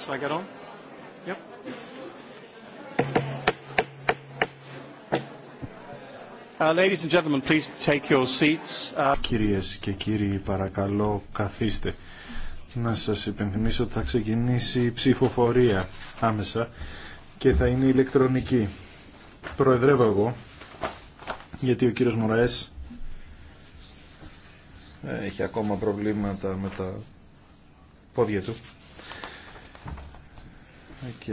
Shall I on? Yep. Uh, uh, Κυρίες και κύριοι, παρακαλώ καθίστε. Να σας υπενθυμίσω ότι θα ξεκινήσει η ψηφοφορία άμεσα και θα είναι ηλεκτρονική. Προεδρεύω εγώ, γιατί ο κύριος Μωραές ε, έχει ακόμα προβλήματα με τα πόδια του και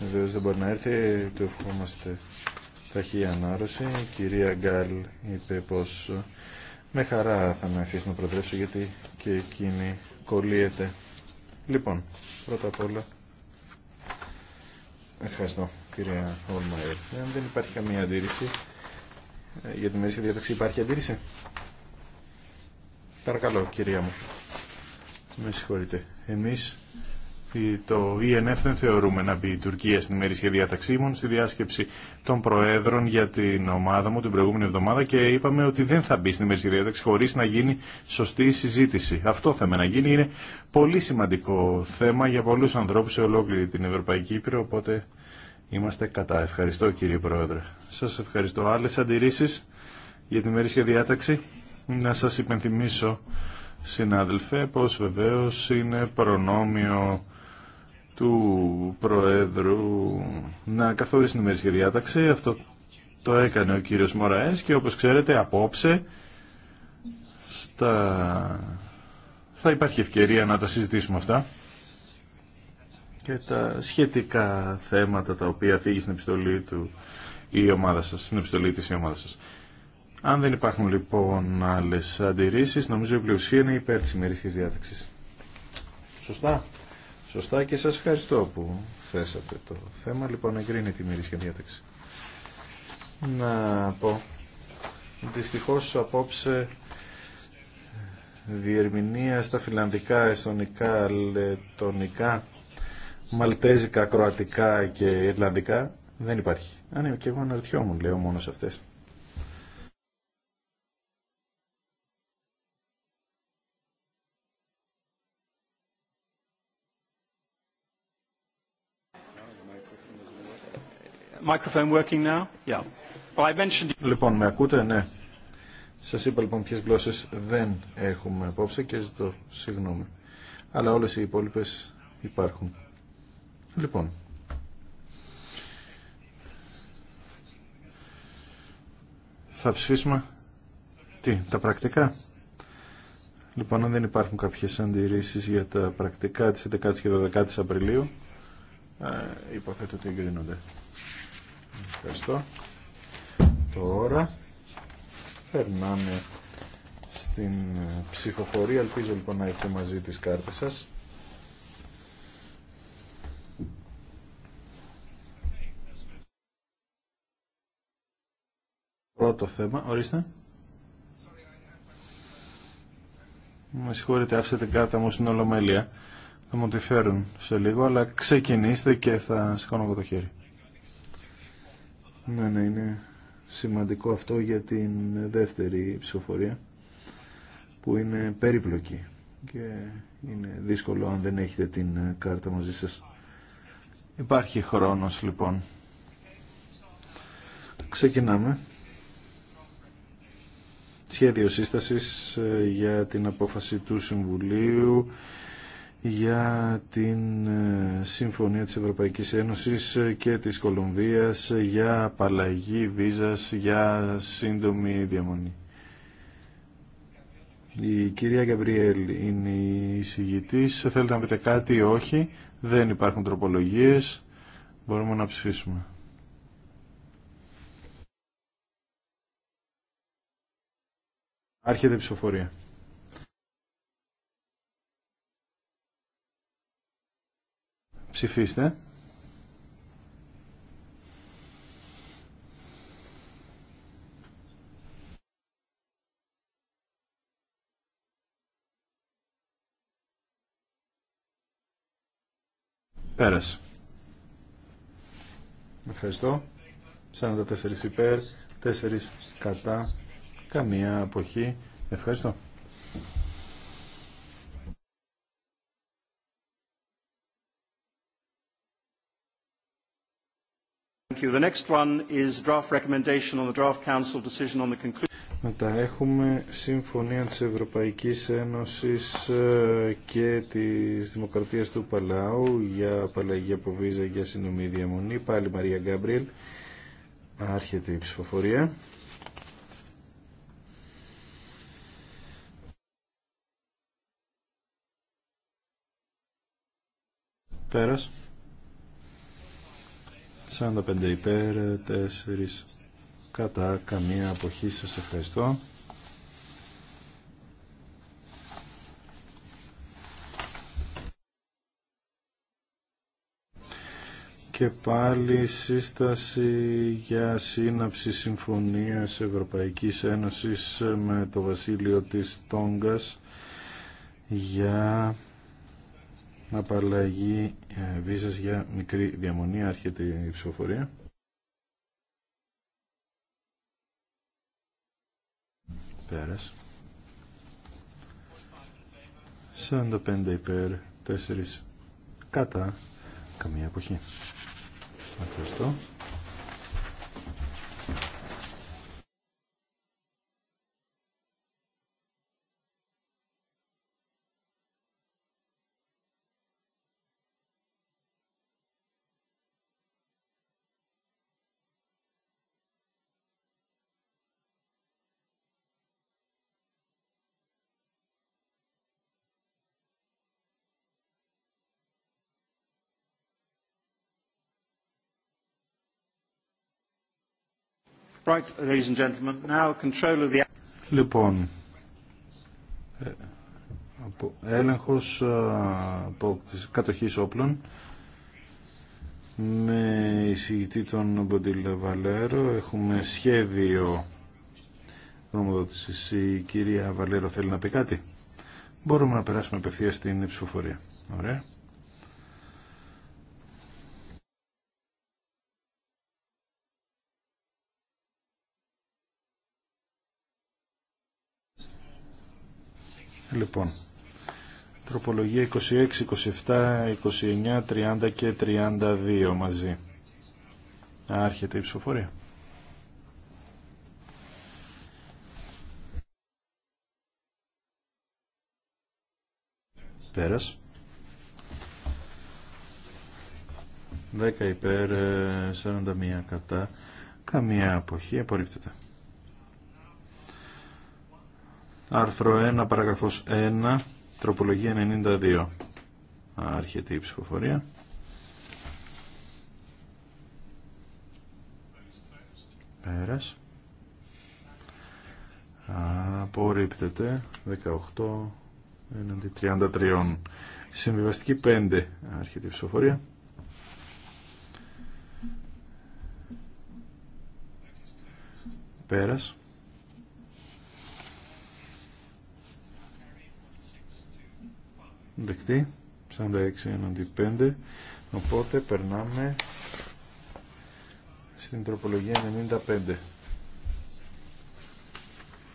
βεβαίω δεν μπορεί να έρθει. Του ευχόμαστε ταχύ ανάρρωση. Η κυρία Γκάλ είπε πως με χαρά θα με αφήσει να προτρέψω γιατί και εκείνη κολλείεται. Λοιπόν, πρώτα απ' όλα ευχαριστώ κυρία Ολμαϊρ. Αν δεν υπάρχει καμία αντίρρηση ε, για τη μερική διαταξή υπάρχει αντίρρηση. Παρακαλώ κυρία μου. Με συγχωρείτε. Εμείς το ΙΕΝΕΦ e δεν θεωρούμε να μπει η Τουρκία στην ημερήσια διάταξή στη διάσκεψη των Προέδρων για την ομάδα μου την προηγούμενη εβδομάδα και είπαμε ότι δεν θα μπει στην ημερήσια διάταξη χωρίς να γίνει σωστή συζήτηση. Αυτό θέμα να γίνει είναι πολύ σημαντικό θέμα για πολλούς ανθρώπους σε ολόκληρη την Ευρωπαϊκή Ήπειρο, οπότε είμαστε κατά. Ευχαριστώ κύριε Πρόεδρε. Σας ευχαριστώ. Άλλες αντιρρήσεις για την ημερήσια διάταξη. Να σας υπενθυμίσω συνάδελφε πως βεβαίως είναι προνόμιο του Προέδρου να καθορίσει την ημερήσια διάταξη. Αυτό το έκανε ο κύριος Μωραές και όπως ξέρετε απόψε στα... θα υπάρχει ευκαιρία να τα συζητήσουμε αυτά και τα σχετικά θέματα τα οποία φύγει στην επιστολή του η ομάδα σας, στην επιστολή της η ομάδα σας. Αν δεν υπάρχουν λοιπόν άλλες αντιρρήσεις, νομίζω η πλειοψηφία είναι υπέρ της ημερήσιας διάταξης. Σωστά σωστά και σας ευχαριστώ που θέσατε το θέμα. Λοιπόν, εγκρίνει τη μυρίσια διάταξη. Να πω. Δυστυχώς απόψε ε, διερμηνία στα φιλανδικά, εστονικά, λετονικά, μαλτέζικα, κροατικά και ιρλανδικά δεν υπάρχει. Αν ναι, και εγώ αναρωτιόμουν, λέω μόνο σε αυτές. Λοιπόν, με ακούτε, ναι. Σα είπα λοιπόν ποιε γλώσσε δεν έχουμε απόψε και ζητώ συγγνώμη. Αλλά όλε οι υπόλοιπε υπάρχουν. Λοιπόν. Θα ψηφίσουμε τι, τα πρακτικά. Λοιπόν, αν δεν υπάρχουν κάποιε αντιρρήσει για τα πρακτικά τη 11 η και 12 η Απριλίου, ε, υποθέτω ότι εγκρίνονται. Ευχαριστώ. Τώρα περνάμε στην ε, ψηφοφορία. Ελπίζω λοιπόν να έχετε μαζί τις κάρτες σας. Πρώτο θέμα, ορίστε. Με συγχωρείτε, άφησα την κάρτα μου στην Ολομέλεια. Θα μου τη φέρουν σε λίγο, αλλά ξεκινήστε και θα σηκώνω εγώ το χέρι. Ναι, ναι, είναι σημαντικό αυτό για την δεύτερη ψηφοφορία που είναι περίπλοκη και είναι δύσκολο αν δεν έχετε την ε, κάρτα μαζί σας. Υπάρχει χρόνος λοιπόν. Ξεκινάμε. Σχέδιο σύστασης ε, για την απόφαση του Συμβουλίου για την ε, Συμφωνία της Ευρωπαϊκής Ένωσης ε, και της Κολομβίας για απαλλαγή βίζας για σύντομη διαμονή. Η κυρία Γκαμπριέλ είναι η συγητής. Θέλετε να πείτε κάτι ή όχι. Δεν υπάρχουν τροπολογίες. Μπορούμε να ψηφίσουμε. Άρχεται η ψηφοφορία. Ψηφίστε. Πέρασε. Ευχαριστώ. 44 υπέρ, 4 κατά, καμία αποχή. Ευχαριστώ. Μετά έχουμε Συμφωνία της Ευρωπαϊκής Ένωσης ε, και της Δημοκρατίας του Παλάου για απαλλαγή από βίζα για συνομή διαμονή. Πάλι Μαρία Γκάμπριελ. Άρχεται η ψηφοφορία. Πέρας. 45 υπέρ, 4 κατά καμία αποχή. Σας ευχαριστώ. Και πάλι σύσταση για σύναψη συμφωνίας Ευρωπαϊκής Ένωσης με το Βασίλειο της Τόγκας για απαλλαγή ε, βίζας για μικρή διαμονή άρχεται η ψηφοφορία πέρας 45 υπέρ 4 κατά καμία εποχή ευχαριστώ Λοιπόν, έλεγχος από κατοχής όπλων με εισηγητή τον Μποντίλ Βαλέρο έχουμε σχέδιο νομοδότησης η κυρία Βαλέρο θέλει να πει κάτι μπορούμε να περάσουμε απευθεία στην ψηφοφορία ωραία Λοιπόν, τροπολογία 26, 27, 29, 30 και 32 μαζί. Άρχεται η ψηφοφορία. Πέρας. 10 υπέρ, 41 ε, κατά. Καμία αποχή απορρίπτεται. Άρθρο 1, παραγραφός 1, τροπολογία 92. Άρχεται η ψηφοφορία. Πέρας. Απορρίπτεται 18 έναντι 33. Συμβιβαστική 5. Άρχεται η ψηφοφορία. Πέρας. δεκτή 46 έναντι 5 οπότε περνάμε στην τροπολογία 95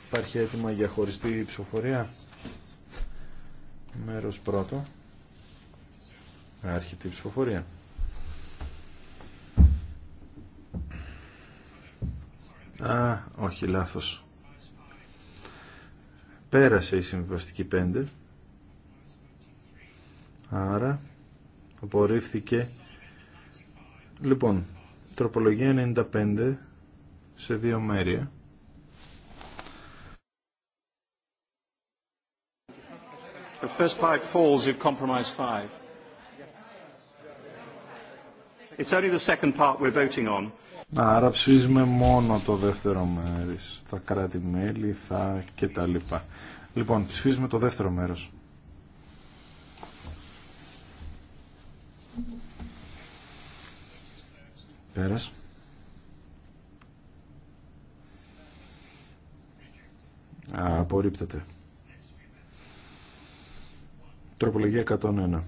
υπάρχει έτοιμα για χωριστή ψηφοφορία μέρος πρώτο αρχιτή η ψηφοφορία Α, όχι, λάθος. Πέρασε η συμβιβαστική 5. Άρα απορρίφθηκε. Λοιπόν, τροπολογία 95 σε δύο μέρη. The first falls five. It's only the second part we're voting on. Άρα ψηφίζουμε μόνο το δεύτερο μέρος, τα κράτη-μέλη, θα και τα λοιπά. Λοιπόν, ψηφίζουμε το δεύτερο μέρος. Α, Απορρίπτεται. Τροπολογία 101.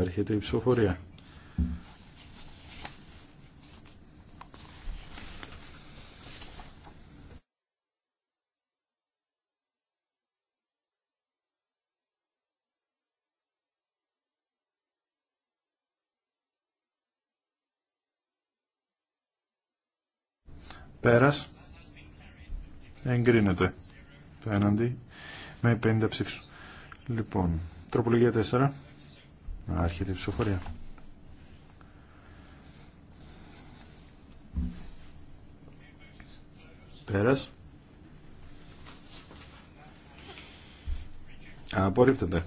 Έρχεται η ψηφοφορία. Πέρας. Εγκρίνεται. Το έναντι. Με 50 ψήφους. Λοιπόν. Τροπολογία 4. Άρχεται η ψηφοφορία. Πέρας. Απορρίπτεται.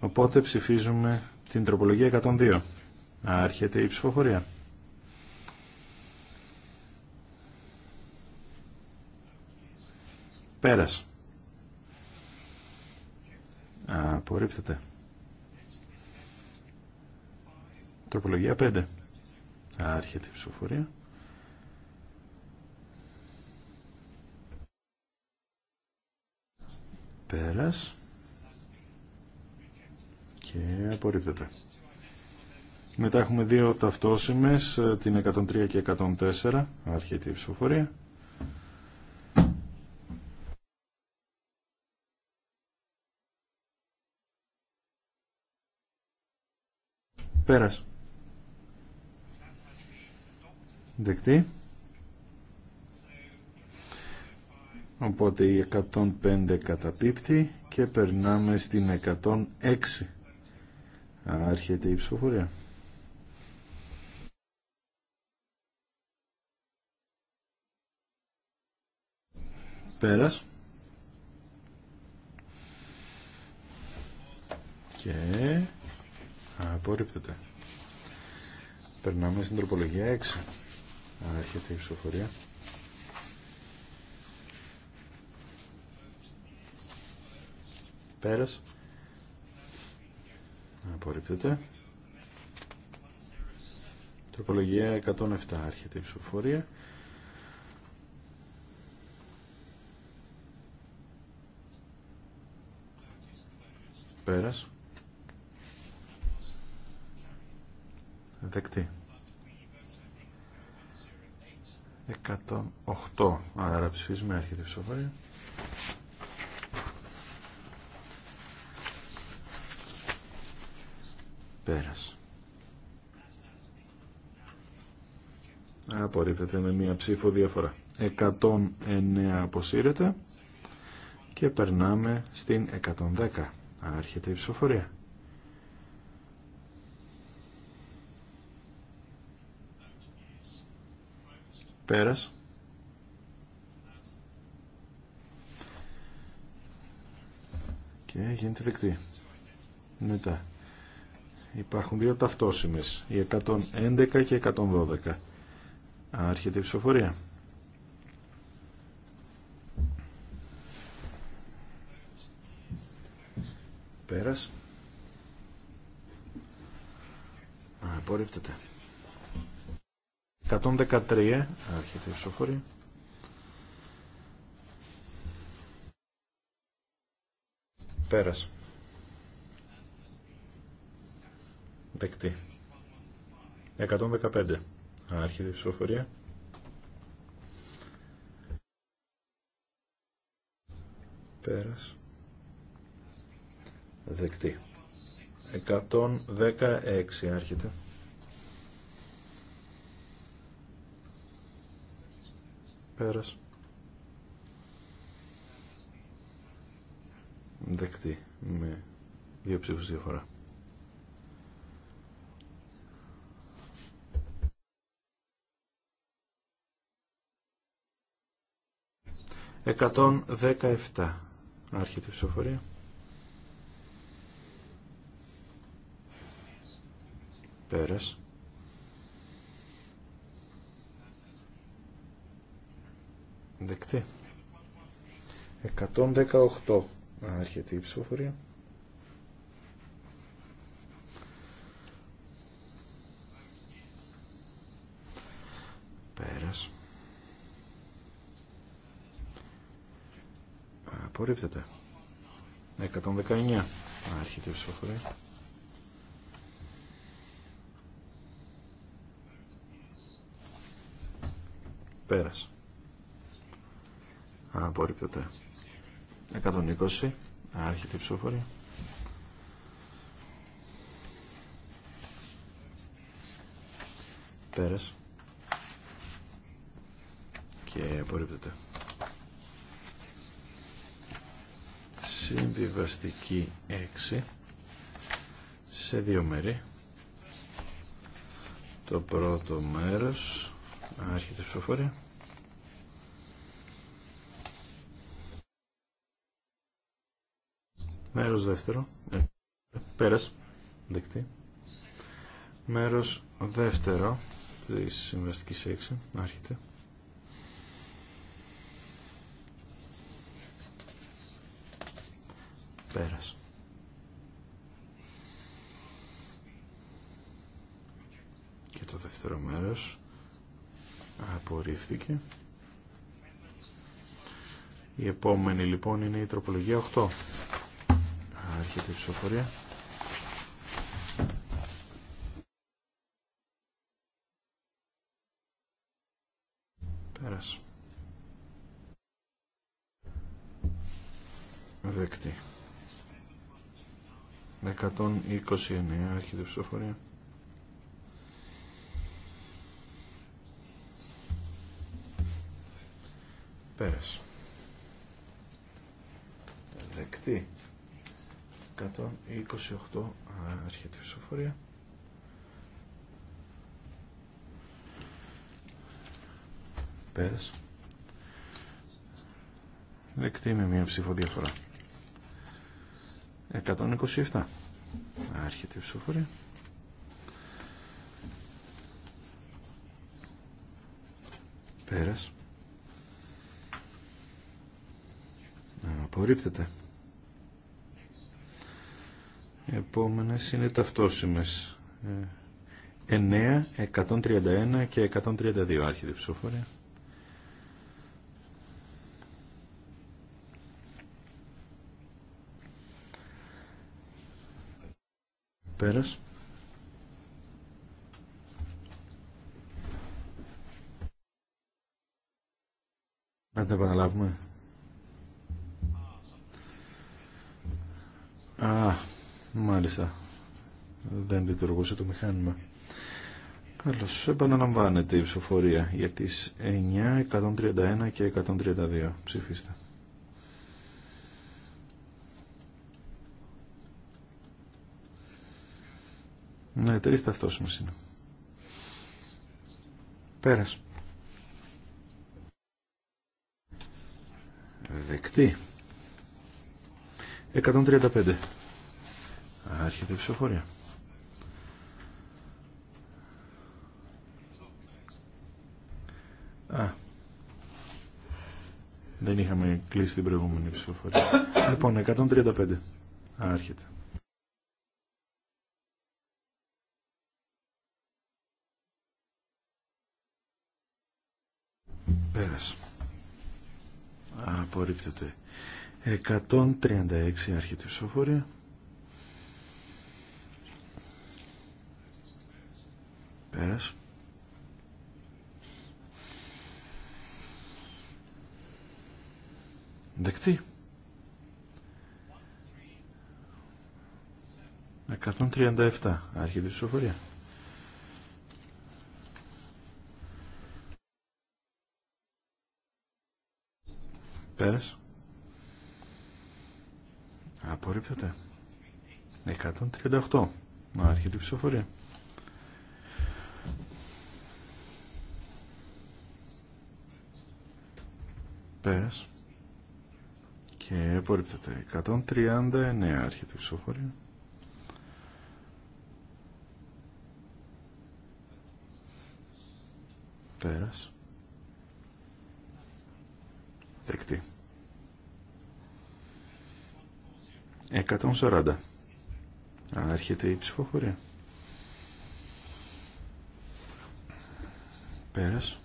Οπότε ψηφίζουμε την τροπολογία 102. Άρχεται η ψηφοφορία. Πέρας. Απορρίπτεται. Τροπολογία 5. Άρχεται η ψηφοφορία. Πέρας. Και απορρίπτεται. Μετά έχουμε δύο ταυτόσημες, την 103 και 104, αρχιετή ψηφοφορία. Πέρας. Δεκτή. Οπότε η 105 καταπίπτει και περνάμε στην 106. Άρχεται η ψηφοφορία. Πέρας. Και Απορρίπτεται. Περνάμε στην τροπολογία 6. Άρχεται η ψηφοφορία. Πέρας. Απορρίπτεται. Τροπολογία 107. Άρχεται η ψηφοφορία. Πέρας. Δεκτή. 108. Άρα ψηφίζουμε έρχεται η ψηφοφορία. Πέρας. Απορρίπτεται με μία ψήφο διαφορά. 109 αποσύρεται και περνάμε στην 110. Άρχεται η ψηφοφορία. Πέρας. Και γίνεται δεκτή. Μετά. Υπάρχουν δύο ταυτόσημες, η 111 και 112. Άρχεται η ψηφοφορία. Πέρας. Απορρίπτεται. 113, αρχίτε η Πέρασε. Δεκτή. 115, Άρχιδη η ψηφοφορία. Πέρας. Δεκτή. 116, άρχεται. Πέρας. Δεκτή με δύο ψήφους διαφορά. Εκατόν δέκα εφτά. Άρχεται ψηφοφορία. Πέρας. Δεκτή. 118. έρχεται η ψηφοφορία. Πέρας. Απορρίπτεται. 119. έρχεται η ψηφοφορία. Πέρας. Απορρίπτεται. 120. Άρχεται η ψηφοφορία. Πέρας. Και απορρίπτεται. Συμβιβαστική 6 σε δύο μέρη. Το πρώτο μέρος άρχεται η ψηφοφορία. Μέρος δεύτερο. Ε, πέρας. Δεκτή. Μέρος δεύτερο της συμβαστικής έξι, Άρχεται. Πέρας. Και το δεύτερο μέρος απορρίφθηκε. Η επόμενη λοιπόν είναι η τροπολογία 8 έρχεται η ψηφοφορία. Πέρασε. Δεκτή. 129 έρχεται η ψηφοφορία. Πέρασε. Δεκτή. 128 άρχεται τη ψηφοφορία. Πέρασε. Δεκτή με μία ψήφο διαφορά. 127 άρχεται η ψηφοφορία. Απορρίπτεται. Επόμενε επόμενες είναι ταυτόσιμε. 9, 131 και 132 άρχιδη ψηφοφορία. Πέρας. Να τα επαναλάβουμε. Α, Μάλιστα. Δεν λειτουργούσε το μηχάνημα. Καλώ Επαναλαμβάνεται η ψηφοφορία για τι 9, 131 και 132. Ψηφίστε. Ναι, τρει ταυτόσιμε είναι. Πέρας. Δεκτή. 135. Άρχεται η ψηφοφορία. Α, δεν είχαμε κλείσει την προηγούμενη ψηφοφορία. λοιπόν, 135. Άρχεται. Πέρασε. Απορρίπτεται. 136 άρχεται η ψηφοφορία. Πέρας. Δεκτή. 137. Άρχεται η ψηφοφορία. Πέρας. Απορρίπτεται. 138. Άρχεται η ψηφοφορία. Πέρας. Και απορρίπτεται. 139 άρχεται η ψηφοφορία. Πέρας. Δεκτή. 140. Άρχεται η ψηφοφορία. Πέρας.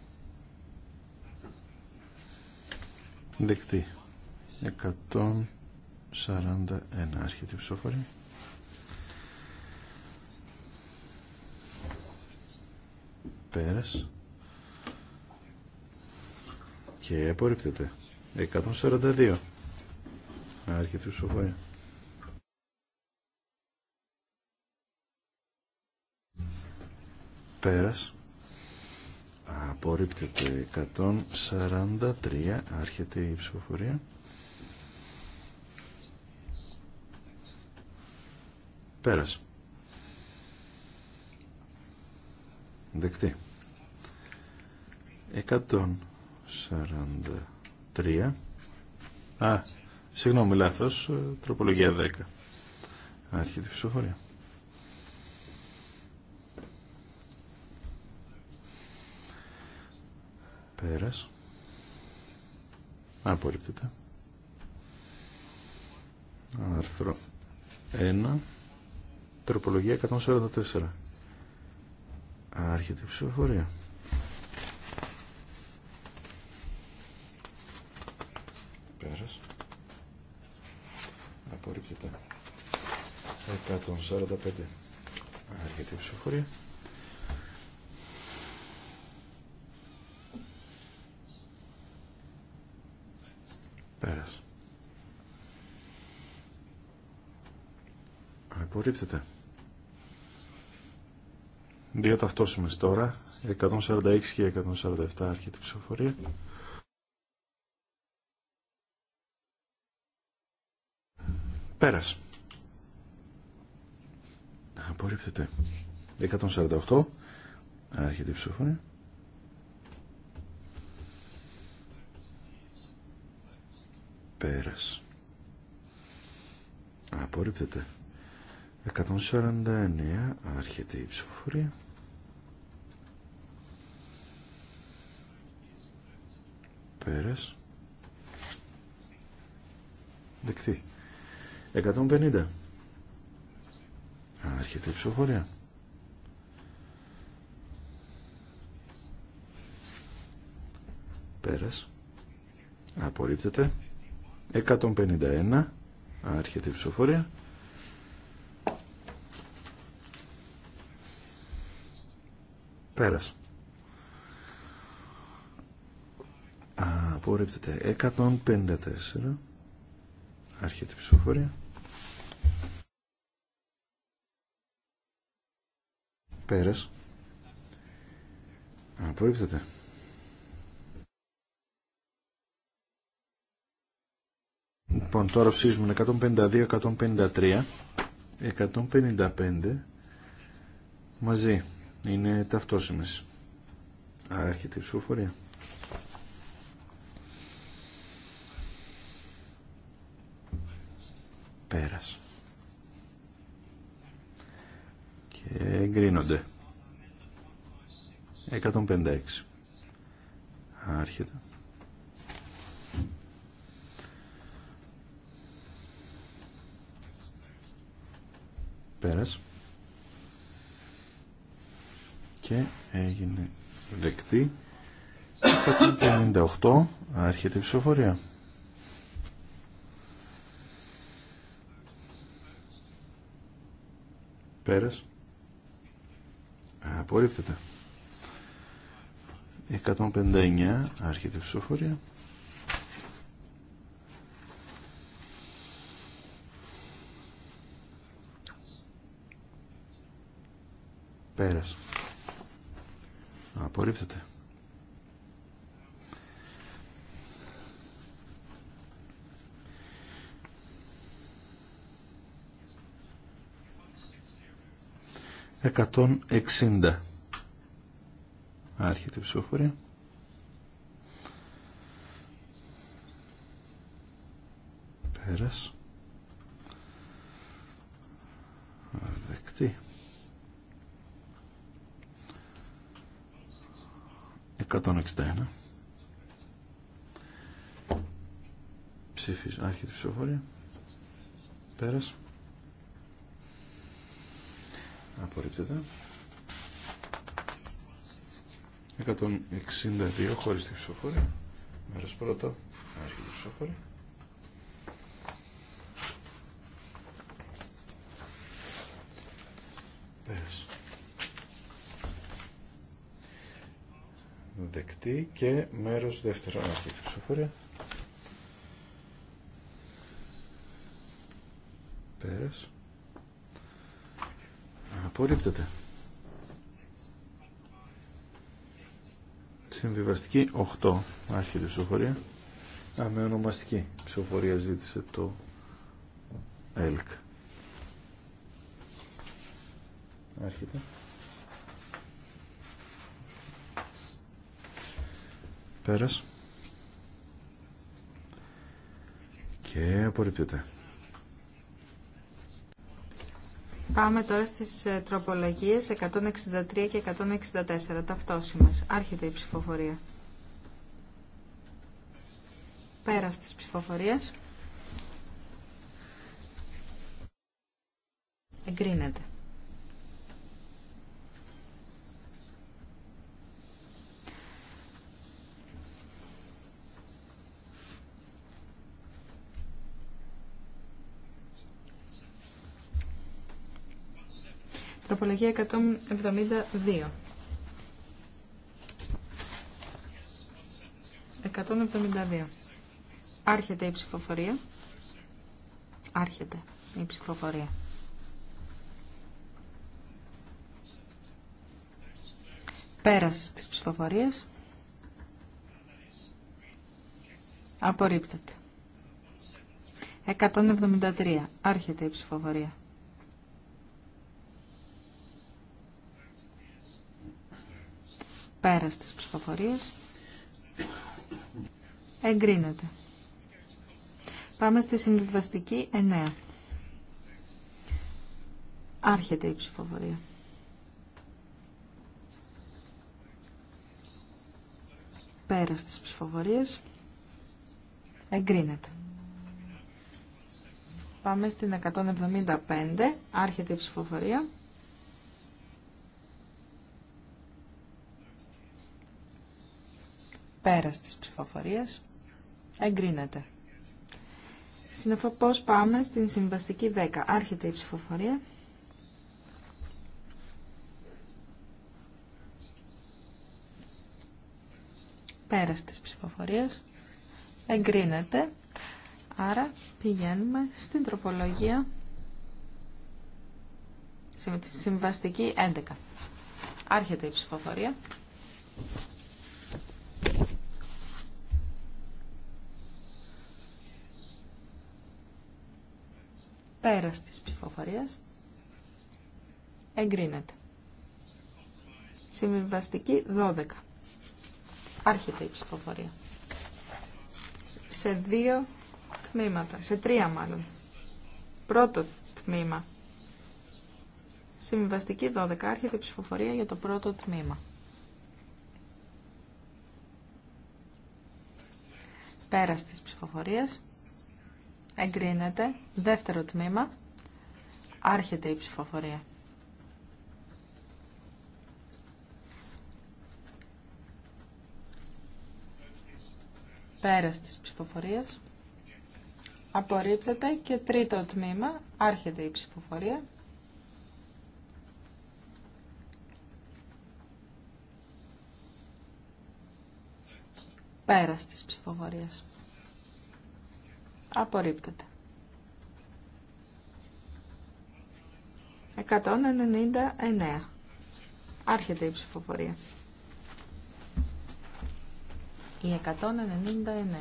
Δεκτή. 141 άρχεται η ψηφοφορία. Πέρας. Και απορρίπτεται. 142 άρχεται η ψηφοφορία. Πέρας απορρίπτεται 143 άρχεται η ψηφοφορία Πέρασε δεκτή 143 α, συγγνώμη λάθος τροπολογία 10 άρχεται η ψηφοφορία Πέρας. Απορρίπτεται. Άρθρο 1. Τροπολογία 144. Άρχεται η ψηφοφορία. Πέρας. Απορρίπτεται. 145. Άρχεται η ψηφοφορία. Απορρίπτεται. Δύο ταυτόσημες τώρα. 146 και 147 άρχεται η ψηφοφορία. Πέρας. Απορρίπτεται. 148 άρχεται η ψηφοφορία. Πέρας. Απορρίπτεται. 149 άρχεται η ψηφοφορία πέρας δεκτή 150 άρχεται η ψηφοφορία πέρας απορρίπτεται 151 άρχεται η ψηφοφορία Πέρας. Απορρίπτεται 154. Άρχεται η ψηφοφορία. Πέρας. Απορρίπτεται. Λοιπόν, τώρα ψήσουμε 152, 153, 155 μαζί είναι ταυτόσιμες. Άρα έρχεται η ψηφοφορία. Πέρας. Και εγκρίνονται. 156. Άρχεται. Πέρας και έγινε δεκτή 158 έρχεται η ψηφοφορία πέρας απορρίπτεται 159 έρχεται η ψηφοφορία πέρας Απορρίπτεται. Εκατόν εξήντα. Άρχεται η ψηφοφορία. Πέρας. Δεκτή. 161. Ψήφις, άρχη η ψηφοφορία. Πέρας. Απορρίπτεται. 162 χωρίς τη ψηφοφορία. Μέρος πρώτο, Άρχη η ψηφοφορία. δεκτή και μέρος δεύτερο άρχιτη Πέρας. Απορρίπτεται. Συμβιβαστική 8 άρχιτη ψηφοφορία. Α, με ονομαστική ψηφοφορία ζήτησε το ΕΛΚ. Αρχίτε. Πέρας. Και απορρίπτεται. Πάμε τώρα στις ε, τροπολογίες 163 και 164, ταυτόσιμες. Άρχεται η ψηφοφορία. Πέρας της ψηφοφορίας. Εγκρίνεται. τροπολογία 172. 172. Άρχεται η ψηφοφορία. Άρχεται η ψηφοφορία. Πέρας της ψηφοφορίας. Απορρίπτεται. 173. Άρχεται η ψηφοφορία. Πέρα της ψηφοφορίας, Εγκρίνεται. Πάμε στη συμβιβαστική 9. Άρχεται η ψηφοφορία. Πέρα της ψηφοφορίας, Εγκρίνεται. Πάμε στην 175. Άρχεται η ψηφοφορία. Πέρας της ψηφοφορίας. Εγκρίνεται. Συνεφώς πάμε στην συμβαστική 10. Άρχεται η ψηφοφορία. Πέρας της ψηφοφορίας. Εγκρίνεται. Άρα πηγαίνουμε στην τροπολογία συμβαστική 11. Άρχεται η ψηφοφορία. Πέρας της ψηφοφορίας. Εγκρίνεται. Συμβιβαστική 12. Άρχεται η ψηφοφορία. Σε δύο τμήματα, σε τρία μάλλον. Πρώτο τμήμα. Συμβιβαστική 12. Άρχεται η ψηφοφορία για το πρώτο τμήμα. Πέρας της ψηφοφορίας. Εγκρίνεται. Δεύτερο τμήμα. Άρχεται η ψηφοφορία. Πέρας της ψηφοφορίας. Απορρίπτεται και τρίτο τμήμα. Άρχεται η ψηφοφορία. Πέρας της ψηφοφορίας. Απορρίπτεται. 199. Άρχεται η ψηφοφορία. Η 199.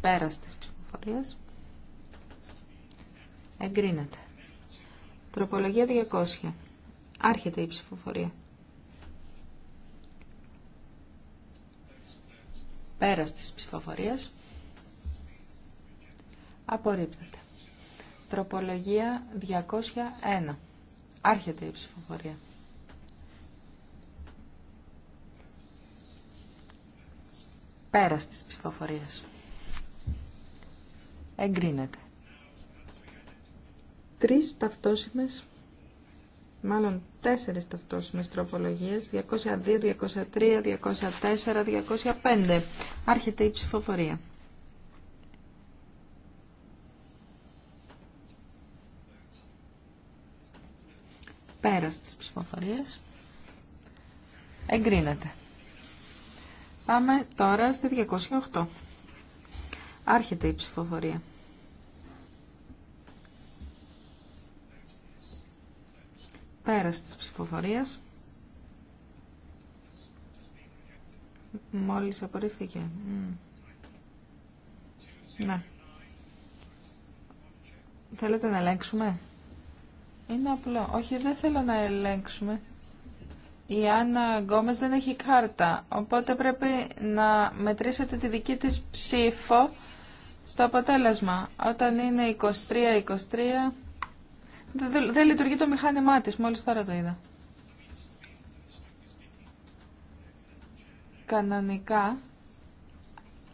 Πέρας της ψηφοφορίας. Εγκρίνεται. Τροπολογία 200. Άρχεται η ψηφοφορία. Πέρας της ψηφοφορίας. Απορρίπτεται. Τροπολογία 201. Άρχεται η ψηφοφορία. Πέρας της ψηφοφορίας. Εγκρίνεται. Τρεις ταυτόσημες μάλλον τέσσερις ταυτόσιμες τροπολογίες, 202, 203, 204, 205. Άρχεται η ψηφοφορία. Πέρας της ψηφοφορίας. Εγκρίνεται. Πάμε τώρα στη 208. Άρχεται η ψηφοφορία. Πέρας της ψηφοφορίας. Μόλις απορρίφθηκε. Ναι. Θέλετε να ελέγξουμε. Είναι απλό. Όχι, δεν θέλω να ελέγξουμε. Η Άννα Γκόμες δεν έχει κάρτα, οπότε πρέπει να μετρήσετε τη δική της ψήφο στο αποτέλεσμα. Όταν είναι 23-23... Δεν λειτουργεί το μηχάνημά τη, μόλις τώρα το είδα. Κανονικά,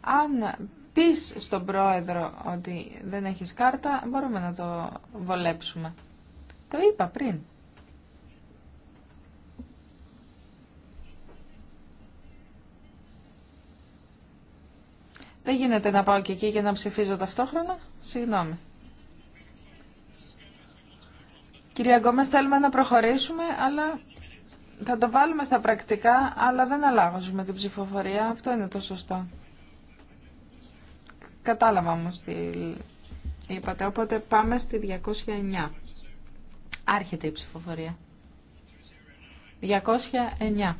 αν πει στον πρόεδρο ότι δεν έχεις κάρτα, μπορούμε να το βολέψουμε. Το είπα πριν. Δεν γίνεται να πάω και εκεί για να ψηφίζω ταυτόχρονα. Συγγνώμη. Κυρία Γκόμες, θέλουμε να προχωρήσουμε, αλλά θα το βάλουμε στα πρακτικά, αλλά δεν αλλάζουμε την ψηφοφορία. Αυτό είναι το σωστό. Κατάλαβα όμω τι είπατε. Οπότε πάμε στη 209. Άρχεται η ψηφοφορία. 209.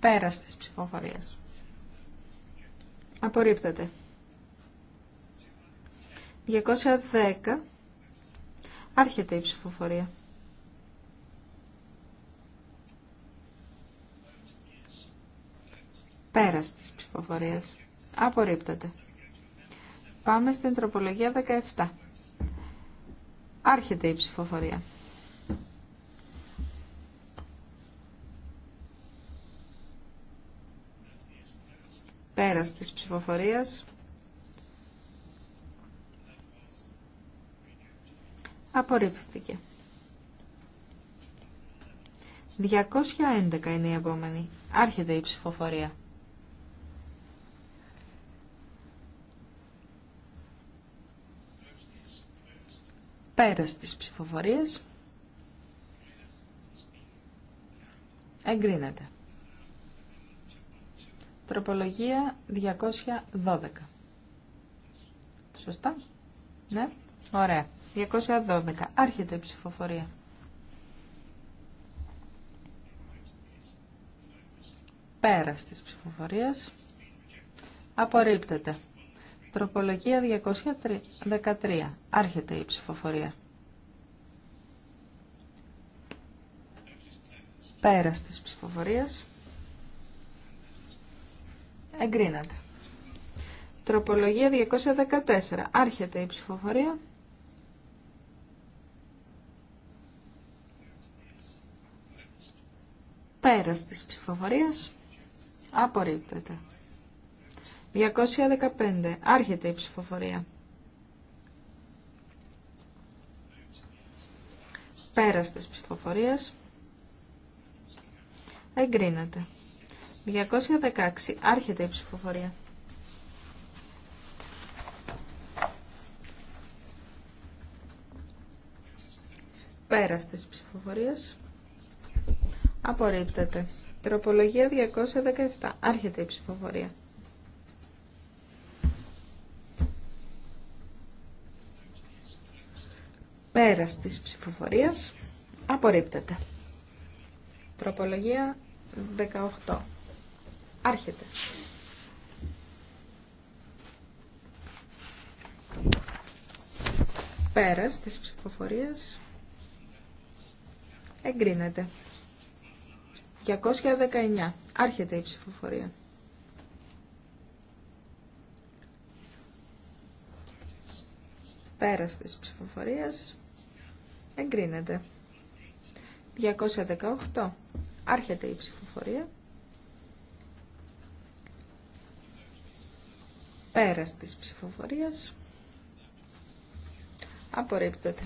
Πέρας της ψηφοφορίας. Απορρίπτεται. 210. Άρχεται η ψηφοφορία. Πέρας της ψηφοφορίας. Απορρίπτεται. Πάμε στην τροπολογία 17. Άρχεται η ψηφοφορία. Πέρας της ψηφοφορίας. Απορρίφθηκε. 211 είναι η επόμενη. Άρχεται η ψηφοφορία. Πέρας της ψηφοφορίας. Εγκρίνεται. Τροπολογία 212. Σωστά. Ναι. Ωραία. 212. Άρχεται η ψηφοφορία. Πέρας της ψηφοφορίας. Απορρίπτεται. Τροπολογία 213. Άρχεται η ψηφοφορία. Πέρας της ψηφοφορίας. Εγκρίνεται. Τροπολογία 214. Άρχεται η ψηφοφορία. Πέρας της ψηφοφορίας. Απορρίπτεται. 215. Άρχεται η ψηφοφορία. Πέρας της ψηφοφορίας. Εγκρίνεται. 216. Άρχεται η ψηφοφορία. Πέρας της ψηφοφορίας. Απορρίπτεται. Τροπολογία 217. Άρχεται η ψηφοφορία. Πέρας της ψηφοφορίας. Απορρίπτεται. Τροπολογία 18. Άρχεται. Πέρας της ψηφοφορίας εγκρίνεται. 219. Άρχεται η ψηφοφορία. Πέρας της ψηφοφορίας εγκρίνεται. 218. Άρχεται η ψηφοφορία. Πέρας της ψηφοφορίας απορρίπτεται.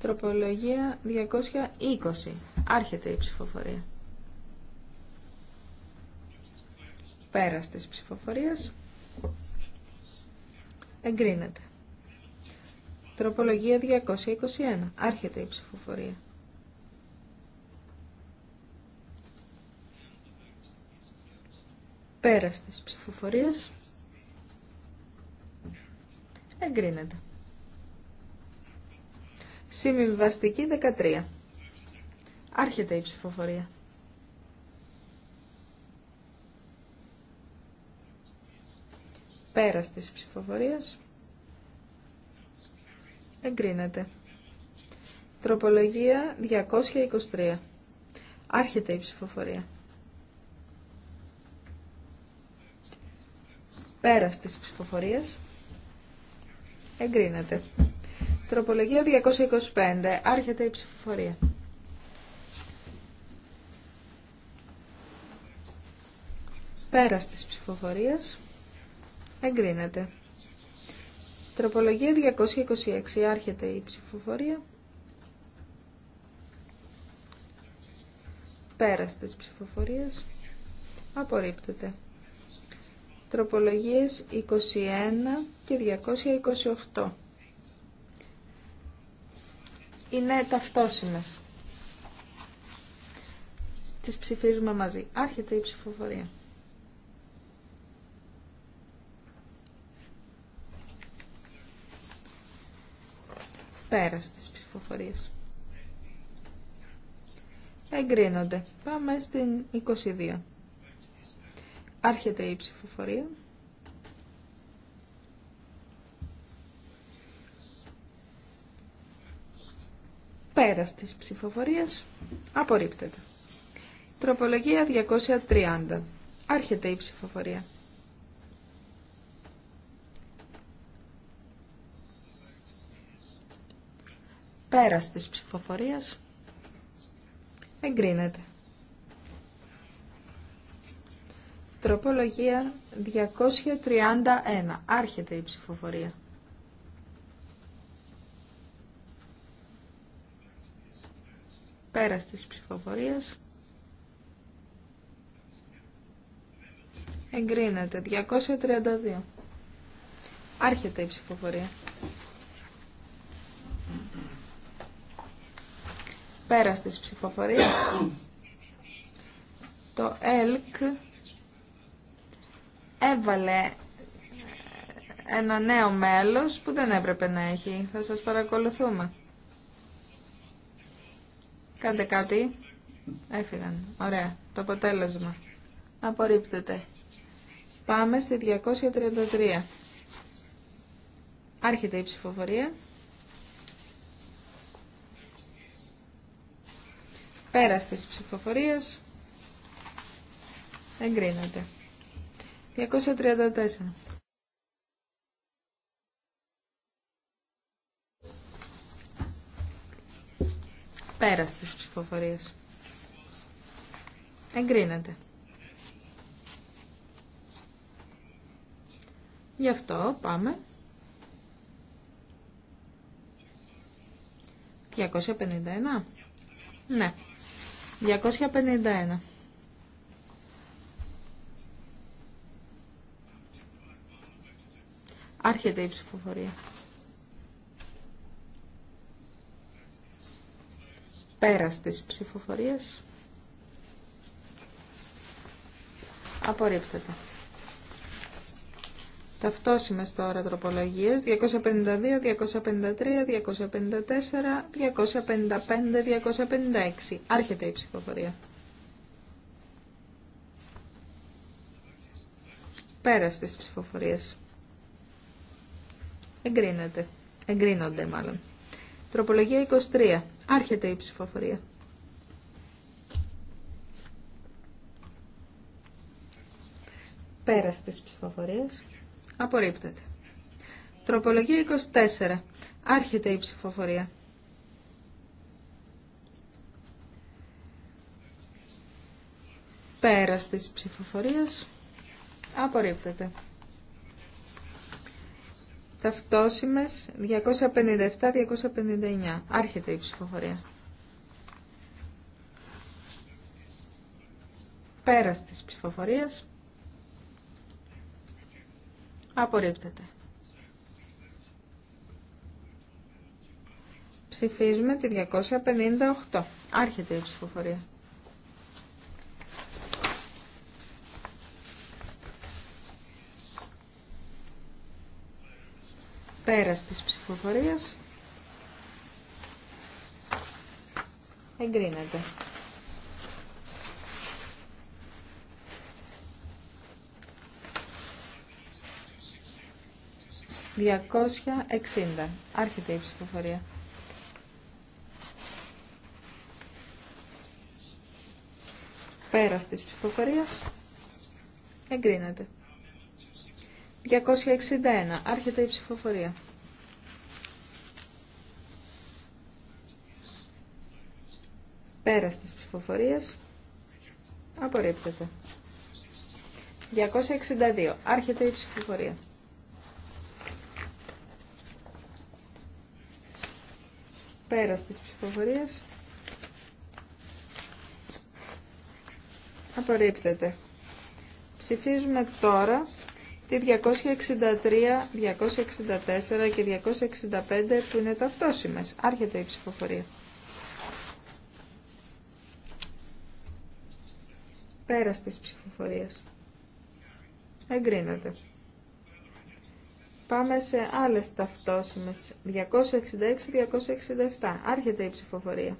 Τροπολογία 220. Άρχεται η ψηφοφορία. Πέρας της ψηφοφορίας. Εγκρίνεται. Τροπολογία 221. Άρχεται η ψηφοφορία. Πέρας της ψηφοφορίας. Εγκρίνεται. Συμβιβαστική 13. Άρχεται η ψηφοφορία. Πέρας της ψηφοφορίας. Εγκρίνεται. Τροπολογία 223. Άρχεται η ψηφοφορία. Πέρας της ψηφοφορίας. Εγκρίνεται. Τροπολογία 225. Άρχεται η ψηφοφορία. Πέρας της ψηφοφορίας. Εγκρίνεται. Τροπολογία 226. Άρχεται η ψηφοφορία. Πέρας της ψηφοφορίας. Απορρίπτεται. Τροπολογίες 21 και 228. Είναι ταυτόσιμες. Τις ψηφίζουμε μαζί. Άρχεται η ψηφοφορία. Πέρας της ψηφοφορίας. Εγκρίνονται. Πάμε στην 22. Άρχεται η ψηφοφορία. Πέρας της ψηφοφορίας. Απορρίπτεται. Τροπολογία 230. Άρχεται η ψηφοφορία. Πέρας της ψηφοφορίας εγκρίνεται. Τροπολογία 231. Άρχεται η ψηφοφορία. Πέρας της ψηφοφορίας εγκρίνεται. 232. Άρχεται η ψηφοφορία. Πέρα της ψηφοφορίας. Το ΕΛΚ έβαλε ε, ένα νέο μέλος που δεν έπρεπε να έχει. Θα σας παρακολουθούμε. Κάντε κάτι. Έφυγαν. Ωραία. Το αποτέλεσμα. Απορρίπτεται. Πάμε στη 233. Άρχεται η ψηφοφορία. Πέρα τη ψηφοφορίας εγκρίνεται. 234. Πέρα της ψηφοφορίας. Εγκρίνεται. Γι' αυτό πάμε. 251. Ναι. 251. Άρχεται η ψηφοφορία. Πέρας της ψηφοφορίας. Απορρίπτεται. Ταυτόσιμες τώρα τροπολογίες 252, 253, 254, 255, 256. Άρχεται η ψηφοφορία. Πέρας της ψηφοφορίας. Εγκρίνεται. Εγκρίνονται μάλλον. Τροπολογία 23. Άρχεται η ψηφοφορία. Πέρας της ψηφοφορίας. Απορρίπτεται. Τροπολογία 24. Άρχεται η ψηφοφορία. Πέρας της ψηφοφορίας. Απορρίπτεται. Ταυτόσημες 257-259. Άρχεται η ψηφοφορία. Πέρας της ψηφοφορίας. Απορρίπτεται. Ψηφίζουμε τη 258. Άρχεται η ψηφοφορία. Πέρας της ψηφοφορίας. Εγκρίνεται. 260. Άρχεται η ψηφοφορία. Πέρας ψηφοφορίας. Εγκρίνεται. 261. Άρχεται η ψηφοφορία. Πέρας ψηφοφορίας. Απορρίπτεται. 262. Άρχεται η ψηφοφορία. Πέρας της ψηφοφορίας. Απορρίπτεται. Ψηφίζουμε τώρα τη 263, 264 και 265 που είναι ταυτόσιμες. Άρχεται η ψηφοφορία. Πέρας της ψηφοφορίας. Εγκρίνεται. Πάμε σε αλλες ταυτόσημες, ταυτόσιμες. 266-267. Άρχεται η ψηφοφορία.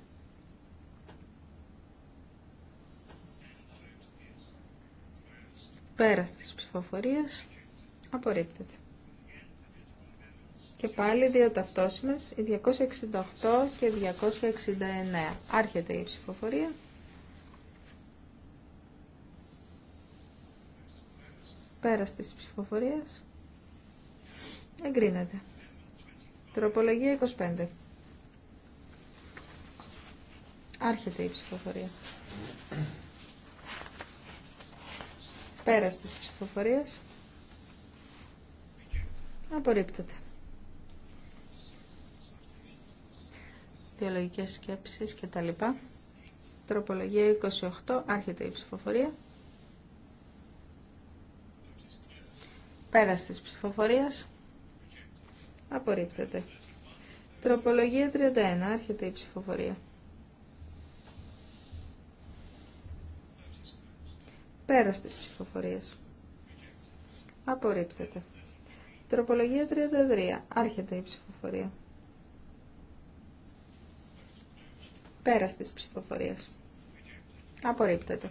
Πέρας της ψηφοφορίας απορρίπτεται. Και πάλι δύο ταυτόσιμες, οι 268 και 269. Άρχεται η ψηφοφορία. Πέρας της ψηφοφορίας Εγκρίνεται. Τροπολογία 25. Άρχεται η ψηφοφορία. Πέρας της ψηφοφορίας. Απορρίπτεται. Θεολογικές σκέψεις και τα λοιπά. Τροπολογία 28. Άρχεται η ψηφοφορία. Πέρας της ψηφοφορίας. Απορρίπτεται. Τροπολογία 31. Άρχεται η ψηφοφορία. Πέρας της ψηφοφορίας. Απορρίπτεται. Τροπολογία 33. Άρχεται η ψηφοφορία. Πέρας της ψηφοφορίας. Απορρίπτεται.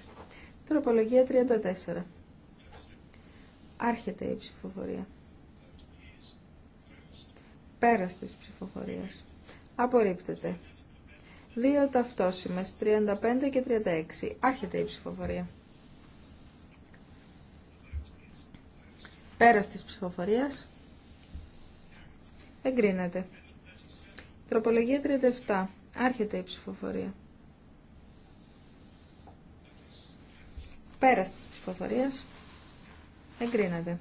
Τροπολογία 34. Άρχεται η ψηφοφορία. Πέρας της ψηφοφορίας. Απορρίπτεται. Δύο ταυτόσημες, 35 και 36. Άρχεται η ψηφοφορία. Πέρας της ψηφοφορίας. Εγκρίνεται. Τροπολογία 37. Άρχεται η ψηφοφορία. Πέρας της ψηφοφορίας. Εγκρίνεται.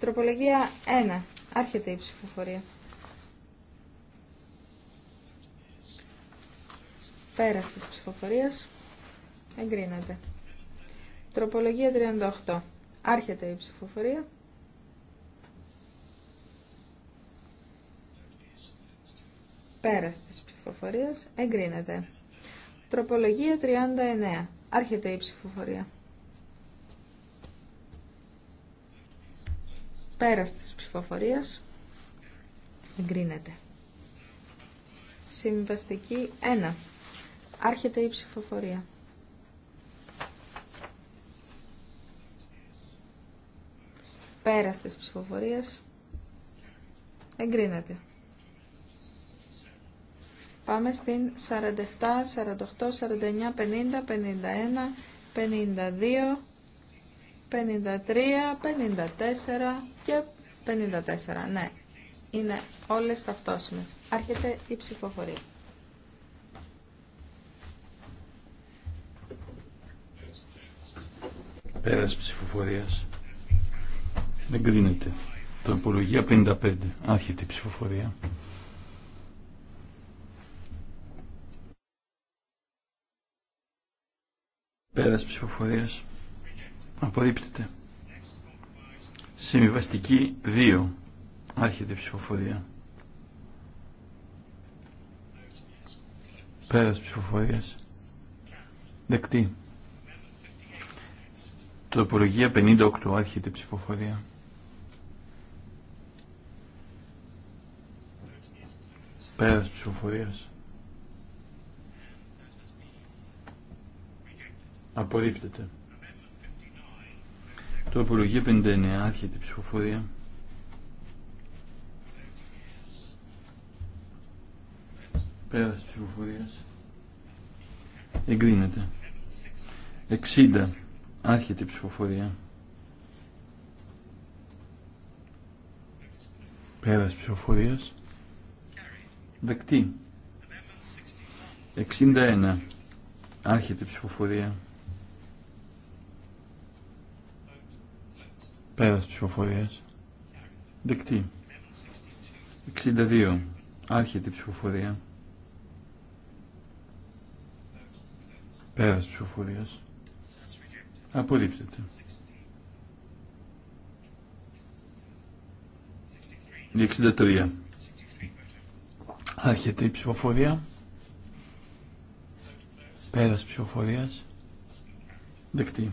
Τροπολογία 1. Άρχεται η ψηφοφορία. Πέρας της ψηφοφορίας. Εγκρίνεται. Τροπολογία 38. Άρχεται η ψηφοφορία. Πέρας της ψηφοφορίας. Εγκρίνεται. Τροπολογία 39. Άρχεται η ψηφοφορία. Πέρας της ψηφοφορίας. Εγκρίνεται. Συμβαστική 1. Άρχεται η ψηφοφορία. Πέρας της ψηφοφορίας. Εγκρίνεται. Πάμε στην 47, 48, 49, 50, 51, 52, 53, 54 και 54. Ναι, είναι όλες ταυτόσιμες. Άρχεται η ψηφοφορία. Πέρας ψηφοφορίας. Το Τροπολογία 55. Άρχεται η ψηφοφορία. Πέρας ψηφοφορίας. Απορρίπτεται. Συμβιβαστική 2. Άρχεται η ψηφοφορία. Πέρας ψηφοφορίας. Δεκτή. Τροπολογία 58, άρχεται η ψηφοφορία. Πέρας ψηφοφορίας. Απορρίπτεται. απολογία 59, άρχεται η ψηφοφορία. Πέρας ψηφοφορίας. Εγκρίνεται. 60. Άρχεται η ψηφοφορία. Πέρας ψηφοφορίας. Δεκτή. 61. Άρχεται η ψηφοφορία. Πέρας ψηφοφορίας. Δεκτή. 62. Άρχεται η ψηφοφορία. Πέρας ψηφοφορίας. Απορρίπτεται. 63. Άρχεται η ψηφοφορία. Πέρας ψηφοφορίας. Δεκτή.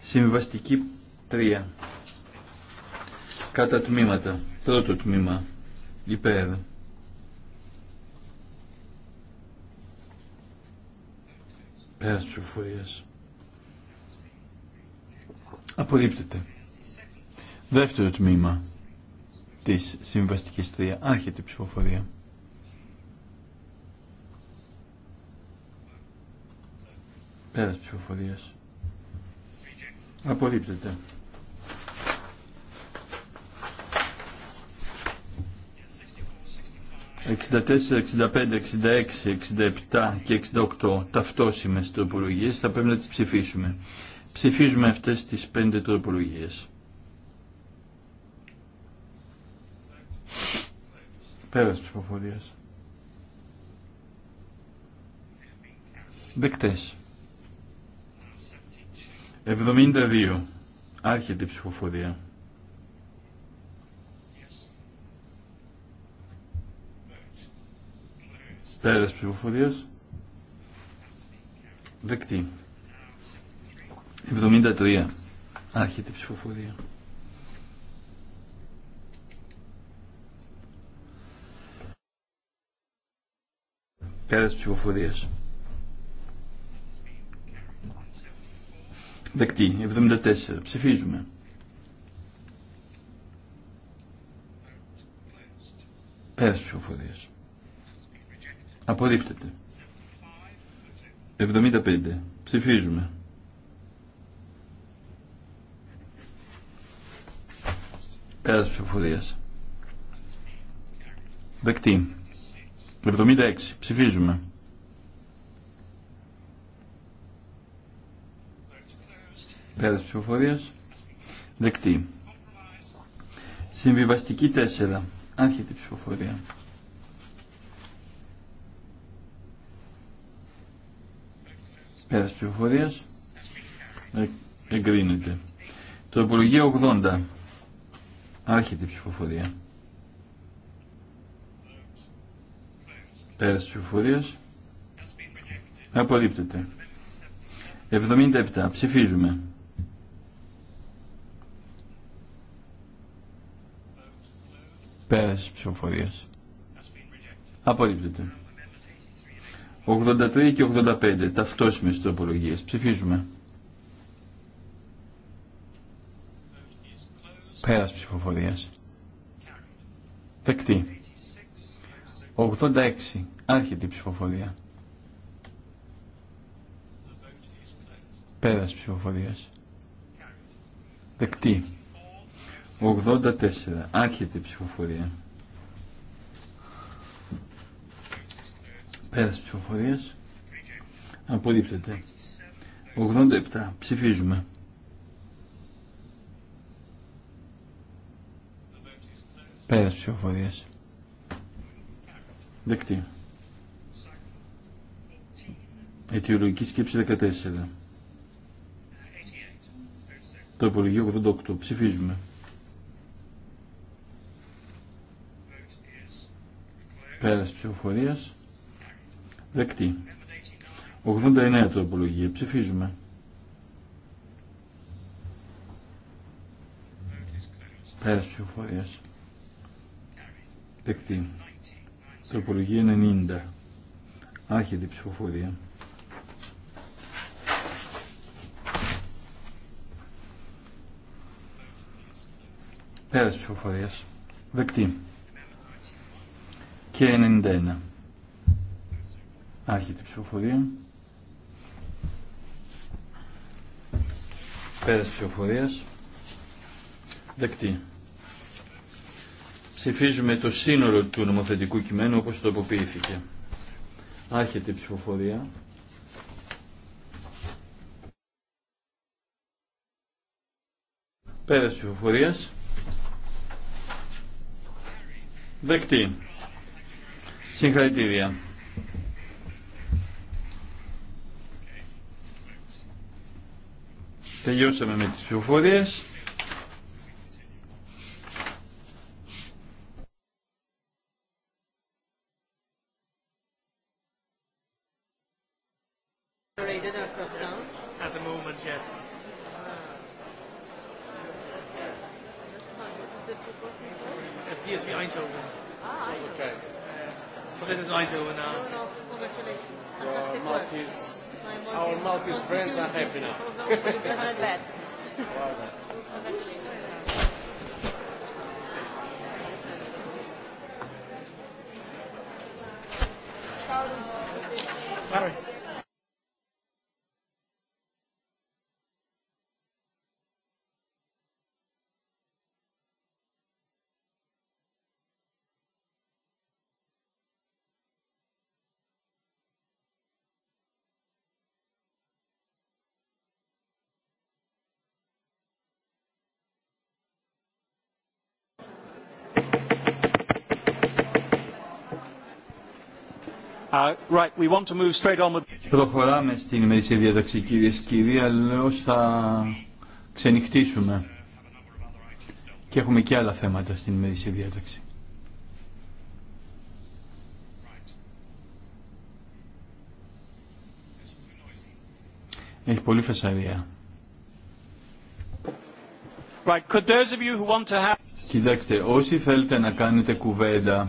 Συμβαστική 3. Κατά τμήματα. Πρώτο τμήμα. Υπέρ. Πέρας ψηφοφορίας. Απορρίπτεται. Δεύτερο τμήμα της συμβαστικής τρία. Άρχεται η ψηφοφορία. Πέρας ψηφοφορίας. Απορρίπτεται. «64, 65, 66, 67 και 68 ταυτόσιμες τροπολογίες θα πρέπει να τις ψηφίσουμε. Ψηφίζουμε αυτές τις πέντε τροπολογίες. Πέρας ψηφοφορίας. Δεκτές. 72. Άρχεται η ψηφοφορία. Πέρας ψηφοφορίας. Δεκτή. 73. Άρχεται η ψηφοφορία. Πέρας ψηφοφορίας. Δεκτή. 74. Ψηφίζουμε. Πέρας ψηφοφορίας. Απορρίπτεται. 75. Ψηφίζουμε. Πέρας ψηφοφορίας. Δεκτή. 76. Ψηφίζουμε. Πέρας ψηφοφορίας. Δεκτή. Συμβιβαστική 4. Άρχεται η ψηφοφορία. Πέρας ψηφοφορίας. Ε, εγκρίνεται. υπολογείο 80. Άρχεται η ψηφοφορία. Πέραση ψηφοφορίας. Απορρίπτεται. 77. Ψηφίζουμε. της ψηφοφορίας. Απορρίπτεται. 83 και 85. Ταυτόσιμες τροπολογίες. Ψηφίζουμε. Πέρας ψηφοφορίας. Δεκτή. 86. Άρχεται η ψηφοφορία. Πέρας ψηφοφορίας. Δεκτή. 84. Άρχεται η ψηφοφορία. Πέρας ψηφοφορίας. Απορρίπτεται. 87. Ψηφίζουμε. Πέρας ψηφοφορίας. Δεκτή. Αιτιολογική σκέψη 14. Το υπολογείο 88. Ψηφίζουμε. Πέρας ψηφοφορίας. Δεκτή. 89 το υπολογείο. Ψηφίζουμε. Πέρας ψηφοφορίας. Δεκτή. Τροπολογία 90. Άρχεται ψηφοφορία. Πέρας ψηφοφορίας. Δεκτή. Και 91. Άρχεται η ψηφοφορία. Πέρας ψηφοφορίας. Δεκτή. Ψηφίζουμε το σύνολο του νομοθετικού κειμένου όπως τοποποιήθηκε. Άρχεται η ψηφοφορία. Πέρας ψηφοφορίας. Δεκτή. Συγχαρητήρια. Τελειώσαμε με τις ψηφοφορίες. Uh, Προχωράμε στην ημερήσια διάταξη κυρίες και κύριοι, αλλιώς θα ξενυχτήσουμε. Και έχουμε και άλλα θέματα στην ημερήσια διάταξη. Έχει πολύ φασαρία. Κοιτάξτε, όσοι θέλετε να κάνετε κουβέντα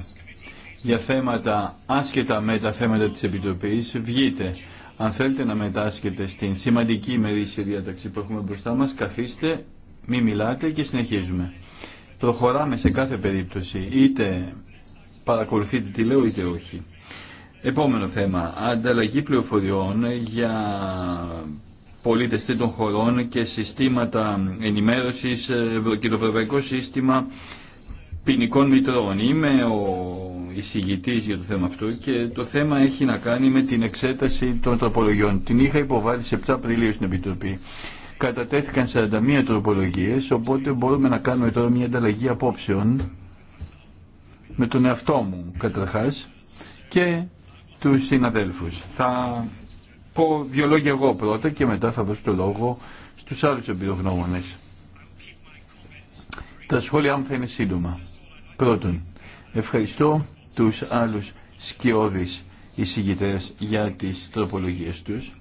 για θέματα άσχετα με τα θέματα της Επιτροπής, βγείτε. Αν θέλετε να μετάσχετε στην σημαντική ημερήσια διάταξη που έχουμε μπροστά μας, καθίστε, μη μιλάτε και συνεχίζουμε. Προχωράμε σε κάθε περίπτωση, είτε παρακολουθείτε τι λέω είτε όχι. Επόμενο θέμα, ανταλλαγή πληροφοριών για πολίτες τρίτων χωρών και συστήματα ενημέρωσης ε, και το Ευρωπαϊκό Σύστημα Ποινικών μητρών. Είμαι ο εισηγητή για το θέμα αυτό και το θέμα έχει να κάνει με την εξέταση των τροπολογιών. Την είχα υποβάλει σε 7 Απριλίου στην Επιτροπή. Κατατέθηκαν 41 τροπολογίε, οπότε μπορούμε να κάνουμε τώρα μια ανταλλαγή απόψεων με τον εαυτό μου καταρχά και του συναδέλφου. Θα πω δύο λόγια εγώ πρώτα και μετά θα δώσω το λόγο στου άλλου εμπειρογνώμονε. Τα σχόλιά μου θα είναι σύντομα. Πρώτον, ευχαριστώ τους άλλους σκιώδεις εισηγητές για τις τροπολογίες τους.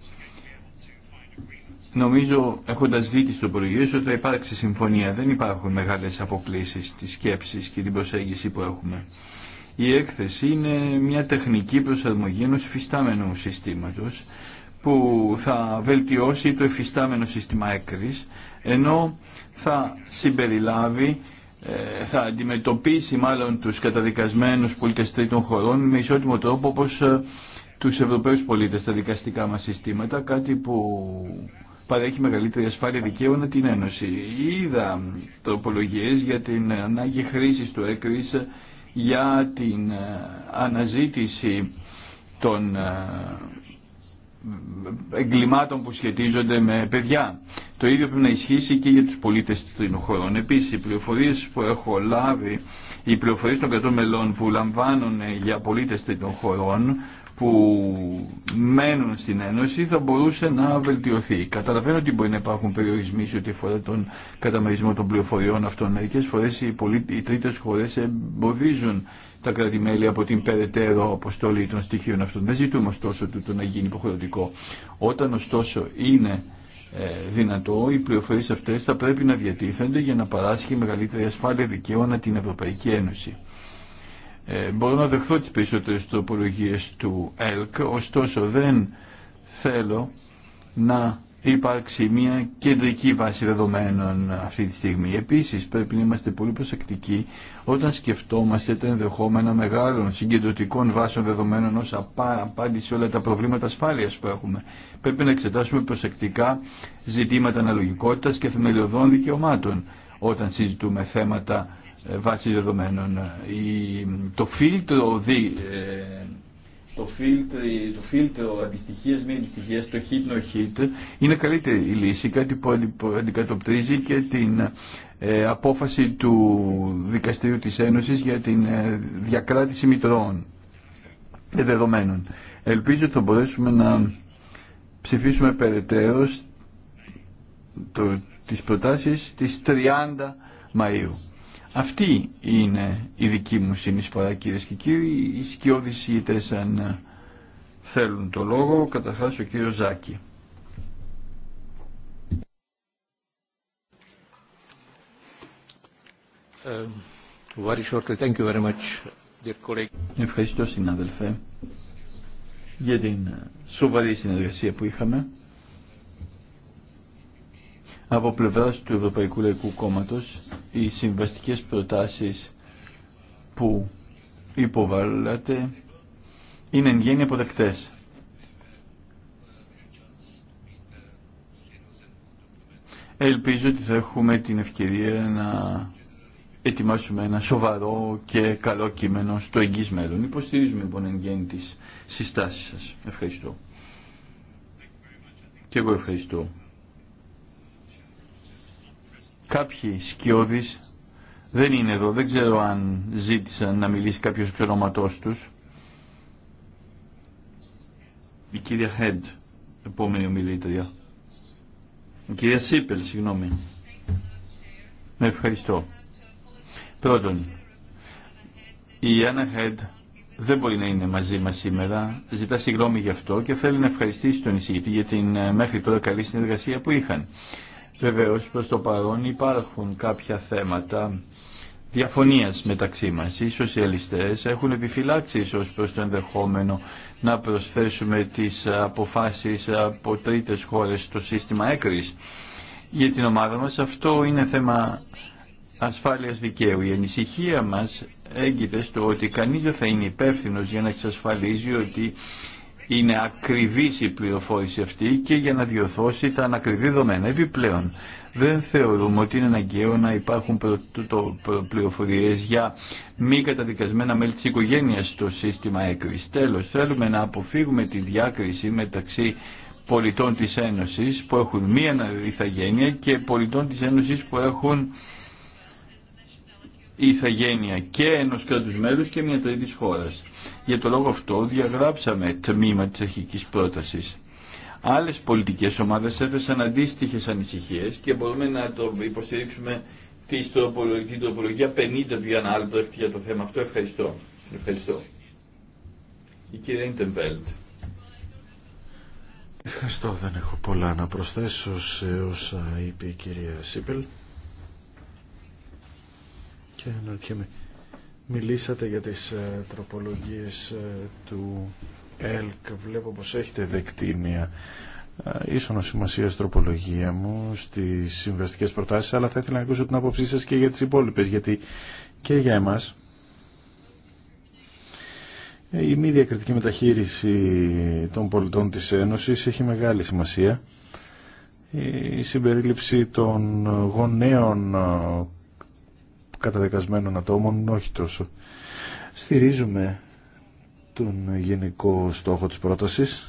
Νομίζω, έχοντας δει τις τροπολογίες ότι θα υπάρξει συμφωνία. Δεν υπάρχουν μεγάλες αποκλήσεις της σκέψης και την προσέγγιση που έχουμε. Η έκθεση είναι μια τεχνική προσαρμογή ενό υφιστάμενου συστήματος που θα βελτιώσει το εφιστάμενο σύστημα έκρης, ενώ θα συμπεριλάβει ε, θα αντιμετωπίσει μάλλον τους καταδικασμένους πολίτες των χωρών με ισότιμο τρόπο όπως ε, τους Ευρωπαίους πολίτες στα δικαστικά μας συστήματα, κάτι που παρέχει μεγαλύτερη ασφάλεια δικαίωνα την Ένωση. Είδα τροπολογίες για την ανάγκη χρήσης του ΕΚΡΙΣ για την ε, αναζήτηση των εγκλημάτων που σχετίζονται με παιδιά. Το ίδιο πρέπει να ισχύσει και για τους πολίτες των χωρών. Επίσης, οι πληροφορίες που έχω λάβει, οι πληροφορίες των κρατών μελών που λαμβάνουν για πολίτες των χωρών που μένουν στην Ένωση θα μπορούσε να βελτιωθεί. Καταλαβαίνω ότι μπορεί να υπάρχουν περιορισμοί σε ό,τι αφορά τον καταμερισμό των πληροφοριών αυτών. Μερικέ φορέ οι, πολι... οι τρίτε χώρε εμποδίζουν τα κρατη από την περαιτέρω αποστολή των στοιχείων αυτών. Δεν ζητούμε ωστόσο το να γίνει υποχρεωτικό. Όταν ωστόσο είναι ε, δυνατό, οι πληροφορίε αυτέ θα πρέπει να διατίθενται για να παράσχει μεγαλύτερη ασφάλεια δικαίωνα την Ευρωπαϊκή Ένωση. Ε, μπορώ να δεχθώ τις περισσότερες τροπολογίες του ΕΛΚ, ωστόσο δεν θέλω να υπάρξει μια κεντρική βάση δεδομένων αυτή τη στιγμή. Επίσης πρέπει να είμαστε πολύ προσεκτικοί όταν σκεφτόμαστε τα ενδεχόμενα μεγάλων συγκεντρωτικών βάσεων δεδομένων ως απάντηση σε όλα τα προβλήματα ασφάλειας που έχουμε. Πρέπει να εξετάσουμε προσεκτικά ζητήματα αναλογικότητας και θεμελιωδών δικαιωμάτων όταν συζητούμε θέματα ε, βάση δεδομένων. Η, το φίλτρο δι, ε, το φίλτρο, το φίλτρο αντιστοιχία μη αντιστοιχία, το hit no hit, είναι καλύτερη η λύση, κάτι που αντικατοπτρίζει και την ε, απόφαση του Δικαστηρίου της Ένωσης για την διακράτηση μητρών δεδομένων. Ελπίζω ότι θα μπορέσουμε να ψηφίσουμε περαιτέρω τι τις προτάσεις της 30 Μαΐου. Αυτή είναι η δική μου συνεισφορά κύριε και κύριοι. Οι σκιώδεις αν ε, θέλουν το λόγο, καταρχάς ο κύριος Ζάκη. Um, thank you very much, dear colleague. Ευχαριστώ συνάδελφε για την ε, σοβαρή συνεργασία που είχαμε. Από πλευράς του Ευρωπαϊκού Λαϊκού Κόμματος, οι συμβαστικές προτάσεις που υποβάλλατε είναι εν γέννη αποδεκτές. Ελπίζω ότι θα έχουμε την ευκαιρία να ετοιμάσουμε ένα σοβαρό και καλό κείμενο στο εγγύς μέλλον. Υποστηρίζουμε λοιπόν εν γέννη τις συστάσεις σας. Ευχαριστώ. Και εγώ ευχαριστώ. Κάποιοι σκιώδεις δεν είναι εδώ, δεν ξέρω αν ζήτησαν να μιλήσει κάποιος εξ ονόματός τους. Η κυρία Χέντ, επόμενη ομιλήτρια. Η κυρία Σίπελ, συγγνώμη. Με ναι, ευχαριστώ. Πρώτον, η Άννα Χέντ δεν μπορεί να είναι μαζί μας σήμερα. Ζητά συγγνώμη γι' αυτό και θέλει να ευχαριστήσει τον εισηγητή για την ε, μέχρι τώρα καλή συνεργασία που είχαν. Βεβαίω, προς το παρόν υπάρχουν κάποια θέματα διαφωνίας μεταξύ μας. Οι σοσιαλιστές έχουν επιφυλάξει ως προς το ενδεχόμενο να προσθέσουμε τις αποφάσεις από τρίτες χώρες στο σύστημα έκρης. Για την ομάδα μας αυτό είναι θέμα ασφάλειας δικαίου. Η ανησυχία μας έγκυται στο ότι κανείς δεν θα είναι υπεύθυνο για να εξασφαλίζει ότι είναι ακριβή η πληροφόρηση αυτή και για να διορθώσει τα ανακριβή δεδομένα. Επιπλέον, δεν θεωρούμε ότι είναι αναγκαίο να υπάρχουν πληροφορίε για μη καταδικασμένα μέλη τη οικογένεια στο σύστημα έκρησης. Τέλο, θέλουμε να αποφύγουμε τη διάκριση μεταξύ πολιτών της Ένωσης που έχουν μία ηθαγένεια και πολιτών της Ένωσης που έχουν η ηθαγένεια και ενό κρατου μέλους και μια τρίτη χώρα. Για το λόγο αυτό διαγράψαμε τμήμα τη αρχική πρόταση. Άλλε πολιτικέ ομάδε έφεσαν αντίστοιχε ανησυχίε και μπορούμε να το υποστηρίξουμε τη τροπολογία 50 του Γιάννα Άλμπρεχτ για το θέμα αυτό. Ευχαριστώ. Ευχαριστώ. Η κυρία Ιντεμβέλτ. Ευχαριστώ. Δεν έχω πολλά να προσθέσω σε όσα είπε η κυρία Σίπελ. Και αναρωτιέμαι, μιλήσατε για τις ε, τροπολογίες ε, του ΕΛΚ. Βλέπω πως έχετε δεκτεί μια ε, ίσονο σημασία τροπολογία μου στις συμβαστικές προτάσεις, αλλά θα ήθελα να ακούσω την άποψή σα και για τις υπόλοιπες, γιατί και για εμάς η μη διακριτική μεταχείριση των πολιτών της Ένωσης έχει μεγάλη σημασία. Η συμπερίληψη των γονέων καταδικασμένων ατόμων, όχι τόσο. Στηρίζουμε τον γενικό στόχο της πρότασης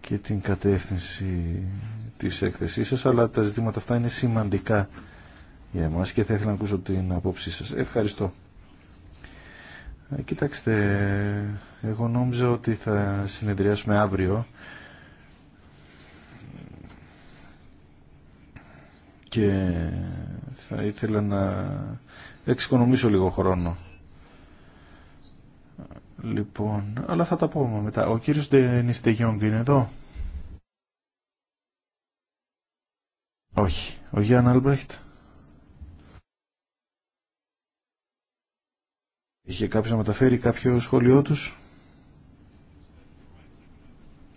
και την κατεύθυνση της έκθεσής σας, αλλά τα ζητήματα αυτά είναι σημαντικά για εμάς και θα ήθελα να ακούσω την απόψή σας. Ευχαριστώ. Ε, κοιτάξτε, εγώ νόμιζα ότι θα συνεδριάσουμε αύριο και θα ήθελα να εξοικονομήσω λίγο χρόνο. Λοιπόν, αλλά θα τα πούμε μετά. Ο κύριος Ντένις Γιόγκ είναι εδώ. Όχι. Ο Γιάννα Αλμπρέχτ. Είχε κάποιος να μεταφέρει κάποιο σχόλιο τους.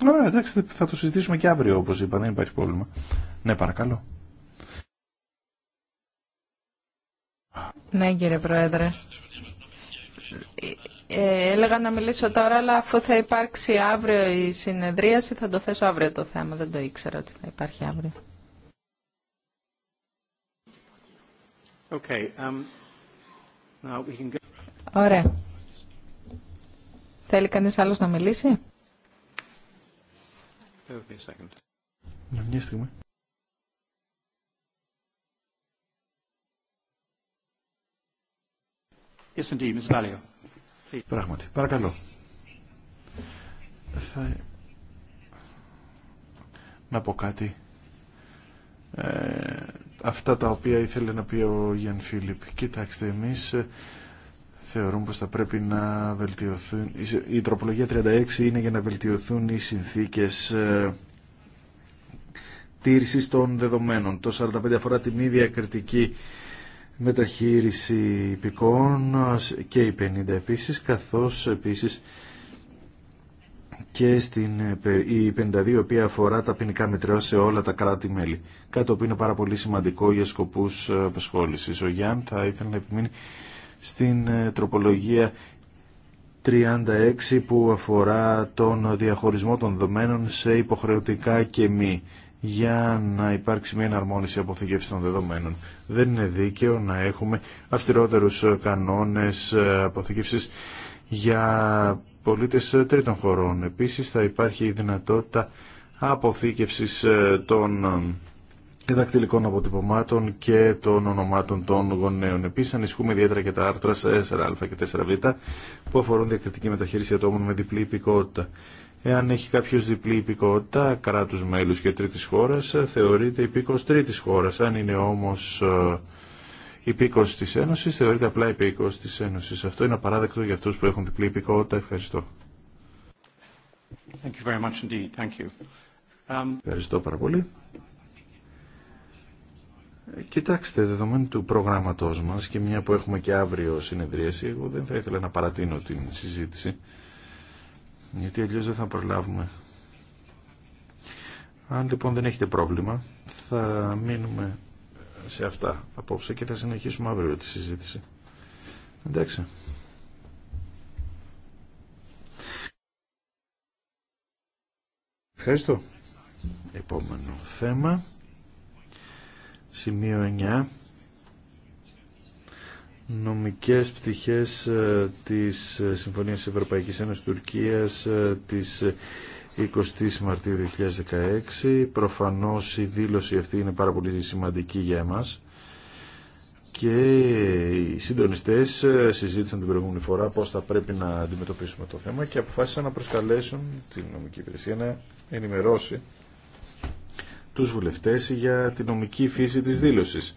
Ωραία, εντάξει, θα το συζητήσουμε και αύριο, όπως είπα, δεν υπάρχει πρόβλημα. Ναι, παρακαλώ. Ναι κύριε Πρόεδρε. Ε, έλεγα να μιλήσω τώρα, αλλά αφού θα υπάρξει αύριο η συνεδρίαση, θα το θέσω αύριο το θέμα. Δεν το ήξερα ότι θα υπάρχει αύριο. Okay, um, now we can go... Ωραία. Θέλει κανείς άλλος να μιλήσει? Ναι, μια στιγμή. Πράγματι. Παρακαλώ. Θα... Να πω κάτι. Ε, αυτά τα οποία ήθελε να πει ο Γιάνν Φίλιπ. Κοιτάξτε, εμείς ε, θεωρούμε πως θα πρέπει να βελτιωθούν... Η τροπολογία 36 είναι για να βελτιωθούν οι συνθήκες ε, τήρησης των δεδομένων. Το 45 αφορά την ίδια κριτική μεταχείριση υπηκών και η 50 επίσης, καθώς επίσης και στην, ε, η 52 η οποία αφορά τα ποινικά μετρέω σε όλα τα κράτη-μέλη. Κάτι που είναι πάρα πολύ σημαντικό για σκοπούς ε, απασχόλησης. Ο Γιάνν θα ήθελε να επιμείνει στην ε, τροπολογία 36 που αφορά τον διαχωρισμό των δεδομένων σε υποχρεωτικά και μη για να υπάρξει μια εναρμόνιση αποθηκεύση των δεδομένων. Δεν είναι δίκαιο να έχουμε αυστηρότερους κανόνες αποθήκευσης για πολίτες τρίτων χωρών. Επίσης θα υπάρχει η δυνατότητα αποθήκευσης των δακτυλικών αποτυπωμάτων και των ονομάτων των γονέων. Επίσης ανισχούμε ιδιαίτερα και τα άρθρα 4α και 4β που αφορούν διακριτική μεταχείριση ατόμων με διπλή υπηκότητα. Εάν έχει κάποιο διπλή υπηκότητα κράτου μέλου και τρίτη χώρα. θεωρείται υπήκο τρίτη χώρα. Αν είναι όμω ε, υπήκο τη Ένωση, θεωρείται απλά υπήκο τη Ένωση. Αυτό είναι απαράδεκτο για αυτού που έχουν διπλή υπηκότητα. Ευχαριστώ. Thank you very much Thank you. Um... Ευχαριστώ πάρα πολύ. Κοιτάξτε, δεδομένου του προγράμματός μας και μια που έχουμε και αύριο συνεδρίαση, εγώ δεν θα ήθελα να παρατείνω την συζήτηση γιατί αλλιώς δεν θα προλάβουμε. Αν λοιπόν δεν έχετε πρόβλημα, θα μείνουμε σε αυτά απόψε και θα συνεχίσουμε αύριο τη συζήτηση. Εντάξει. Ευχαριστώ. Επόμενο θέμα. Σημείο 9 νομικές πτυχές ε, της ε, Συμφωνίας Ευρωπαϊκής Ένωσης Τουρκίας ε, της 20 Μαρτίου 2016. Προφανώς η δήλωση αυτή είναι πάρα πολύ σημαντική για εμάς και οι συντονιστές συζήτησαν την προηγούμενη φορά πώς θα πρέπει να αντιμετωπίσουμε το θέμα και αποφάσισαν να προσκαλέσουν την νομική υπηρεσία να ενημερώσει τους βουλευτές για τη νομική φύση της δήλωσης.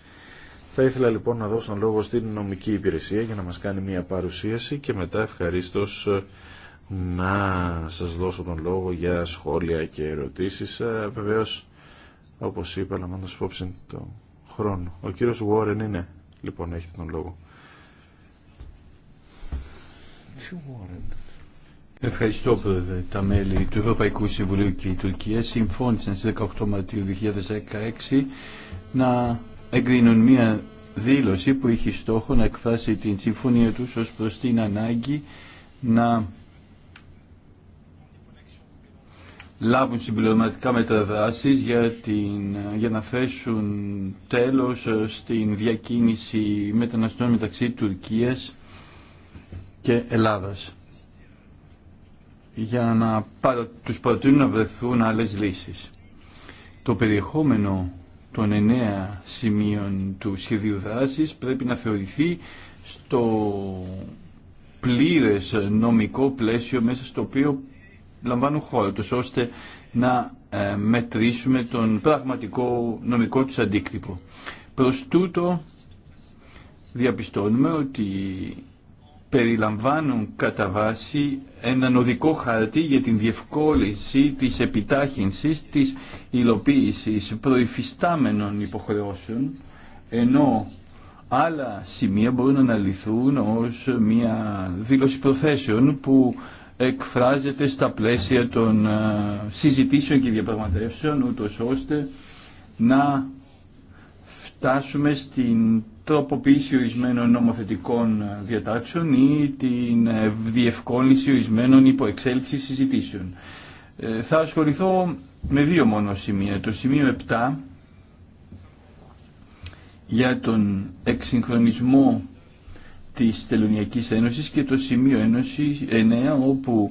Θα ήθελα λοιπόν να δώσω τον λόγο στην νομική υπηρεσία για να μας κάνει μια παρουσίαση και μετά ευχαριστώ να σας δώσω τον λόγο για σχόλια και ερωτήσεις. Ε, βεβαίως, όπως είπα, λαμβάνοντας υπόψη το χρόνο. Ο κύριος Βόρεν είναι, λοιπόν, έχετε τον λόγο. Ευχαριστώ, Πρόεδρε. Τα μέλη του Ευρωπαϊκού Συμβουλίου και η Τουρκία συμφώνησαν στις 18 Μαρτίου 2016 να εγκρίνουν μία δήλωση που είχε στόχο να εκφράσει την συμφωνία τους ως προς την ανάγκη να λάβουν συμπληρωματικά μεταδράσεις για, την, για να θέσουν τέλος στην διακίνηση μεταναστών μεταξύ Τουρκίας και Ελλάδας για να παρα, τους παρατηρούν να βρεθούν άλλες λύσεις. Το περιεχόμενο των εννέα σημείων του σχεδίου δράση πρέπει να θεωρηθεί στο πλήρες νομικό πλαίσιο μέσα στο οποίο λαμβάνουν χώρο τους, ώστε να ε, μετρήσουμε τον πραγματικό νομικό τους αντίκτυπο. Προς τούτο διαπιστώνουμε ότι περιλαμβάνουν κατά βάση έναν οδικό χαρτί για την διευκόλυνση της επιτάχυνσης της υλοποίησης προϋφιστάμενων υποχρεώσεων, ενώ άλλα σημεία μπορούν να αναλυθούν ως μια δήλωση προθέσεων που εκφράζεται στα πλαίσια των ε, συζητήσεων και διαπραγματεύσεων, ούτως ώστε να φτάσουμε στην τροποποίηση ορισμένων νομοθετικών ε, διατάξεων ή την ε, διευκόλυνση ορισμένων υποεξέλιξης συζητήσεων. Ε, θα ασχοληθώ με δύο μόνο σημεία. Το σημείο 7 για τον εξυγχρονισμό της Τελωνιακής Ένωσης και το σημείο 9 όπου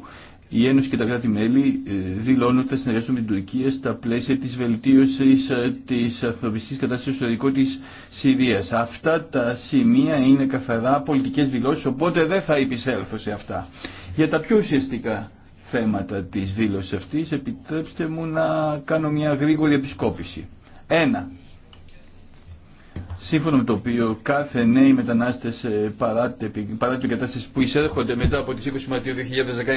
η Ένωση και τα κράτη-μέλη ε, δηλώνουν ότι θα συνεργαστούν με την Τουρκία στα πλαίσια της βελτίωσης ε, τη ανθρωπιστικής κατασταση στο δικό της Συρίας. Αυτά τα σημεία είναι καθαρά πολιτικές δηλώσει, οπότε δεν θα υπησέλθω σε αυτά. Για τα πιο ουσιαστικά θέματα της δήλωσης αυτής, επιτρέψτε μου να κάνω μια γρήγορη επισκόπηση. Ένα, σύμφωνα με το οποίο κάθε νέοι μετανάστες ε, παρά την κατάσταση που εισέρχονται μετά από τις 20 Μαρτίου 2016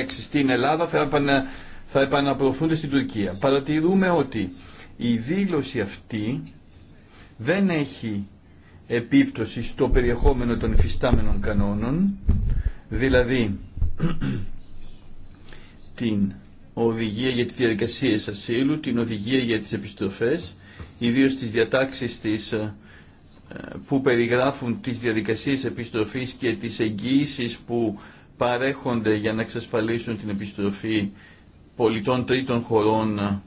στην Ελλάδα θα, επανα, θα επαναπροωθούνται στην Τουρκία. Παρατηρούμε ότι η δήλωση αυτή δεν έχει επίπτωση στο περιεχόμενο των υφιστάμενων κανόνων, δηλαδή την οδηγία για τις διαδικασίες ασύλου, την οδηγία για τις επιστροφές, ιδίως τι διατάξεις της ε, που περιγράφουν τις διαδικασίες επιστροφής και τις εγγύησεις που παρέχονται για να εξασφαλίσουν την επιστροφή πολιτών τρίτων χωρών ε,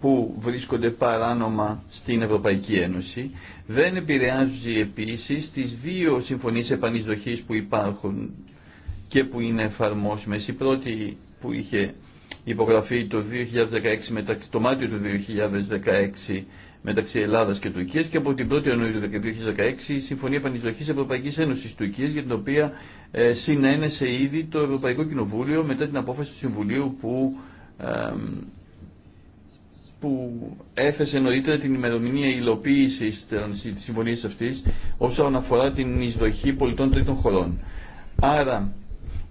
που βρίσκονται παράνομα στην Ευρωπαϊκή Ένωση. Δεν επηρεάζει επίσης τις δύο συμφωνίες επανεισδοχής που υπάρχουν και που είναι εφαρμόσιμες. Η πρώτη που είχε υπογραφεί το, 2016, το Μάρτιο του 2016 μεταξύ Ελλάδα και Τουρκία και από την 1η Ιανουαρίου 2016 η Συμφωνία Επανεισδοχή Ευρωπαϊκή Ένωση Τουρκία για την οποία ε, συνένεσε ήδη το Ευρωπαϊκό Κοινοβούλιο μετά την απόφαση του Συμβουλίου που, ε, που έθεσε νωρίτερα την ημερομηνία υλοποίηση τη συμφωνία αυτή όσον αφορά την εισδοχή πολιτών τρίτων χωρών. Άρα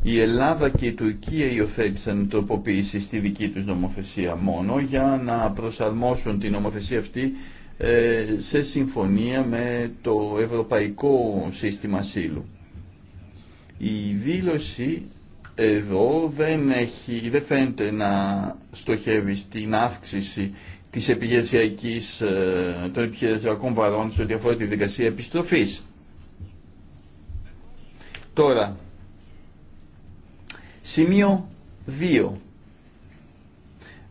η Ελλάδα και η Τουρκία υιοθέτησαν τροποποίηση στη δική τους νομοθεσία μόνο για να προσαρμόσουν την νομοθεσία αυτή ε, σε συμφωνία με το ευρωπαϊκό σύστημα ασύλου. Η δήλωση εδώ δεν, έχει, δεν φαίνεται να στοχεύει στην αύξηση της επιχειρησιακής, ε, των επιχειρησιακών βαρών σε ό,τι αφορά τη δικασία επιστροφής. Τώρα, Σημείο 2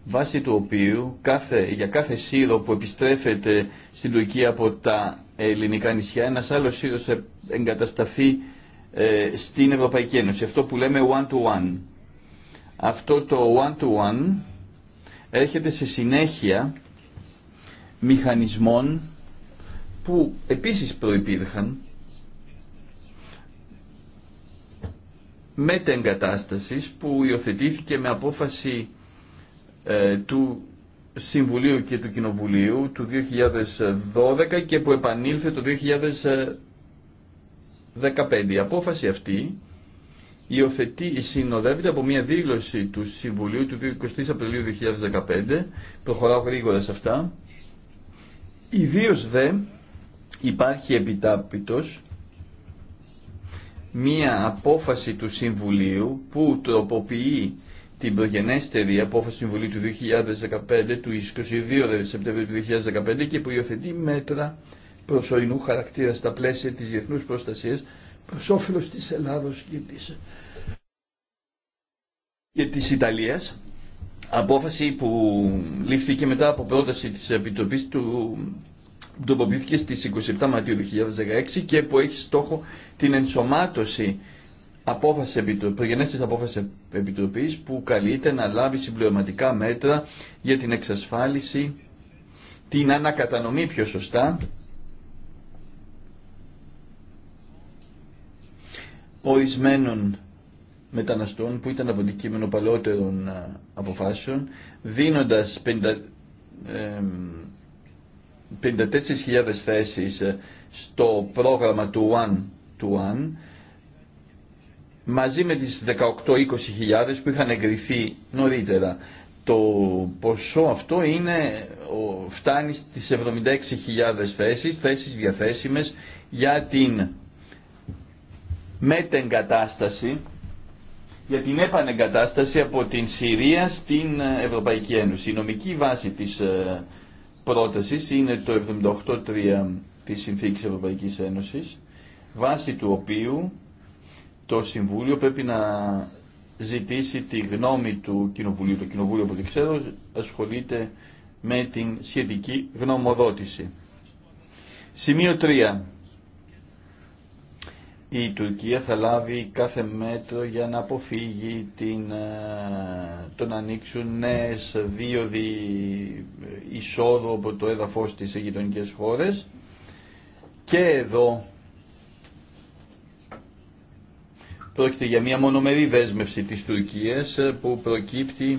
βάση του οποίου κάθε, για κάθε σύρο που επιστρέφεται στην Τουρκία από τα ελληνικά νησιά, ένας άλλος σύρος εγκατασταθεί ε, στην Ευρωπαϊκή Ένωση. Αυτό που λέμε one-to-one. -one. Αυτό το one-to-one -one αυτο το one to one ερχεται σε συνέχεια μηχανισμών που επίσης προϋπήρχαν μετεγκατάστασης που υιοθετήθηκε με απόφαση ε, του Συμβουλίου και του Κοινοβουλίου του 2012 και που επανήλθε το 2015. Η απόφαση αυτή υιοθετεί, συνοδεύεται από μια δήλωση του Συμβουλίου του 23 Απριλίου 2015, προχωράω γρήγορα σε αυτά, ιδίως δε υπάρχει επιτάπητος μία απόφαση του Συμβουλίου που τροποποιεί την προγενέστερη απόφαση του Συμβουλίου του 2015, του 22 δηλαδή Σεπτεμβρίου του 2015 και που υιοθετεί μέτρα προσωρινού χαρακτήρα στα πλαίσια της διεθνούς προστασίας προς όφελος της Ελλάδος και της, και Ιταλίας. Απόφαση που λήφθηκε μετά από πρόταση της Επιτροπής του τοποποιήθηκε στις 27 Μαρτίου 2016 και που έχει στόχο την ενσωμάτωση απόφαση, προγενέστης απόφαση επιτροπής που καλείται να λάβει συμπληρωματικά μέτρα για την εξασφάλιση, την ανακατανομή πιο σωστά ορισμένων μεταναστών που ήταν από αντικείμενο παλαιότερων ε, αποφάσεων, δίνοντας 50, 54.000 θέσεις ε, στο πρόγραμμα του One to One μαζί με τις 18-20.000 που είχαν εγκριθεί νωρίτερα. Το ποσό αυτό είναι, φτάνει στις 76.000 θέσεις, θέσεις διαθέσιμες για την μετεγκατάσταση για την επανεγκατάσταση από την Συρία στην ε, Ευρωπαϊκή Ένωση. Η νομική βάση της ε, πρότασης είναι το 78.3 της Συνθήκης Ευρωπαϊκής Ένωσης, βάσει του οποίου το Συμβούλιο πρέπει να ζητήσει τη γνώμη του Κοινοβουλίου. Το Κοινοβούλιο, όπως ξέρω, ασχολείται με την σχετική γνωμοδότηση. Σημείο 3 η Τουρκία θα λάβει κάθε μέτρο για να αποφύγει την, ε, το να ανοίξουν νέες δίωδοι ε, εισόδου από το έδαφος της σε γειτονικές χώρες. Και εδώ πρόκειται για μια μονομερή δέσμευση της Τουρκίας ε, που προκύπτει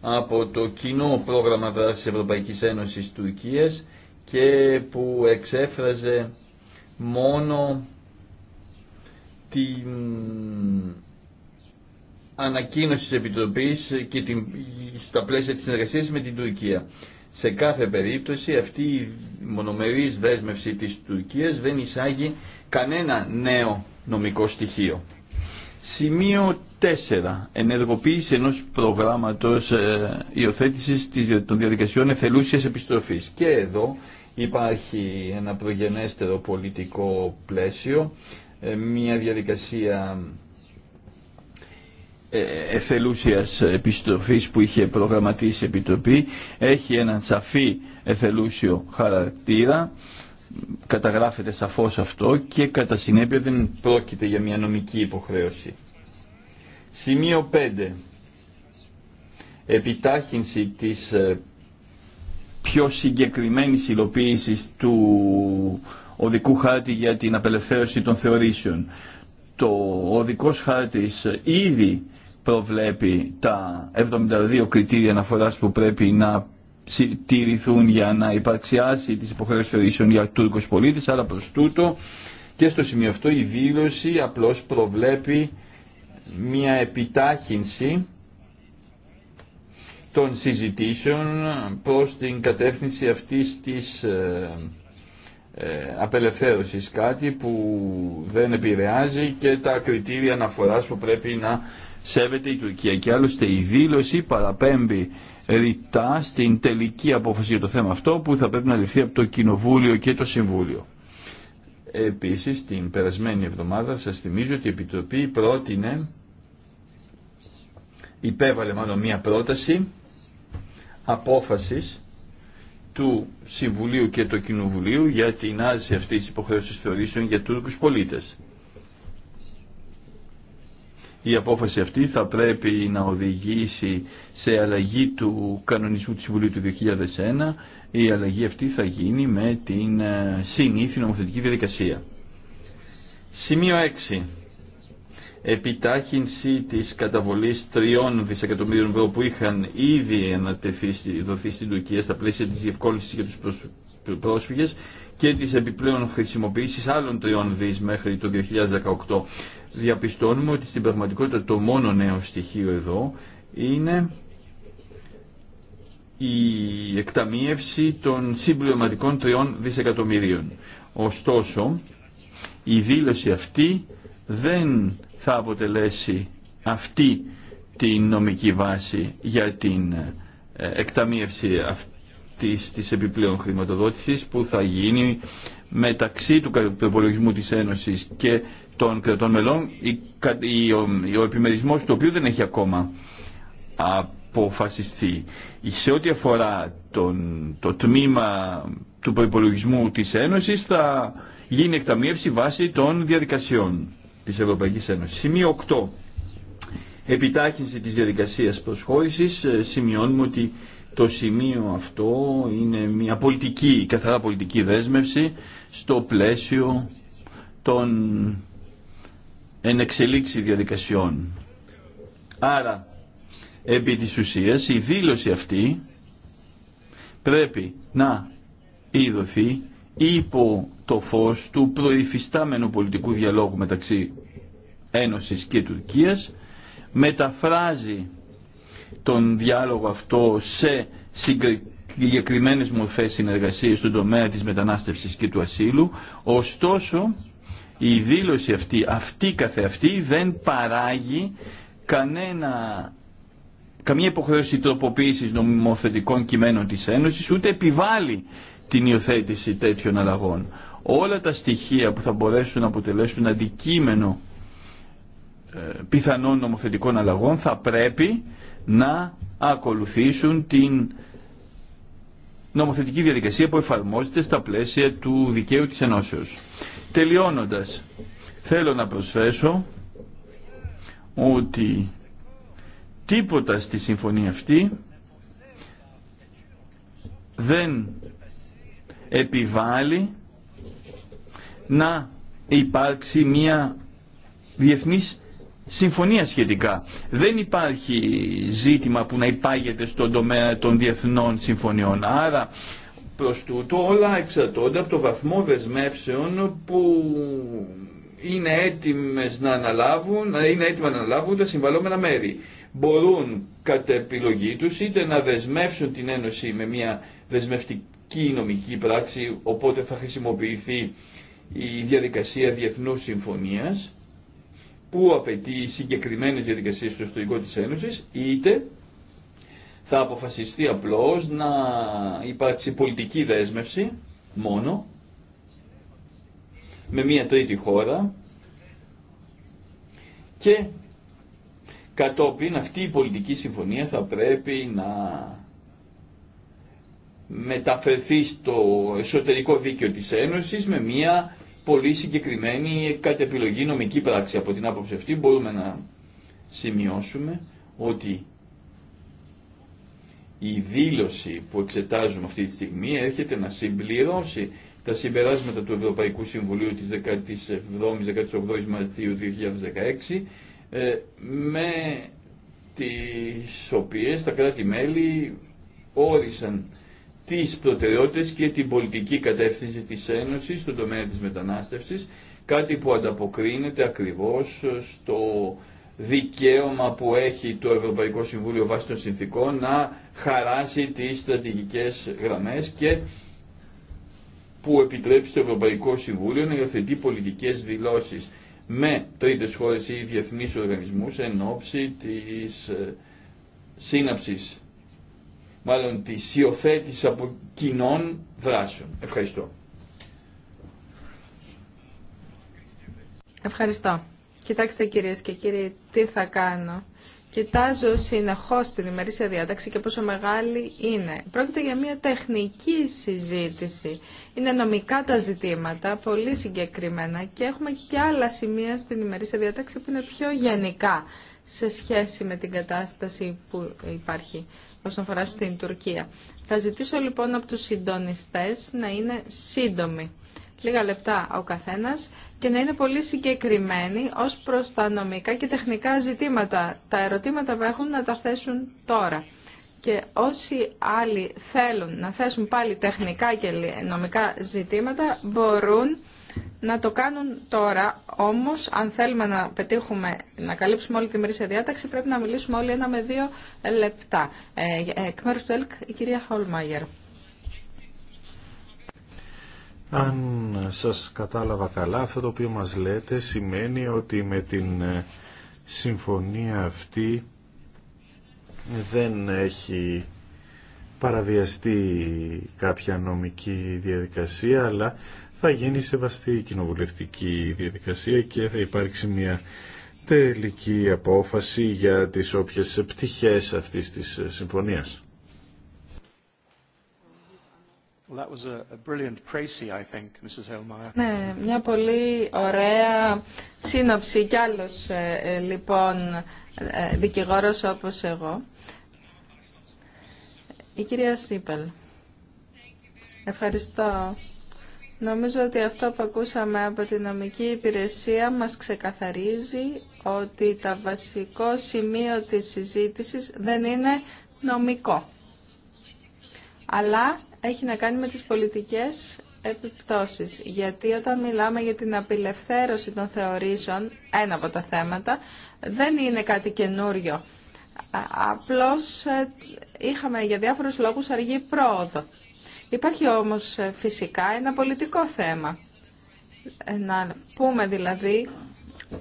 από το κοινό πρόγραμμα δράσης Ευρωπαϊκής Ένωσης Τουρκίας και που εξέφραζε μόνο την ανακοίνωση της Επιτροπής και την, στα πλαίσια της συνεργασίας με την Τουρκία. Σε κάθε περίπτωση αυτή η μονομερής δέσμευση της Τουρκίας δεν εισάγει κανένα νέο νομικό στοιχείο. Σημείο 4. Ενεργοποίηση ενός προγράμματος ε, υιοθέτησης των διαδικασιών εθελούσιας επιστροφής. Και εδώ υπάρχει ένα προγενέστερο πολιτικό πλαίσιο ε, μια διαδικασία ε, εθελούσιας επιστροφής που είχε προγραμματίσει η Επιτροπή έχει έναν σαφή εθελούσιο χαρακτήρα καταγράφεται σαφώς αυτό και κατά συνέπεια δεν πρόκειται για μια νομική υποχρέωση. Σημείο 5. Επιτάχυνση της ε, πιο συγκεκριμένης υλοποίησης του οδικού χάρτη για την απελευθέρωση των θεωρήσεων. Το οδικός χάρτης ήδη προβλέπει τα 72 κριτήρια αναφοράς που πρέπει να τηρηθούν για να υπαρξιάσει τι της θεωρήσεων για Τούρκους πολίτες, αλλά προς τούτο και στο σημείο αυτό η δήλωση απλώς προβλέπει μια επιτάχυνση των συζητήσεων προς την κατεύθυνση αυτής της ε, ε, απελευθέρωσης, κάτι που δεν επηρεάζει και τα κριτήρια αναφοράς που πρέπει να σέβεται η Τουρκία. Και άλλωστε η δήλωση παραπέμπει ρητά στην τελική απόφαση για το θέμα αυτό που θα πρέπει να ληφθεί από το Κοινοβούλιο και το Συμβούλιο. Επίσης, την περασμένη εβδομάδα σας θυμίζω ότι η Επιτροπή πρότεινε, υπέβαλε μάλλον μία πρόταση απόφασης του Συμβουλίου και του Κοινοβουλίου για την άρση αυτή τη υποχρεώση θεωρήσεων για τουρκου πολίτες. Η απόφαση αυτή θα πρέπει να οδηγήσει σε αλλαγή του κανονισμού του Συμβουλίου του 2001. Η αλλαγή αυτή θα γίνει με την ε, συνήθινη νομοθετική διαδικασία. Σημείο 6 επιτάχυνση της καταβολής τριών δισεκατομμύριων ευρώ που είχαν ήδη ανατεθεί, δοθεί στην Τουρκία στα πλαίσια της διευκόλυνσης για τους πρόσφυγες και της επιπλέον χρησιμοποίησης άλλων τριών δις μέχρι το 2018. Διαπιστώνουμε ότι στην πραγματικότητα το μόνο νέο στοιχείο εδώ είναι η εκταμίευση των συμπληρωματικών τριών δισεκατομμυρίων. Ωστόσο, η δήλωση αυτή δεν θα αποτελέσει αυτή τη νομική βάση για την ε, εκταμίευση αυτής της επιπλέον χρηματοδότησης που θα γίνει μεταξύ του προπολογισμού της Ένωσης και των κρατών μελών ο επιμερισμός του οποίου δεν έχει ακόμα αποφασιστεί. Σε ό,τι αφορά τον, το τμήμα του προπολογισμού της Ένωσης θα γίνει εκταμίευση βάσει των διαδικασιών της Ευρωπαϊκής Σημείο 8. Επιτάχυνση της διαδικασίας προσχώρησης. Ε, σημειώνουμε ότι το σημείο αυτό είναι μια πολιτική, καθαρά πολιτική δέσμευση στο πλαίσιο των ενεξελίξη διαδικασιών. Άρα, επί της ουσίας, η δήλωση αυτή πρέπει να ειδωθεί υπό το φως του προϋφιστάμενου πολιτικού διαλόγου μεταξύ Ένωσης και Τουρκίας μεταφράζει τον διάλογο αυτό σε συγκεκριμένε μορφές συνεργασίας στον τομέα της μετανάστευσης και του ασύλου ωστόσο η δήλωση αυτή, αυτή καθεαυτή δεν παράγει κανένα καμία υποχρέωση τροποποίησης νομιμοθετικών κειμένων της Ένωσης, ούτε επιβάλλει την υιοθέτηση τέτοιων αλλαγών. Όλα τα στοιχεία που θα μπορέσουν να αποτελέσουν αντικείμενο ε, πιθανών νομοθετικών αλλαγών θα πρέπει να ακολουθήσουν την νομοθετική διαδικασία που εφαρμόζεται στα πλαίσια του δικαίου της ενώσεως. Τελειώνοντας, θέλω να προσθέσω ότι τίποτα στη συμφωνία αυτή δεν επιβάλλει να υπάρξει μια διεθνής συμφωνία σχετικά. Δεν υπάρχει ζήτημα που να υπάγεται στον τομέα των διεθνών συμφωνιών. Άρα προς τούτο όλα εξαρτώνται από το βαθμό δεσμεύσεων που είναι έτοιμες να αναλάβουν, είναι έτοιμα να αναλάβουν τα συμβαλόμενα μέρη. Μπορούν κατά επιλογή τους είτε να δεσμεύσουν την Ένωση με μια δεσμευτική η νομική πράξη, οπότε θα χρησιμοποιηθεί η διαδικασία διεθνούς συμφωνίας που απαιτεί συγκεκριμένες διαδικασίες στο ιστορικό της Ένωσης, είτε θα αποφασιστεί απλώς να υπάρξει πολιτική δέσμευση μόνο με μία τρίτη χώρα και κατόπιν αυτή η πολιτική συμφωνία θα πρέπει να μεταφερθεί στο εσωτερικό δίκαιο της Ένωσης με μια πολύ συγκεκριμένη κατ' επιλογή νομική πράξη. Από την άποψη αυτή μπορούμε να σημειώσουμε ότι η δήλωση που εξετάζουμε αυτή τη στιγμή έρχεται να συμπληρώσει τα συμπεράσματα του Ευρωπαϊκού Συμβουλίου της 17ης-18ης Μαρτίου 2016 ε, με τις οποίες τα κράτη-μέλη όρισαν τις προτεραιότητες και την πολιτική κατεύθυνση της Ένωσης στον τομέα της μετανάστευσης, κάτι που ανταποκρίνεται ακριβώς στο δικαίωμα που έχει το Ευρωπαϊκό Συμβούλιο βάσει των συνθήκων να χαράσει τις στρατηγικές γραμμές και που επιτρέπει στο Ευρωπαϊκό Συμβούλιο να υιοθετεί πολιτικές δηλώσεις με τρίτες χώρες ή διεθνείς οργανισμούς εν ώψη της ε, σύναψης μάλλον της υιοθέτηση από κοινών δράσεων. Ευχαριστώ. Ευχαριστώ. Κοιτάξτε κυρίες και κύριοι τι θα κάνω. Κοιτάζω συνεχώς την ημερήσια διάταξη και πόσο μεγάλη είναι. Πρόκειται για μια τεχνική συζήτηση. Είναι νομικά τα ζητήματα, πολύ συγκεκριμένα και έχουμε και άλλα σημεία στην ημερήσια διάταξη που είναι πιο γενικά σε σχέση με την κατάσταση που υπάρχει όσον αφορά στην Τουρκία. Θα ζητήσω λοιπόν από τους συντονιστές να είναι σύντομοι, λίγα λεπτά ο καθένας και να είναι πολύ συγκεκριμένοι ως προς τα νομικά και τεχνικά ζητήματα. Τα ερωτήματα που έχουν να τα θέσουν τώρα. Και όσοι άλλοι θέλουν να θέσουν πάλι τεχνικά και νομικά ζητήματα μπορούν να το κάνουν τώρα, όμως αν θέλουμε να πετύχουμε, να καλύψουμε όλη τη μερίσια διάταξη, πρέπει να μιλήσουμε όλοι ένα με δύο λεπτά. Ε, εκ μέρους του ΕΛΚ, η κυρία Χολμάγερ. Αν σας κατάλαβα καλά, αυτό το οποίο μας λέτε σημαίνει ότι με την ε, συμφωνία αυτή δεν έχει παραβιαστεί κάποια νομική διαδικασία, αλλά θα γίνει σεβαστή η κοινοβουλευτική διαδικασία και θα υπάρξει μια τελική απόφαση για τις όποιες πτυχές αυτής της ε, συμφωνίας. Ναι, μια πολύ ωραία σύνοψη κι άλλος ε, ε, λοιπόν δικηγόρος όπως εγώ. Η κυρία Σίπελ. Ευχαριστώ. Νομίζω ότι αυτό που ακούσαμε από την νομική υπηρεσία μας ξεκαθαρίζει ότι το βασικό σημείο της συζήτησης δεν είναι νομικό, αλλά έχει να κάνει με τις πολιτικές επιπτώσεις. Γιατί όταν μιλάμε για την απελευθέρωση των θεωρήσεων, ένα από τα θέματα, δεν είναι κάτι καινούριο. Απλώς ε, είχαμε για διάφορους λόγους αργή πρόοδο. Υπάρχει όμως ε, φυσικά ένα πολιτικό θέμα. Να πούμε δηλαδή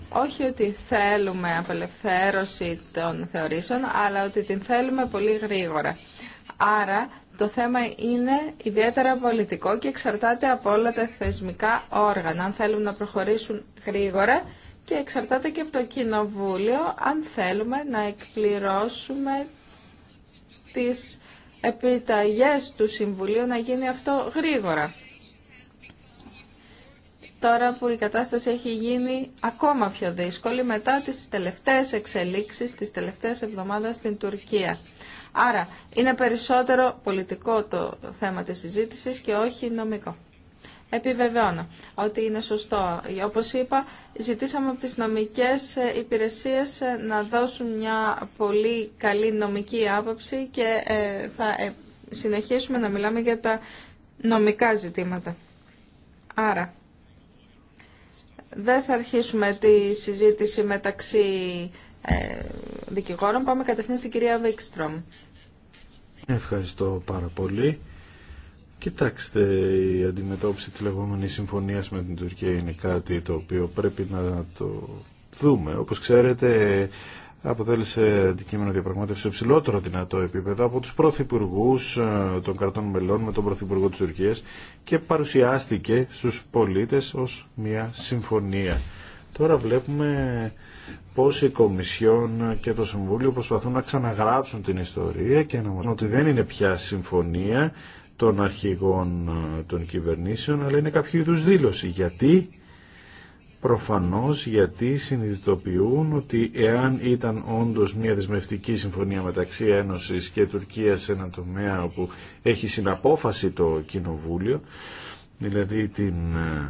όχι ότι θέλουμε απελευθέρωση των θεωρήσεων, αλλά ότι την θέλουμε πολύ γρήγορα. Άρα το θέμα είναι ιδιαίτερα πολιτικό και εξαρτάται από όλα τα θεσμικά όργανα, αν θέλουν να προχωρήσουν γρήγορα και εξαρτάται και από το Κοινοβούλιο, αν θέλουμε να εκπληρώσουμε τις επιταγές του Συμβουλίου να γίνει αυτό γρήγορα. Τώρα που η κατάσταση έχει γίνει ακόμα πιο δύσκολη μετά τις τελευταίες εξελίξεις της τελευταίας εβδομάδας στην Τουρκία. Άρα είναι περισσότερο πολιτικό το θέμα της συζήτησης και όχι νομικό επιβεβαιώνω ότι είναι σωστό. Όπως είπα, ζητήσαμε από τις νομικές υπηρεσίες ε, να δώσουν μια πολύ καλή νομική άποψη και ε, θα ε, συνεχίσουμε να μιλάμε για τα νομικά ζητήματα. Άρα, δεν θα αρχίσουμε τη συζήτηση μεταξύ δικηγόρων. Πάμε κατευθείαν στην κυρία Βίξτρομ. Ευχαριστώ πάρα πολύ. Κοιτάξτε, η αντιμετώπιση της λεγόμενης συμφωνίας με την Τουρκία είναι κάτι το οποίο πρέπει να το δούμε. Όπως ξέρετε, αποτέλεσε αντικείμενο διαπραγμάτευση σε ψηλότερο δυνατό επίπεδο από τους πρωθυπουργού ε, των κρατών μελών με τον πρωθυπουργό της Τουρκίας και παρουσιάστηκε στους πολίτες ως μια συμφωνία. Τώρα βλέπουμε πώς η Κομισιόν και το Συμβούλιο προσπαθούν να ξαναγράψουν την ιστορία και να ότι δεν είναι πια συμφωνία των αρχηγών ε, των κυβερνήσεων, αλλά είναι κάποιο είδους δήλωση. Γιατί, προφανώς γιατί συνειδητοποιούν ότι εάν ήταν όντως μια δεσμευτική συμφωνία μεταξύ Ένωσης και Τουρκίας σε έναν τομέα όπου έχει συναπόφαση το Κοινοβούλιο, δηλαδή την ε,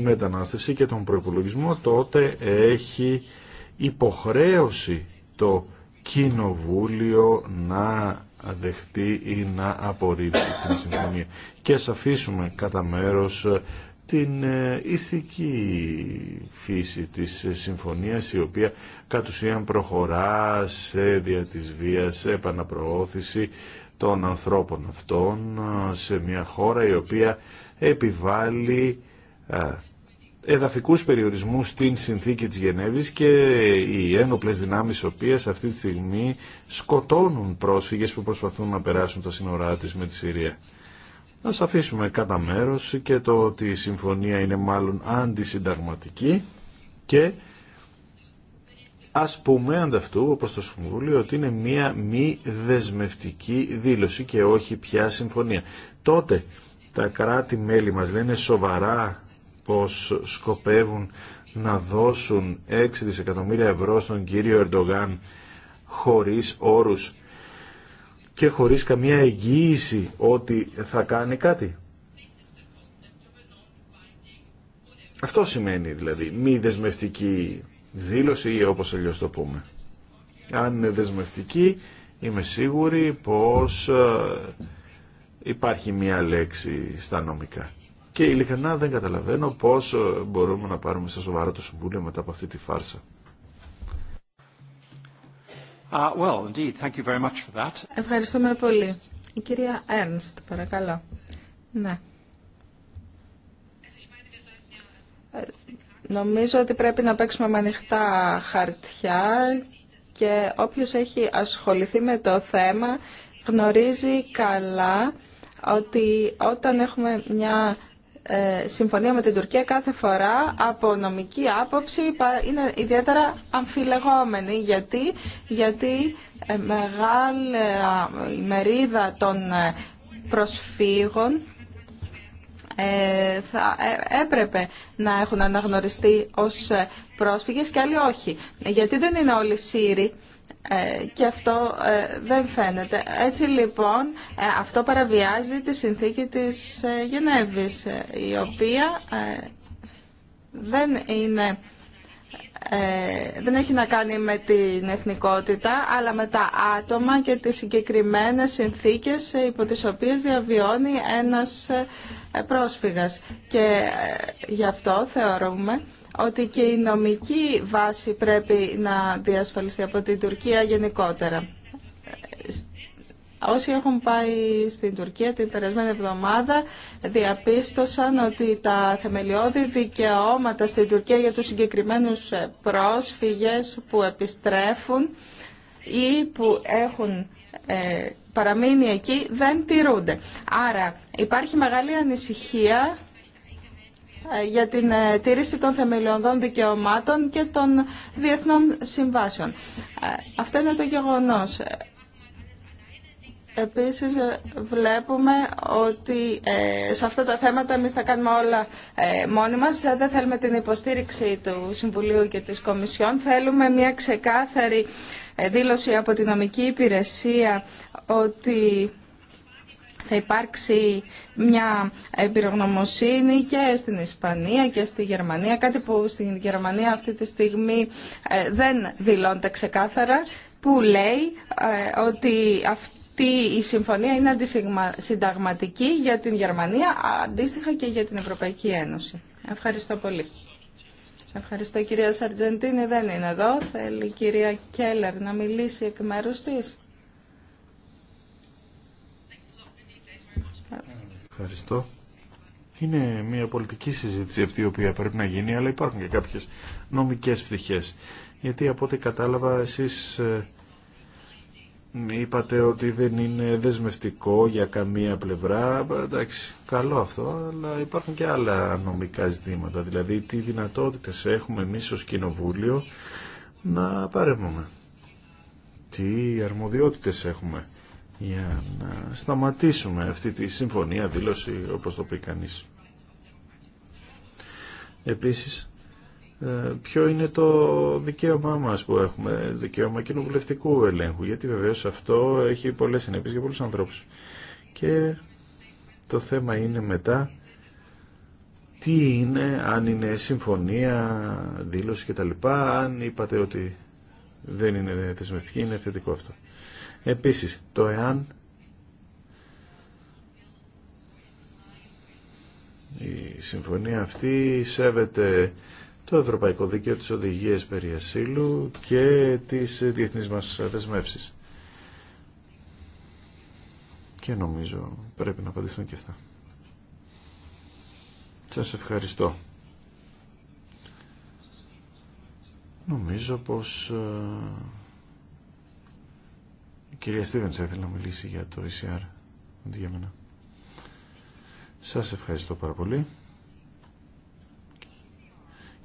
μετανάστευση και τον προπολογισμό, τότε έχει υποχρέωση το Κοινοβούλιο να δεχτεί ή να απορρίψει την συμφωνία. Και ας αφήσουμε κατά μέρος ε, την ε, ηθική φύση της ε, συμφωνίας η οποία κατ' ουσίαν προχωρά σε δια της βίας, σε επαναπροώθηση των ανθρώπων αυτών σε μια χώρα η οποία επιβάλλει εδαφικούς περιορισμούς στην συνθήκη της Γενέβης και οι ένοπλες δυνάμεις οποίες αυτή τη στιγμή σκοτώνουν πρόσφυγες που προσπαθούν να περάσουν τα σύνορά της με τη Συρία. Να αφήσουμε κατά μέρο και το ότι η συμφωνία είναι μάλλον αντισυνταγματική και ας πούμε ανταυτού όπως το Συμβούλιο ότι είναι μία μη δεσμευτική δήλωση και όχι πια συμφωνία. Τότε τα κράτη-μέλη μας λένε σοβαρά πως σκοπεύουν να δώσουν 6 δισεκατομμύρια ευρώ στον κύριο Ερντογάν χωρίς όρους και χωρίς καμία εγγύηση ότι θα κάνει κάτι. Αυτό σημαίνει δηλαδή μη δεσμευτική δήλωση ή όπως αλλιώς το πούμε. Αν είναι δεσμευτική είμαι σίγουρη πως ε, υπάρχει μία λέξη στα νομικά. Και ειλικρινά δεν καταλαβαίνω πώ ε, μπορούμε να πάρουμε στα σοβαρά το Συμβούλιο μετά από αυτή τη φάρσα. Ευχαριστούμε πολύ. Η κυρία Ένστ, παρακαλώ. Ναι. Ε, νομίζω ότι πρέπει να παίξουμε με ανοιχτά χαρτιά και όποιος έχει ασχοληθεί με το θέμα γνωρίζει καλά ότι όταν έχουμε μια ε, συμφωνία με την Τουρκία κάθε φορά από νομική άποψη είναι ιδιαίτερα αμφιλεγόμενη. Γιατί, γιατί ε, μεγάλη μερίδα των ε, προσφύγων θα έπρεπε να έχουν αναγνωριστεί ως πρόσφυγες και άλλοι όχι. Γιατί δεν είναι όλοι Σύριοι. Ε, και αυτό ε, δεν φαίνεται. Έτσι λοιπόν ε, αυτό παραβιάζει τη συνθήκη της Γενέβης η οποία δεν είναι δεν έχει να κάνει με την εθνικότητα αλλά με τα άτομα και τις συγκεκριμένες συνθήκες υπό τις οποίες διαβιώνει ένας πρόσφυγας. Και γι' αυτό θεωρούμε ότι και η νομική βάση πρέπει να διασφαλιστεί από την Τουρκία γενικότερα. Όσοι έχουν πάει στην Τουρκία την περασμένη εβδομάδα διαπίστωσαν ότι τα θεμελιώδη δικαιώματα στην Τουρκία για τους συγκεκριμένους πρόσφυγες που επιστρέφουν ή που έχουν ε, παραμείνει εκεί δεν τηρούνται. Άρα υπάρχει μεγάλη ανησυχία ε, για την ε, τήρηση των θεμελιωδών δικαιωμάτων και των διεθνών συμβάσεων. Ε, αυτό είναι το γεγονός. Επίσης βλέπουμε ότι σε αυτά τα θέματα εμείς τα κάνουμε όλα μόνοι μας. Δεν θέλουμε την υποστήριξη του Συμβουλίου και της Κομισιόν. Θέλουμε μια ξεκάθαρη δήλωση από την νομική υπηρεσία ότι θα υπάρξει μια εμπειρογνωμοσύνη και στην Ισπανία και στη Γερμανία, κάτι που στην Γερμανία αυτή τη στιγμή ε, δεν δηλώνεται ξεκάθαρα, που λέει ε, ότι αυτή η συμφωνία είναι αντισυνταγματική για την Γερμανία, αντίστοιχα και για την Ευρωπαϊκή Ένωση. Ευχαριστώ πολύ. Ευχαριστώ κυρία Σαρτζεντίνη, δεν είναι εδώ. Θέλει η κυρία Κέλλερ να μιλήσει εκ μέρους της. Ευχαριστώ. Είναι μια πολιτική συζήτηση αυτή η οποία πρέπει να γίνει, αλλά υπάρχουν και κάποιες νομικές πτυχές. Γιατί από ό,τι κατάλαβα εσείς ε, είπατε ότι δεν είναι δεσμευτικό για καμία πλευρά. Εντάξει, καλό αυτό, αλλά υπάρχουν και άλλα νομικά ζητήματα. Δηλαδή, τι δυνατότητες έχουμε εμείς ως Κοινοβούλιο να παρέμβουμε. Τι αρμοδιότητες έχουμε για να σταματήσουμε αυτή τη συμφωνία, δήλωση, όπως το πει κανείς. Επίσης, ε, ποιο είναι το δικαίωμά μας που έχουμε, δικαίωμα κοινοβουλευτικού ελέγχου, γιατί βεβαίως αυτό έχει πολλές συνέπειες για πολλούς ανθρώπους. Και το θέμα είναι μετά τι είναι, αν είναι συμφωνία, δήλωση κτλ. Αν είπατε ότι δεν είναι θεσμευτική, είναι θετικό αυτό. Επίσης, το εάν η συμφωνία αυτή σέβεται το Ευρωπαϊκό Δίκαιο της Οδηγίας περί ασύλου και τις διεθνείς μας δεσμεύσεις. Και νομίζω πρέπει να απαντήσουν και αυτά. Σας ευχαριστώ. Νομίζω πως ε, κυρία θα ήθελα να μιλήσει για το ECR αντί Σας ευχαριστώ πάρα πολύ.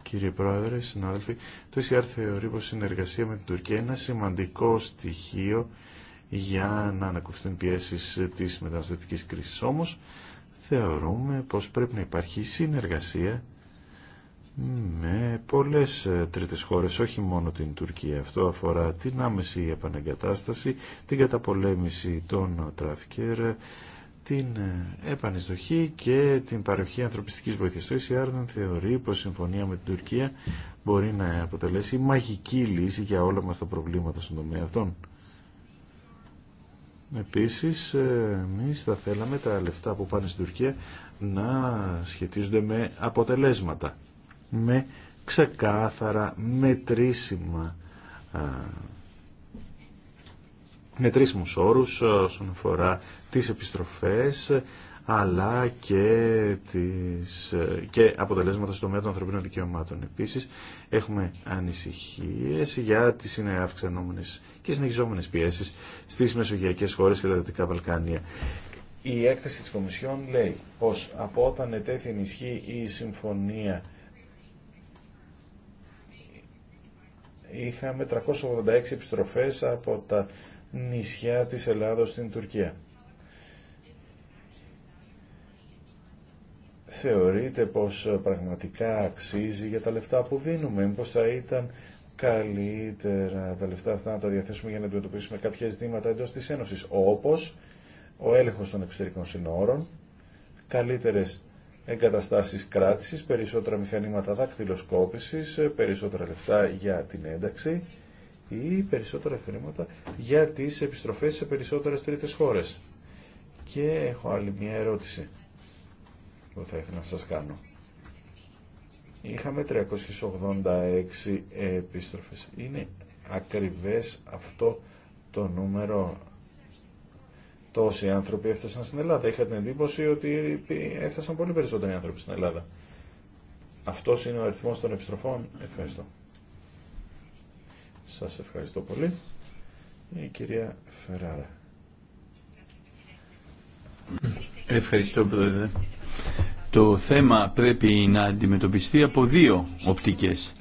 Κύριε Πρόεδρε, συνάδελφοι, το ECR θεωρεί πω η συνεργασία με την Τουρκία είναι ένα σημαντικό στοιχείο για να ανακουφθούν πιέσει τη μεταναστευτικής κρίση. Όμως, θεωρούμε πως πρέπει να υπάρχει συνεργασία με ναι, πολλές ε, τρίτες χώρες, όχι μόνο την Τουρκία. Αυτό αφορά την άμεση επαναγκατάσταση, την καταπολέμηση των τράφικερ, την ε, επανεισδοχή και την παροχή ανθρωπιστικής βοήθειας. Το ECR θεωρεί πως η συμφωνία με την Τουρκία μπορεί να αποτελέσει μαγική λύση για όλα μας τα προβλήματα στον τομέα αυτών. Επίσης, ε, εμεί θα θέλαμε τα λεφτά που πάνε στην Τουρκία να σχετίζονται με αποτελέσματα με ξεκάθαρα μετρήσιμα μετρήσιμους όρους όσον αφορά τις επιστροφές αλλά και, τις, και αποτελέσματα στο μέτρο των ανθρωπίνων δικαιωμάτων. Επίσης, έχουμε ανησυχίες για τις αυξανόμενες και συνεχιζόμενες πιέσεις στις μεσογειακές χώρες και τα Δυτικά Βαλκάνια. Η έκθεση της Κομισιόν λέει πως από όταν ετέθη ενισχύ η συμφωνία είχαμε 386 επιστροφές από τα νησιά της Ελλάδος στην Τουρκία. Θεωρείτε πως πραγματικά αξίζει για τα λεφτά που δίνουμε, πως θα ήταν καλύτερα τα λεφτά αυτά να τα διαθέσουμε για να αντιμετωπίσουμε κάποια ζητήματα εντός της Ένωσης, όπως ο έλεγχος των εξωτερικών συνόρων, καλύτερες εγκαταστάσεις κράτησης, περισσότερα μηχανήματα δακτυλοσκόπησης, περισσότερα λεφτά για την ένταξη ή περισσότερα χρήματα για τις επιστροφές σε περισσότερες τρίτες χώρες. Και έχω άλλη μια ερώτηση που θα ήθελα να σας κάνω. Είχαμε 386 επιστροφές. Είναι ακριβές αυτό το νούμερο τόσοι άνθρωποι έφτασαν στην Ελλάδα. Είχα την εντύπωση ότι έφτασαν πολύ περισσότεροι άνθρωποι στην Ελλάδα. Αυτός είναι ο αριθμός των επιστροφών. Ευχαριστώ. Σας ευχαριστώ πολύ. Η κυρία Φεράρα. Ευχαριστώ πρόεδρε. Το θέμα πρέπει να αντιμετωπιστεί από δύο οπτικές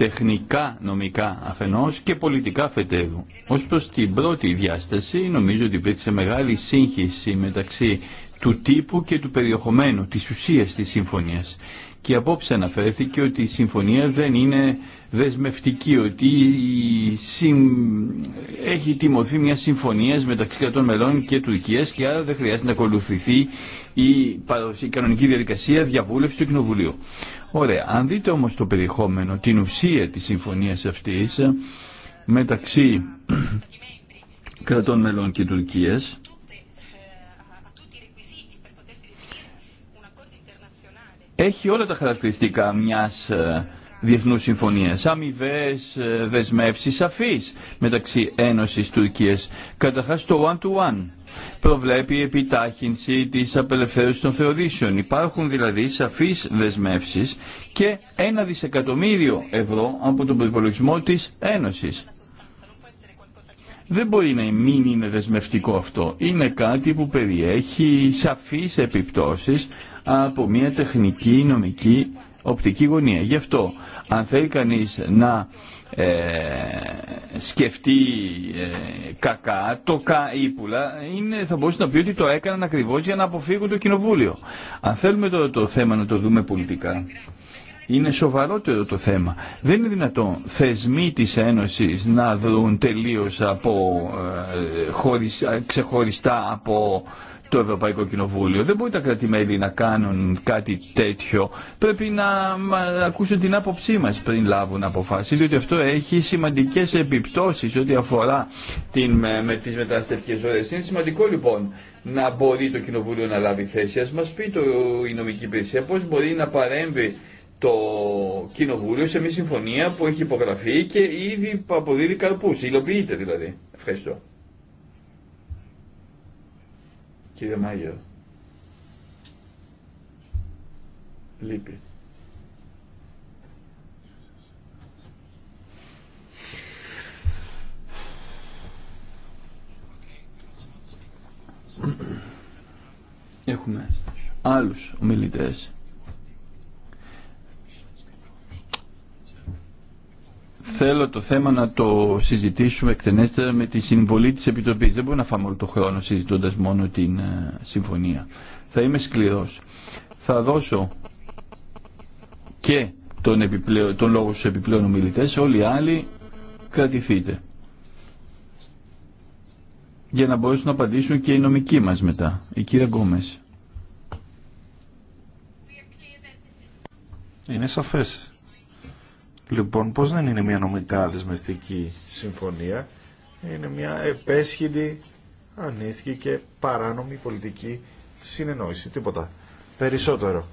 τεχνικά νομικά αφενός και πολιτικά αφετέρου. Ως προς την πρώτη διάσταση νομίζω ότι υπήρξε μεγάλη σύγχυση μεταξύ του τύπου και του περιεχομένου, της ουσίας της συμφωνίας. Και απόψε αναφέρθηκε ότι η συμφωνία δεν είναι δεσμευτική, ότι έχει τιμωθεί μια συμφωνία μεταξύ κρατών μελών και Τουρκία, και άρα δεν χρειάζεται να ακολουθηθεί η, η κανονική διαδικασία διαβούλευση του Κοινοβουλίου. Ωραία, αν δείτε όμως το περιεχόμενο, την ουσία της συμφωνίας αυτής μεταξύ κρατών μελών και Τουρκίας, έχει όλα τα χαρακτηριστικά μιας ε, διεθνούς συμφωνίας, αμοιβέ ε, δεσμεύσεις σαφείς μεταξύ Ένωσης Τουρκίας. Καταρχάς το one-to-one -one. to one προβλεπει η επιτάχυνση της απελευθέρωσης των θεωρήσεων. Υπάρχουν δηλαδή σαφείς δεσμεύσεις και ένα δισεκατομμύριο ευρώ από τον προπολογισμό της Ένωσης. Δεν μπορεί να μην είναι δεσμευτικό αυτό. Είναι κάτι που περιέχει σαφείς επιπτώσεις από μια τεχνική νομική οπτική γωνία. Γι' αυτό, αν θέλει κανείς να ε, σκεφτεί ε, κακά, το κα ύπουλα, είναι, θα μπορούσε να πει ότι το έκαναν ακριβώς για να αποφύγουν το κοινοβούλιο. Αν θέλουμε το, το θέμα να το δούμε πολιτικά, είναι σοβαρότερο το θέμα. Δεν είναι δυνατόν θεσμοί της Ένωσης να δουν τελείως από, ε, ξεχωριστά από το Ευρωπαϊκό Κοινοβούλιο. Δεν μπορεί τα κρατημέλη να κάνουν κάτι τέτοιο. Πρέπει να ακούσουν την άποψή μας πριν λάβουν αποφάση, διότι αυτό έχει σημαντικές επιπτώσεις ό,τι αφορά την, με τις μεταναστευτικές ώρες. Είναι σημαντικό λοιπόν να μπορεί το Κοινοβούλιο να λάβει θέση. Ας μας πει το, η νομική υπηρεσία πώς μπορεί να παρέμβει το Κοινοβούλιο σε μια συμφωνία που έχει υπογραφεί και ήδη αποδίδει καρπούς, υλοποιείται δηλαδή. Ευχαριστώ. Κύριε Μάγερ. Λείπει. Έχουμε άλλους ομιλητές θέλω το θέμα να το συζητήσουμε εκτενέστερα με τη συμβολή της Επιτροπής. Δεν μπορούμε να φάμε όλο το χρόνο συζητώντας μόνο την ε, συμφωνία. Θα είμαι σκληρός. Θα δώσω και τον, επιπλέον, τον λόγο στους επιπλέον ομιλητές, όλοι οι άλλοι κρατηθείτε. Για να μπορέσουν να απαντήσουν και οι νομικοί μας μετά, η κυρία Γκόμες. Είναι σαφές λοιπόν πως δεν είναι μια νομικά δεσμευτική συμφωνία, είναι μια επέσχυντη, ανήθικη και παράνομη πολιτική συνεννόηση, τίποτα περισσότερο.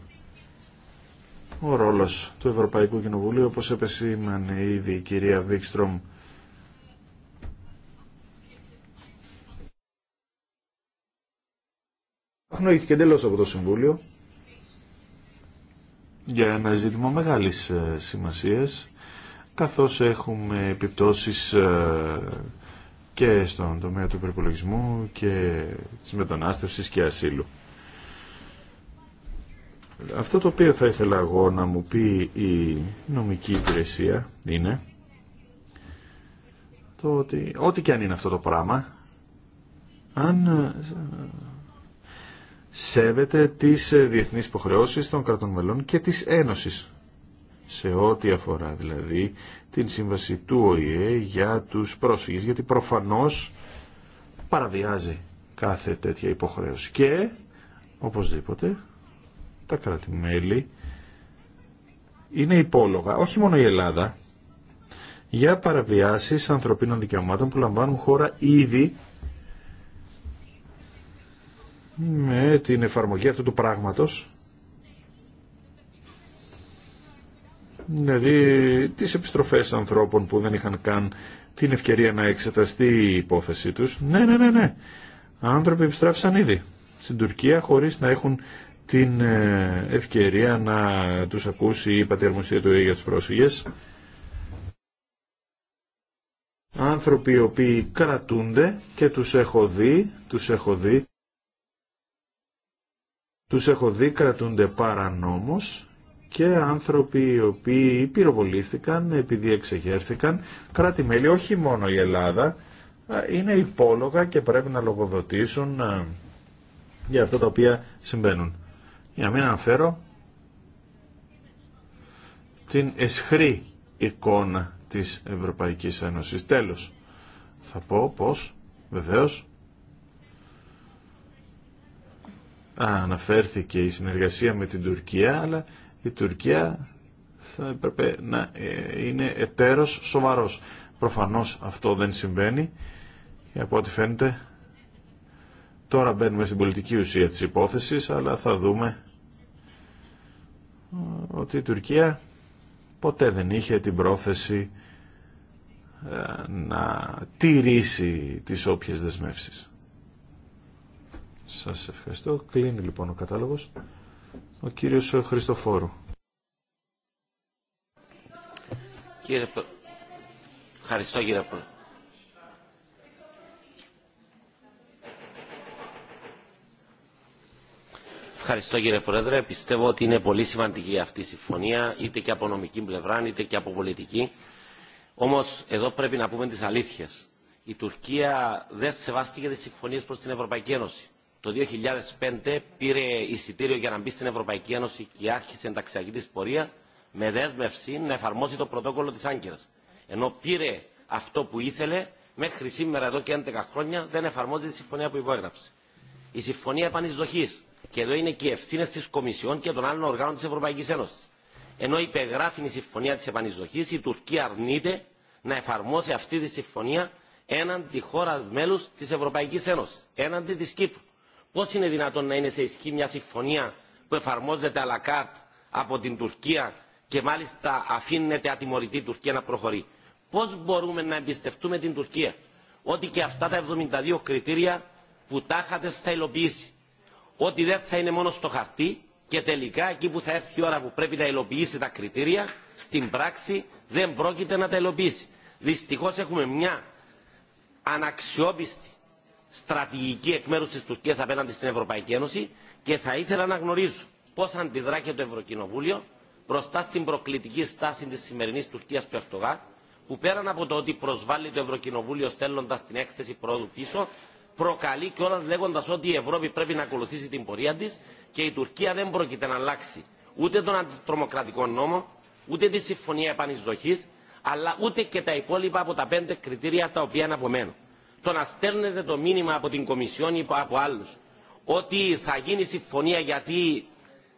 Ο ρόλος του Ευρωπαϊκού Κοινοβουλίου, όπως επεσήμανε ήδη η κυρία Βίξτρομ, αχνόηθηκε εντελώ από το Συμβούλιο για ένα ζήτημα μεγάλης ε, σημασίας καθώς έχουμε επιπτώσεις ε, και στον τομέα του υπερπολογισμού και της μετανάστευσης και ασύλου. Αυτό το οποίο θα ήθελα εγώ να μου πει η νομική υπηρεσία είναι το ότι ό,τι και αν είναι αυτό το πράγμα αν ε, σέβεται τις ε, διεθνείς υποχρεώσεις των κρατών μελών και της Ένωσης σε ό,τι αφορά δηλαδή την σύμβαση του ΟΗΕ για τους πρόσφυγες γιατί προφανώς παραβιάζει κάθε τέτοια υποχρέωση και οπωσδήποτε τα κράτη-μέλη είναι υπόλογα όχι μόνο η Ελλάδα για παραβιάσεις ανθρωπίνων δικαιωμάτων που λαμβάνουν χώρα ήδη με την εφαρμογή αυτού του πράγματος δηλαδή τις επιστροφές ανθρώπων που δεν είχαν καν την ευκαιρία να εξεταστεί η υπόθεσή τους ναι ναι ναι ναι άνθρωποι επιστράφησαν ήδη στην Τουρκία χωρίς να έχουν την ε, ευκαιρία να τους ακούσει η πατερμοστία του για τους πρόσφυγες άνθρωποι οι οποίοι κρατούνται και τους έχω δει τους έχω δει τους έχω δει κρατούνται παρανόμως και άνθρωποι οι οποίοι πυροβολήθηκαν επειδή εξεγέρθηκαν κράτη-μέλη, όχι μόνο η Ελλάδα, ε, είναι υπόλογα και πρέπει να λογοδοτήσουν ε, για αυτά τα οποία συμβαίνουν. Για να μην αναφέρω την εσχρή εικόνα της Ευρωπαϊκής Ένωσης. Τέλος, θα πω πως βεβαίως αναφέρθηκε η συνεργασία με την Τουρκία, αλλά η Τουρκία θα έπρεπε να ε, είναι εταίρος σοβαρός. Προφανώς αυτό δεν συμβαίνει και από ό,τι φαίνεται τώρα μπαίνουμε στην πολιτική ουσία της υπόθεσης, αλλά θα δούμε ε, ότι η Τουρκία ποτέ δεν είχε την πρόθεση ε, να τηρήσει τις όποιες δεσμεύσεις. Σας ευχαριστώ. Κλείνει λοιπόν ο κατάλογος. Ο κύριος Χριστοφόρου. Κύριε... Ευχαριστώ κύριε Πρόεδρε. Ευχαριστώ κύριε Πρόεδρε. Πιστεύω ότι είναι πολύ σημαντική αυτή η συμφωνία, είτε και από νομική πλευρά, είτε και από πολιτική. Όμως, εδώ πρέπει να πούμε τις αλήθειες. Η Τουρκία δεν σεβάστηκε τις συμφωνίες προς την Ευρωπαϊκή Ένωση το 2005 πήρε εισιτήριο για να μπει στην Ευρωπαϊκή Ένωση και άρχισε ενταξιακή τη πορεία με δέσμευση να εφαρμόσει το πρωτόκολλο τη Άγκυρα. Ενώ πήρε αυτό που ήθελε, μέχρι σήμερα εδώ και 11 χρόνια δεν εφαρμόζει τη συμφωνία που υπόγραψε. Η συμφωνία επανεισδοχή. Και εδώ είναι και οι ευθύνε τη Κομισιόν και των άλλων οργάνων τη Ευρωπαϊκή Ένωση. Ενώ υπεγράφει η συμφωνία τη επανεισδοχή, η Τουρκία αρνείται να εφαρμόσει αυτή τη συμφωνία έναντι χώρα μέλου τη Ευρωπαϊκή Ένωση, έναντι τη Κύπρου. Πώ είναι δυνατόν να είναι σε ισχύ μια συμφωνία που εφαρμόζεται à από την Τουρκία και μάλιστα αφήνεται ατιμωρητή Τουρκία να προχωρεί. Πώ μπορούμε να εμπιστευτούμε την Τουρκία ότι και αυτά τα 72 κριτήρια που τάχατε θα υλοποιήσει. Ότι δεν θα είναι μόνο στο χαρτί και τελικά εκεί που θα έρθει η ώρα που πρέπει να υλοποιήσει τα κριτήρια, στην πράξη δεν πρόκειται να τα υλοποιήσει. Δυστυχώ έχουμε μια αναξιόπιστη στρατηγική εκ μέρου τη Τουρκία απέναντι στην Ευρωπαϊκή Ένωση και θα ήθελα να γνωρίζω πώ αντιδρά και το Ευρωκοινοβούλιο μπροστά στην προκλητική στάση τη σημερινή Τουρκία του Ερτογά που πέραν από το ότι προσβάλλει το Ευρωκοινοβούλιο στέλνοντα την έκθεση πρόοδου πίσω, προκαλεί και όλα λέγοντα ότι η Ευρώπη πρέπει να ακολουθήσει την πορεία τη και η Τουρκία δεν πρόκειται να αλλάξει ούτε τον αντιτρομοκρατικό νόμο, ούτε τη συμφωνία επανεισδοχή, αλλά ούτε και τα υπόλοιπα από τα πέντε κριτήρια τα οποία αναπομένουν το να στέλνετε το μήνυμα από την Κομισιόν ή από άλλους ότι θα γίνει συμφωνία γιατί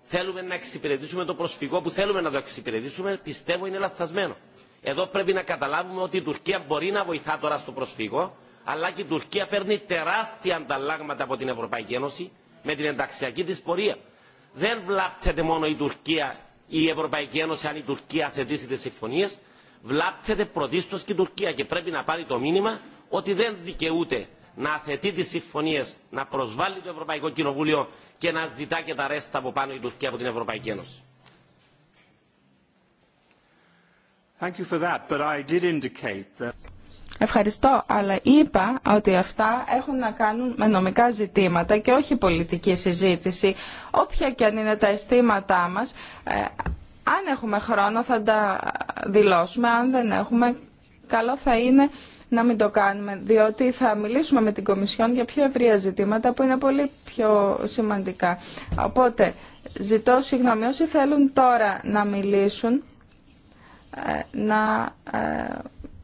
θέλουμε να εξυπηρετήσουμε το προσφυγό που θέλουμε να το εξυπηρετήσουμε, πιστεύω είναι λαθασμένο. Εδώ πρέπει να καταλάβουμε ότι η Τουρκία μπορεί να βοηθά τώρα στο προσφυγό, αλλά και η Τουρκία παίρνει τεράστια ανταλλάγματα από την Ευρωπαϊκή Ένωση με την ενταξιακή της πορεία. Δεν βλάπτεται μόνο η Τουρκία ή η Ευρωπαϊκή Ένωση αν η Τουρκία θετήσει τι συμφωνίε, βλάπτεται πρωτίστω και η Τουρκία και πρέπει να πάρει το μήνυμα ότι δεν δικαιούται να αθετεί τι συμφωνίε, να προσβάλλει το Ευρωπαϊκό Κοινοβούλιο και να ζητά και τα ρέστα από πάνω η Τουρκία από την Ευρωπαϊκή Ένωση. Ευχαριστώ, αλλά είπα ότι αυτά έχουν να κάνουν με νομικά ζητήματα και όχι πολιτική συζήτηση. Όποια και αν είναι τα αισθήματά μας, ε, αν έχουμε χρόνο θα τα δηλώσουμε, αν δεν έχουμε, καλό θα είναι να μην το κάνουμε, διότι θα μιλήσουμε με την Κομισιόν για πιο ευρεία ζητήματα που είναι πολύ πιο σημαντικά. Οπότε, ζητώ συγγνώμη όσοι θέλουν τώρα να μιλήσουν, ε, να ε,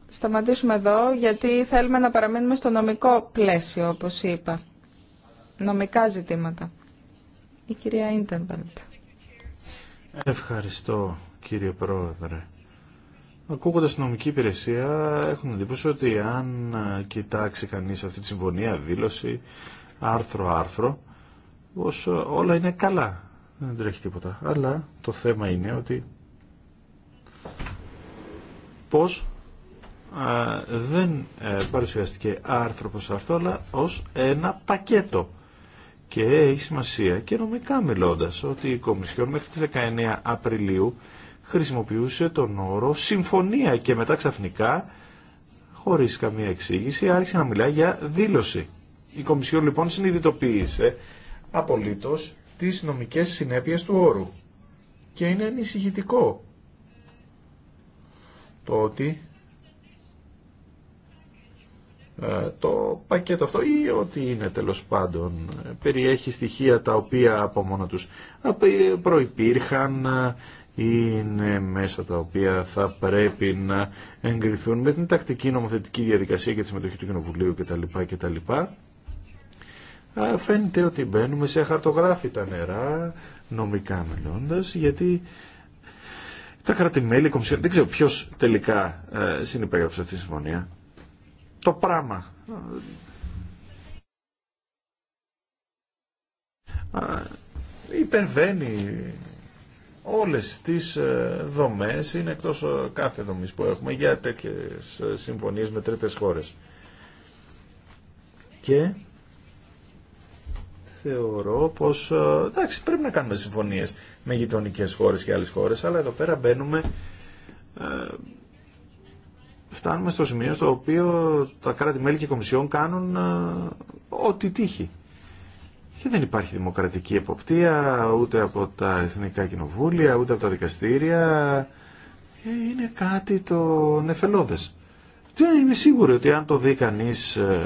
σταματήσουμε εδώ, γιατί θέλουμε να παραμείνουμε στο νομικό πλαίσιο, όπως είπα. Νομικά ζητήματα. Η κυρία Ίντεμπελτ. Ευχαριστώ κύριε Πρόεδρε. Ακούγοντας την νομική υπηρεσία έχουν εντύπωση ότι αν ε, κοιτάξει κανεί αυτή τη συμφωνία, δήλωση, άρθρο-άρθρο, πως ε, όλα είναι καλά. Δεν τρέχει τίποτα. Αλλά το θέμα είναι ότι πως ε, δεν παρουσιαστηκε άρθρο προς άρθρο, αλλά ως ένα πακέτο. Και έχει σημασία και νομικά μιλώντα ότι η Κομισιόν μέχρι τι 19 Απριλίου χρησιμοποιούσε τον όρο συμφωνία και μετά ξαφνικά, χωρίς καμία εξήγηση, άρχισε να μιλάει για δήλωση. Η Κομισιόν λοιπόν συνειδητοποίησε απολύτως τις νομικές συνέπειες του όρου. Και είναι ανησυχητικό το ότι ε, το πακέτο αυτό ή ότι είναι τέλος πάντων περιέχει στοιχεία τα οποία από μόνο τους προϋπήρχαν ε, είναι μέσα τα οποία θα πρέπει να εγκριθούν με την τακτική νομοθετική διαδικασία και τη συμμετοχή του Κοινοβουλίου κτλ. κτλ. Φαίνεται ότι μπαίνουμε σε χαρτογράφητα νερά, νομικά μιλώντας, γιατί τα κρατημέλη, κομισιόν, δεν ξέρω ποιος τελικά ε, συνυπέγραψε αυτή τη συμφωνία. Το πράγμα. υπερβαίνει όλες τις ε, δομές είναι εκτός ε, κάθε δομής που έχουμε για τέτοιες ε, συμφωνίες με τρίτες χώρες. Και θεωρώ πως εντάξει, πρέπει να κάνουμε συμφωνίες με γειτονικέ χώρες και άλλες χώρες αλλά εδώ πέρα μπαίνουμε φτάνουμε στο σημείο στο οποίο τα κράτη-μέλη και οι Κομισιόν κάνουν ό,τι τύχει. Και δεν υπάρχει δημοκρατική εποπτεία ούτε από τα εθνικά κοινοβούλια, ούτε από τα δικαστήρια. Είναι κάτι το νεφελώδες. Δεν είμαι σίγουροι ότι αν το δει κανεί ε,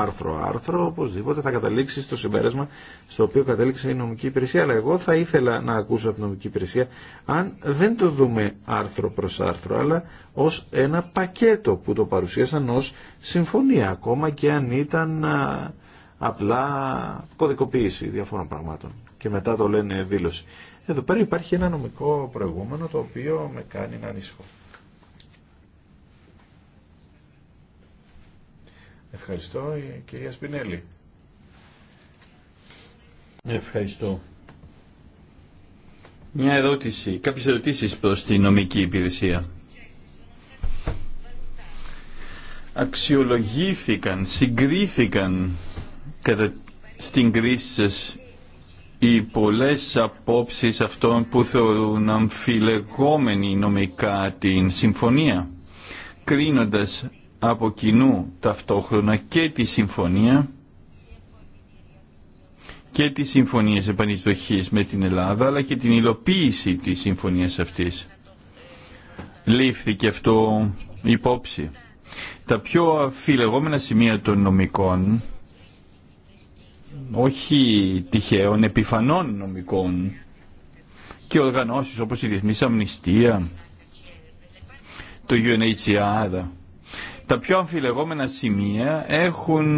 άρθρο-άρθρο, οπωσδήποτε θα καταλήξει στο συμπέρασμα στο οποίο κατέληξε η νομική υπηρεσία. Αλλά εγώ θα ήθελα να ακούσω από την νομική υπηρεσία, αν δεν το δούμε άρθρο προ άρθρο, αλλά ω ένα πακέτο που το παρουσίασαν ω συμφωνία, ακόμα και αν ήταν ε, απλά κωδικοποίηση διαφόρων πραγμάτων και μετά το λένε δήλωση. Εδώ πέρα υπάρχει ένα νομικό προηγούμενο το οποίο με κάνει να ανησυχώ. Ευχαριστώ, κυρία Σπινέλη. Ευχαριστώ. Μια ερώτηση, κάποιες ερωτήσεις προς τη νομική υπηρεσία. Αξιολογήθηκαν, συγκρίθηκαν κατά στην κρίση σας οι πολλές απόψεις αυτών που θεωρούν αμφιλεγόμενοι νομικά την συμφωνία, κρίνοντας από κοινού ταυτόχρονα και τη συμφωνία και τις συμφωνίες επανεισδοχής με την Ελλάδα, αλλά και την υλοποίηση της συμφωνίας αυτής. Λήφθηκε αυτό υπόψη. Τα πιο αφιλεγόμενα σημεία των νομικών όχι τυχαίων, επιφανών νομικών και οργανώσεις όπως η Διεθνής Αμνηστία, το UNHCR. Τα πιο αμφιλεγόμενα σημεία έχουν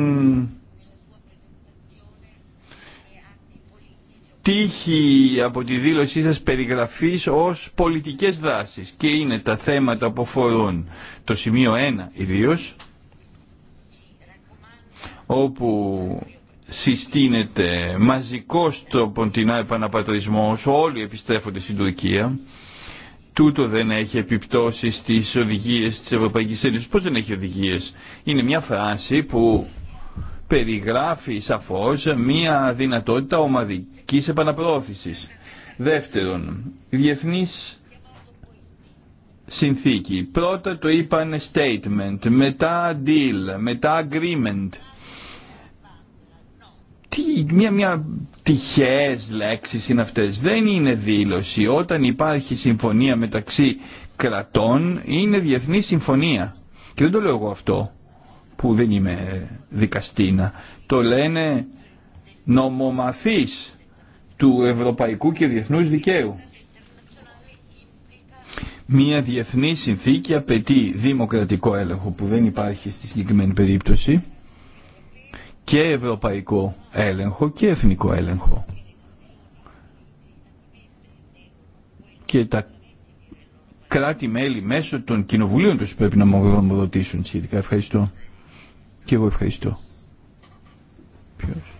τύχη από τη δήλωσή σας περιγραφής ως πολιτικές δράσεις και είναι τα θέματα που αφορούν το σημείο 1 ιδίως όπου συστήνεται μαζικός την επαναπατρισμός, όλοι επιστρέφονται στην Τουρκία. Τούτο δεν έχει επιπτώσει στις οδηγίες της Ευρωπαϊκής Ένωσης. Πώς δεν έχει οδηγίες. Είναι μια φράση που περιγράφει σαφώς μια δυνατότητα ομαδικής επαναπρόθεσης. Δεύτερον, διεθνής συνθήκη. Πρώτα το είπαν statement, μετά deal, μετά agreement τι, μια, μια τυχαίες λέξεις είναι αυτές. Δεν είναι δήλωση. Όταν υπάρχει συμφωνία μεταξύ κρατών είναι διεθνή συμφωνία. Και δεν το λέω εγώ αυτό που δεν είμαι δικαστήνα. Το λένε νομομαθείς του ευρωπαϊκού και διεθνούς δικαίου. Μία διεθνή συνθήκη απαιτεί δημοκρατικό έλεγχο που δεν υπάρχει στη συγκεκριμένη περίπτωση και ευρωπαϊκό έλεγχο και εθνικό έλεγχο. Και τα κράτη-μέλη μέσω των κοινοβουλίων τους πρέπει να μου ρωτήσουν σχετικά. Ευχαριστώ. Και εγώ ευχαριστώ. Ποιος.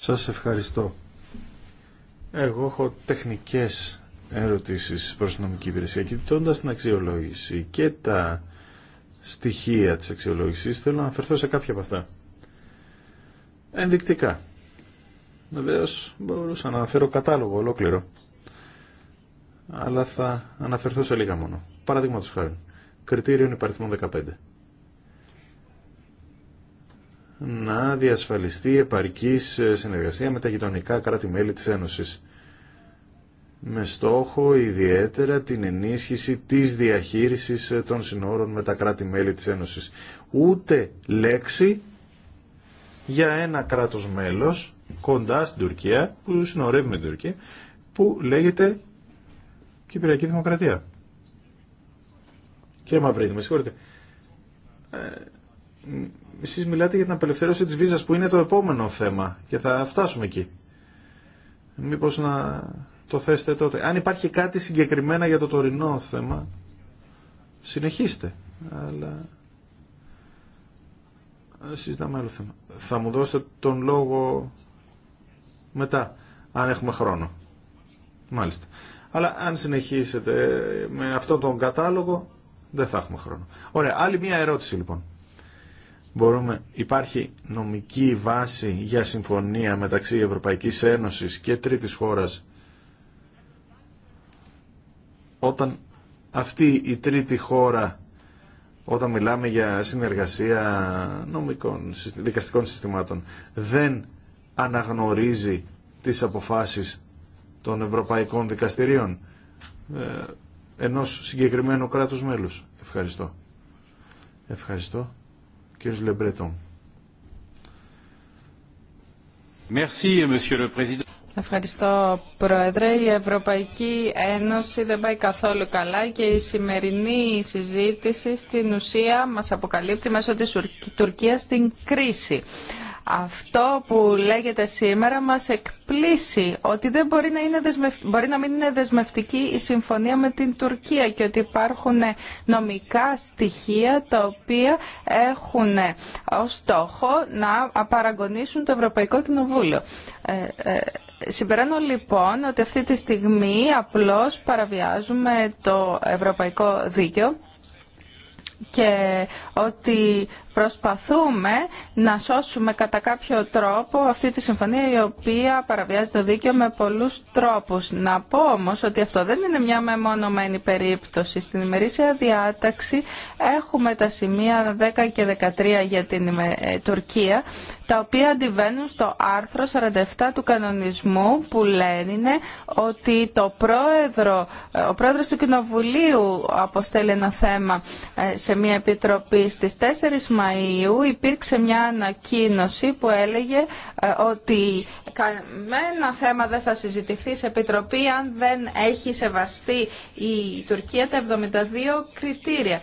Σας ευχαριστώ. Εγώ έχω τεχνικές Ερωτήσει προ την νομική υπηρεσία. Κοιτώντα την αξιολόγηση και τα στοιχεία της αξιολογήση θέλω να αναφερθώ σε κάποια από αυτά. Ενδεικτικά. Βεβαίω μπορούσα να αναφέρω κατάλογο ολόκληρο. Αλλά θα αναφερθώ σε λίγα μόνο. Παραδείγματο χάρη. είναι υπαριθμών 15. Να διασφαλιστεί επαρκής συνεργασία με τα γειτονικά κράτη-μέλη τη Ένωση με στόχο ιδιαίτερα την ενίσχυση της διαχείρισης ε, των συνόρων με τα κράτη-μέλη της Ένωσης. Ούτε λέξη για ένα κράτος μέλος κοντά στην Τουρκία, που συνορεύει με την Τουρκία, που λέγεται Κυπριακή Δημοκρατία. Κύριε Μαυρίδη, με συγχωρείτε. Ε, εσείς μιλάτε για την απελευθέρωση της βίζας που είναι το επόμενο θέμα και θα φτάσουμε εκεί. Μήπως να το θέσετε τότε. Αν υπάρχει κάτι συγκεκριμένα για το τωρινό θέμα, συνεχίστε. Αλλά συζητάμε άλλο θέμα. Θα μου δώσετε τον λόγο μετά, αν έχουμε χρόνο. Μάλιστα. Αλλά αν συνεχίσετε με αυτόν τον κατάλογο, δεν θα έχουμε χρόνο. Ωραία, άλλη μία ερώτηση λοιπόν. Μπορούμε, υπάρχει νομική βάση για συμφωνία μεταξύ Ευρωπαϊκής Ένωσης και τρίτης χώρας όταν αυτή η τρίτη χώρα, όταν μιλάμε για συνεργασία νομικών, δικαστικών συστημάτων, δεν αναγνωρίζει τις αποφάσεις των Ευρωπαϊκών Δικαστηρίων ε, ενός συγκεκριμένου κράτους μέλους. Ευχαριστώ. Ευχαριστώ. Κύριος Λεμπρέτον. Merci, Monsieur le Ευχαριστώ Πρόεδρε. Η Ευρωπαϊκή Ένωση δεν πάει καθόλου καλά και η σημερινή συζήτηση στην ουσία μας αποκαλύπτει μέσω της Τουρκίας την κρίση. Αυτό που λέγεται σήμερα μας εκπλήσει ότι δεν μπορεί να, είναι μπορεί να μην είναι δεσμευτική η συμφωνία με την Τουρκία και ότι υπάρχουν νομικά στοιχεία τα οποία έχουν ως στόχο να απαραγωνίσουν το Ευρωπαϊκό Κοινοβούλιο. Ε, ε, Συμπεράνω λοιπόν ότι αυτή τη στιγμή απλώς παραβιάζουμε το ευρωπαϊκό δίκαιο και ότι Προσπαθούμε να σώσουμε κατά κάποιο τρόπο αυτή τη συμφωνία η οποία παραβιάζει το δίκαιο με πολλούς τρόπους. Να πω όμως ότι αυτό δεν είναι μια μεμονωμένη περίπτωση. Στην ημερήσια διάταξη έχουμε τα σημεία 10 και 13 για την ε, Τουρκία τα οποία αντιβαίνουν στο άρθρο 47 του κανονισμού που λένε ότι το πρόεδρο, ε, του Κοινοβουλίου αποστέλει ένα θέμα ε, σε μια επιτροπή στις 4 Μαΐου Μαΐου υπήρξε μια ανακοίνωση που έλεγε ε, ότι κανένα θέμα δεν θα συζητηθεί σε επιτροπή αν δεν έχει σεβαστεί η Τουρκία τα 72 κριτήρια.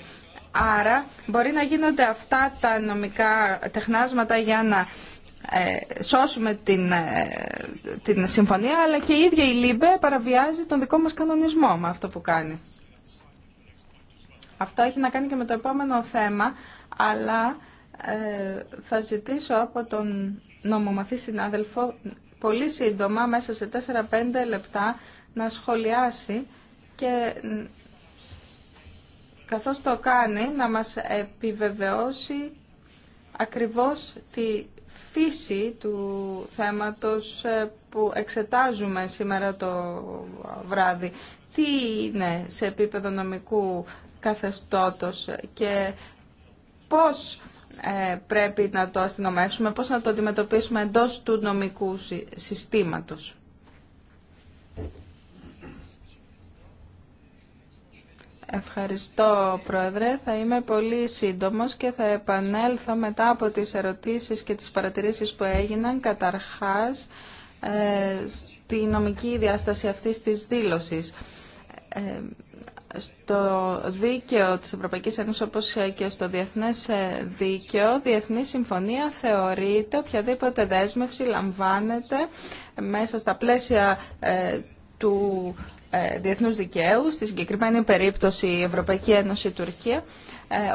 Άρα μπορεί να γίνονται αυτά τα νομικά τεχνάσματα για να ε, σώσουμε την, ε, την συμφωνία, αλλά και η ίδια η ΛΥΜΠΕ παραβιάζει τον δικό μας κανονισμό με αυτό που κάνει. Αυτό έχει να κάνει και με το επόμενο θέμα, αλλά ε, θα ζητήσω από τον νομομαθή συνάδελφο πολύ σύντομα, μέσα σε 4-5 λεπτά, να σχολιάσει και καθώς το κάνει να μας επιβεβαιώσει ακριβώς τη φύση του θέματος ε, που εξετάζουμε σήμερα το βράδυ. Τι είναι σε επίπεδο νομικού καθεστώτος και πώς ε, πρέπει να το αστυνομεύσουμε, πώς να το αντιμετωπίσουμε εντός του νομικού συστήματος. Ευχαριστώ, Πρόεδρε. Θα είμαι πολύ σύντομος και θα επανέλθω μετά από τις ερωτήσεις και τις παρατηρήσεις που έγιναν, καταρχάς, ε, στη νομική διάσταση αυτής της δήλωσης. Ε, στο δίκαιο της Ευρωπαϊκής Ένωσης όπως και στο διεθνές ε, δίκαιο, διεθνή συμφωνία θεωρείται οποιαδήποτε δέσμευση λαμβάνεται μέσα στα πλαίσια ε, του ε, διεθνούς δικαίου, στη συγκεκριμένη περίπτωση η Ευρωπαϊκή Ένωση Τουρκία.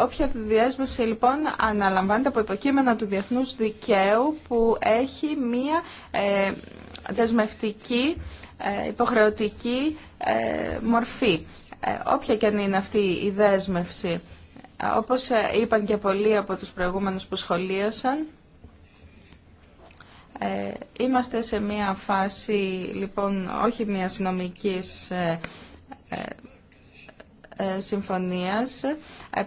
όποια διέσμευση λοιπόν αναλαμβάνεται από υποκείμενα του διεθνούς δικαίου που έχει μία δεσμευτική υποχρεωτική μορφή. Ε, όποια και αν είναι αυτή η δέσμευση, ε, όπως ε, είπαν και πολλοί από τους προηγούμενους που σχολίασαν, είμαστε σε μια φάση, λοιπόν, όχι μια ε, συμφωνίας.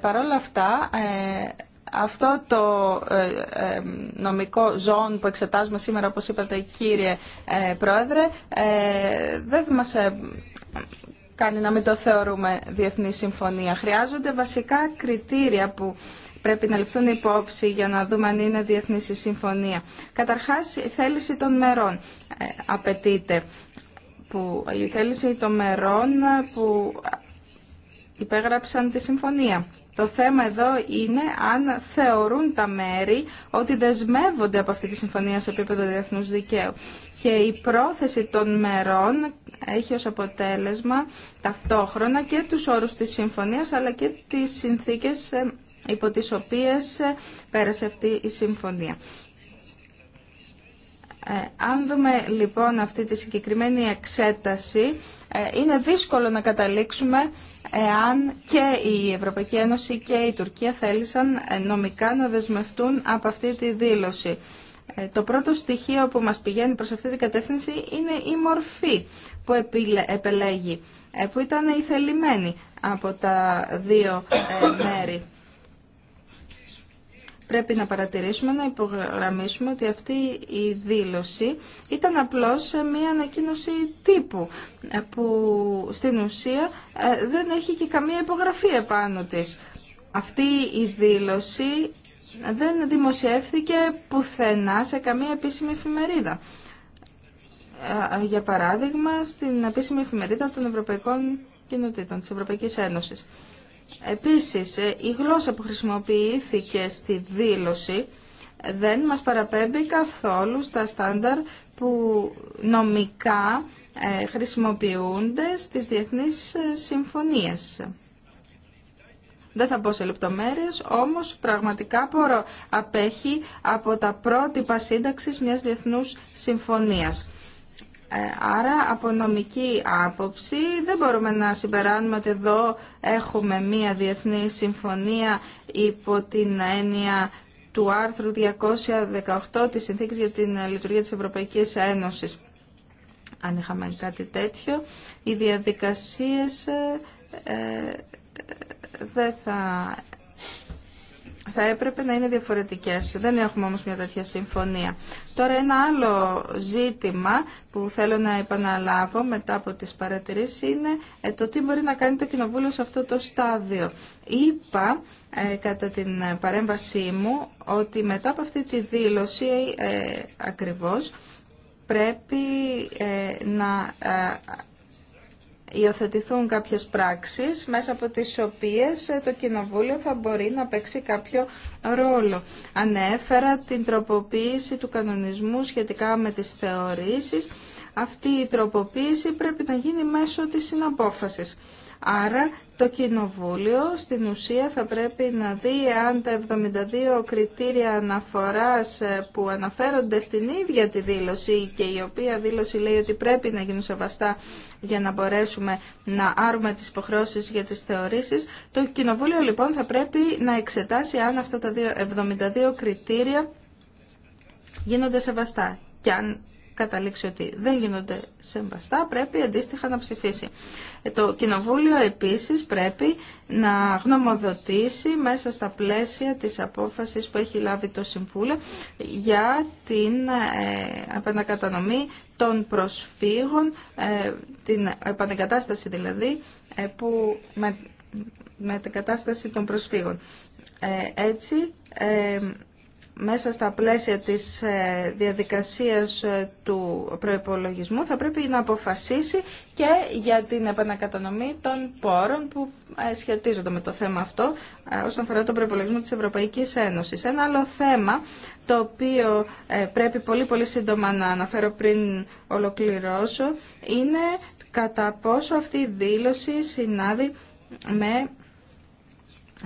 Παρ' όλα αυτά, αυτό το νομικό ζών που εξετάζουμε σήμερα, όπως είπατε κύριε Πρόεδρε, δεν μας κάνει να μην το θεωρούμε διεθνή συμφωνία. Χρειάζονται βασικά κριτήρια που πρέπει να ληφθούν υπόψη για να δούμε αν είναι διεθνή συμφωνία. Καταρχάς, η θέληση των μερών ε, απαιτείται. Που, η θέληση των μερών που υπέγραψαν τη συμφωνία. Το θέμα εδώ είναι αν θεωρούν τα μέρη ότι δεσμεύονται από αυτή τη συμφωνία σε επίπεδο διεθνούς δικαίου και η πρόθεση των μερών έχει ως αποτέλεσμα ταυτόχρονα και τους όρους της συμφωνίας αλλά και τις συνθήκες ε, υπό τις οποίες ε, πέρασε αυτή η συμφωνία. Ε, αν δούμε λοιπόν αυτή τη συγκεκριμένη εξέταση, ε, είναι δύσκολο να καταλήξουμε εάν και η Ευρωπαϊκή Ένωση και η Τουρκία θέλησαν νομικά να δεσμευτούν από αυτή τη δήλωση. Ε, το πρώτο στοιχείο που μας πηγαίνει προς αυτή την κατεύθυνση είναι η μορφή που επελέγει, ε, που ήταν η θελημένη από τα δύο ε, μέρη. Πρέπει να παρατηρήσουμε, να υπογραμμίσουμε ότι αυτή η δήλωση ήταν απλώς μια ανακοίνωση τύπου που στην ουσία δεν έχει και καμία υπογραφή επάνω της. Αυτή η δήλωση δεν δημοσιεύθηκε πουθενά σε καμία επίσημη εφημερίδα. Ε, για παράδειγμα, στην επίσημη εφημερίδα των Ευρωπαϊκών Κοινοτήτων, της Ευρωπαϊκής Ένωσης. Επίσης, ε, η γλώσσα που χρησιμοποιήθηκε στη δήλωση ε, δεν μας παραπέμπει καθόλου στα στάνταρ που νομικά χρησιμοποιούνται στις διεθνείς συμφωνίες. Δεν θα μπω σε λεπτομέρειες, όμως πραγματικά μπορώ απέχει από τα πρότυπα σύνταξης μιας διεθνούς συμφωνίας. Ε, άρα από νομική άποψη δεν μπορούμε να συμπεράνουμε ότι εδώ έχουμε μία διεθνή συμφωνία υπό την έννοια του άρθρου 218 της Συνθήκης για την Λειτουργία της Ευρωπαϊκής Ένωσης. Αν είχαμε κάτι τέτοιο, οι διαδικασίες ε, ε, δεν θα... Θα έπρεπε να είναι διαφορετικές. Δεν έχουμε όμως μια τέτοια συμφωνία. Τώρα ένα άλλο ζήτημα που θέλω να επαναλάβω μετά από τις παρατηρήσεις είναι ε, το τι μπορεί να κάνει το Κοινοβούλιο σε αυτό το στάδιο. Είπα ε, κατά την παρέμβασή μου ότι μετά από αυτή τη δήλωση ε, ακριβώς πρέπει να υιοθετηθούν κάποιες πράξεις μέσα από τις οποίες ε, το Κοινοβούλιο θα μπορεί να παίξει κάποιο ρόλο. Ανέφερα την τροποποίηση του κανονισμού σχετικά με τις θεωρήσεις. Αυτή η τροποποίηση πρέπει να γίνει μέσω της συναπόφασης. Άρα το Κοινοβούλιο στην ουσία θα πρέπει να δει αν τα 72 κριτήρια αναφοράς ε, που αναφέρονται στην ίδια τη δήλωση και η οποία δήλωση λέει ότι πρέπει να γίνουν σεβαστά για να μπορέσουμε να άρουμε τις υποχρεώσεις για τις θεωρήσεις. Το Κοινοβούλιο λοιπόν θα πρέπει να εξετάσει αν αυτά τα 72 κριτήρια γίνονται σεβαστά και αν καταλήξει ότι δεν γίνονται σεμβαστά, πρέπει αντίστοιχα να ψηφίσει. Ε, το Κοινοβούλιο επίσης πρέπει να γνωμοδοτήσει μέσα στα πλαίσια της απόφασης που έχει λάβει το Συμβούλιο για την ε, επανακατανομή των προσφύγων, ε, την επανεγκατάσταση δηλαδή, που με την κατάσταση των προσφύγων. Έτσι μέσα στα πλαίσια της ε, διαδικασίας ε, του προϋπολογισμού θα πρέπει να αποφασίσει και για την επανακατανομή των πόρων που ε, σχετίζονται με το θέμα αυτό όσον αφορά τον προϋπολογισμό της Ευρωπαϊκής Ένωσης. Ένα άλλο θέμα το οποίο πρέπει πολύ πολύ σύντομα να αναφέρω πριν ολοκληρώσω είναι κατά πόσο αυτή η δήλωση συνάδει με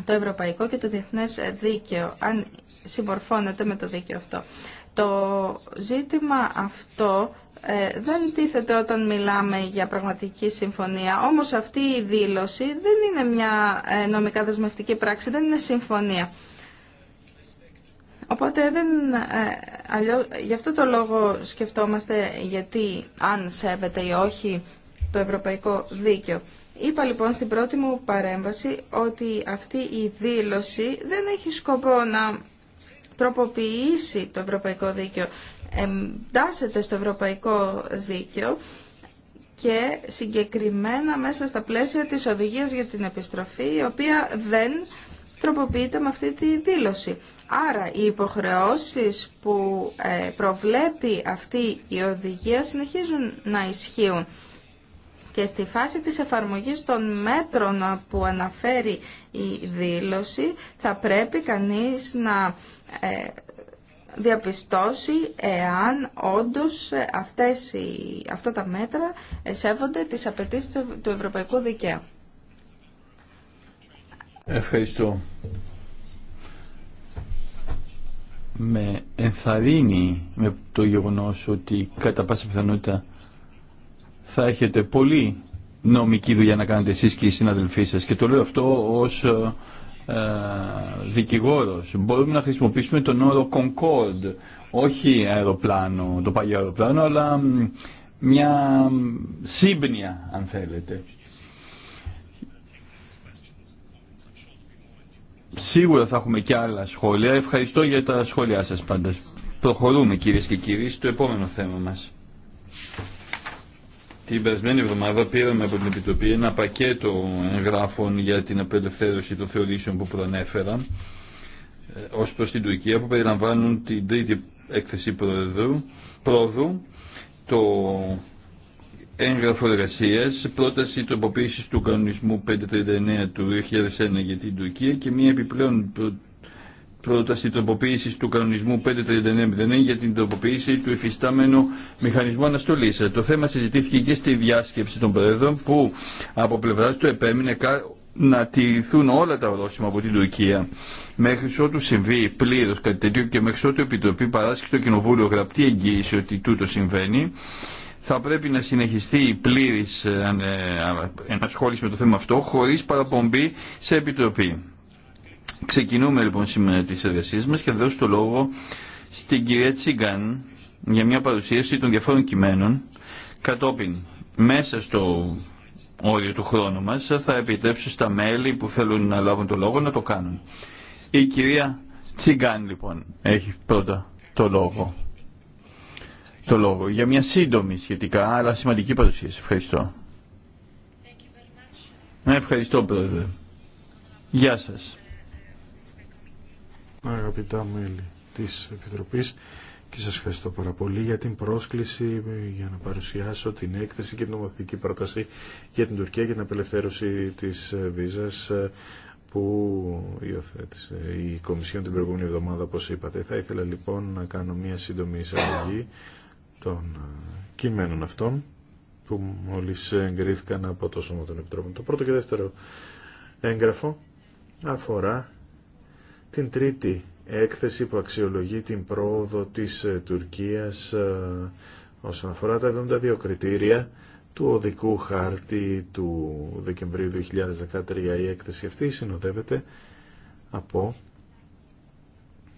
το ευρωπαϊκό και το διεθνές δίκαιο, αν συμπορφώνεται με το δίκαιο αυτό. Το ζήτημα αυτό ε, δεν τίθεται όταν μιλάμε για πραγματική συμφωνία. Όμως αυτή η δήλωση δεν είναι μια ε, νομικά δεσμευτική πράξη, δεν είναι συμφωνία. Οπότε δεν, ε, αλλιώς, γι' αυτό το λόγο σκεφτόμαστε γιατί αν σέβεται ή όχι το ευρωπαϊκό δίκαιο. Είπα λοιπόν στην πρώτη μου παρέμβαση ότι αυτή η δήλωση δεν έχει σκοπό να τροποποιήσει το ευρωπαϊκό δίκαιο. Εντάσσεται στο ευρωπαϊκό δίκαιο και συγκεκριμένα μέσα στα πλαίσια της οδηγίας για την επιστροφή, η οποία δεν τροποποιείται με αυτή τη δήλωση. Άρα οι υποχρεώσεις που ε, προβλέπει αυτή η οδηγία συνεχίζουν να ισχύουν και στη φάση της εφαρμογής των μέτρων που αναφέρει η δήλωση θα πρέπει κανείς να ε, διαπιστώσει εάν όντως ε, αυτές οι, αυτά τα μέτρα εσέβονται τις απαιτήσεις του ευρωπαϊκού δικαίου. Ευχαριστώ. Με ενθαρρύνει με το γεγονός ότι κατά πάσα πιθανότητα θα έχετε πολύ νομική δουλειά να κάνετε εσείς και οι συναδελφοί σας και το λέω αυτό ως ε, ε δικηγόρος. Μπορούμε να χρησιμοποιήσουμε τον όρο Concord, όχι αεροπλάνο, το παλιό αεροπλάνο, αλλά μια σύμπνια, αν θέλετε. Σίγουρα θα έχουμε και άλλα σχόλια. Ευχαριστώ για τα σχόλιά σας πάντα. Προχωρούμε κυρίες και κύριοι στο επόμενο θέμα μας. Την περασμένη εβδομάδα πήραμε από την Επιτροπή ένα πακέτο εγγράφων για την απελευθέρωση των θεωρήσεων που προανέφερα ε, ως προς την Τουρκία που περιλαμβάνουν την τρίτη έκθεση πρόεδρου, πρόδου, το έγγραφο εργασία, πρόταση τροποποίηση του κανονισμού 539 του 2001 για την Τουρκία και μια επιπλέον πρόταση τροποποίηση του κανονισμού 539 για την τροποποίηση του υφιστάμενου μηχανισμού αναστολή. Το θέμα συζητήθηκε και στη διάσκεψη των Προέδρων που από πλευρά του επέμεινε να τηρηθούν όλα τα ορόσημα από την Τουρκία μέχρι ότου συμβεί πλήρω κάτι τέτοιο και μέχρι ότου η Επιτροπή παράσχει στο Κοινοβούλιο γραπτή εγγύηση ότι τούτο συμβαίνει. Θα πρέπει να συνεχιστεί η πλήρης ε, ε, ε, ενασχόληση με το θέμα αυτό χωρίς παραπομπή σε επιτροπή. Ξεκινούμε λοιπόν σήμερα τις εργασίες μας και δώσω το λόγο στην κυρία Τσίγκαν για μια παρουσίαση των διαφόρων κειμένων κατόπιν μέσα στο όριο του χρόνου μας θα επιτρέψω στα μέλη που θέλουν να λάβουν το λόγο να το κάνουν. Η κυρία Τσιγκάν λοιπόν έχει πρώτα το λόγο. Το λόγο για μια σύντομη σχετικά αλλά σημαντική παρουσίαση. Ευχαριστώ. Ευχαριστώ πρόεδρε. Γεια σας αγαπητά μέλη της Επιτροπής και σας ευχαριστώ πάρα πολύ για την πρόσκληση για να παρουσιάσω την έκθεση και την νομοθετική πρόταση για την Τουρκία για την απελευθέρωση της βίζας ε, που υιοθέτησε η Κομισιόν την προηγούμενη εβδομάδα, όπως είπατε. Θα ήθελα λοιπόν να κάνω μια σύντομη εισαγωγή των ε, κειμένων αυτών που μόλις εγκρίθηκαν από το Σώμα των Επιτρόπων. Το πρώτο και δεύτερο έγγραφο αφορά την τρίτη έκθεση που αξιολογεί την πρόοδο της ε, Τουρκίας ε, όσον αφορά τα 72 κριτήρια του οδικού χάρτη του Δεκεμβρίου 2013. Η έκθεση αυτή συνοδεύεται από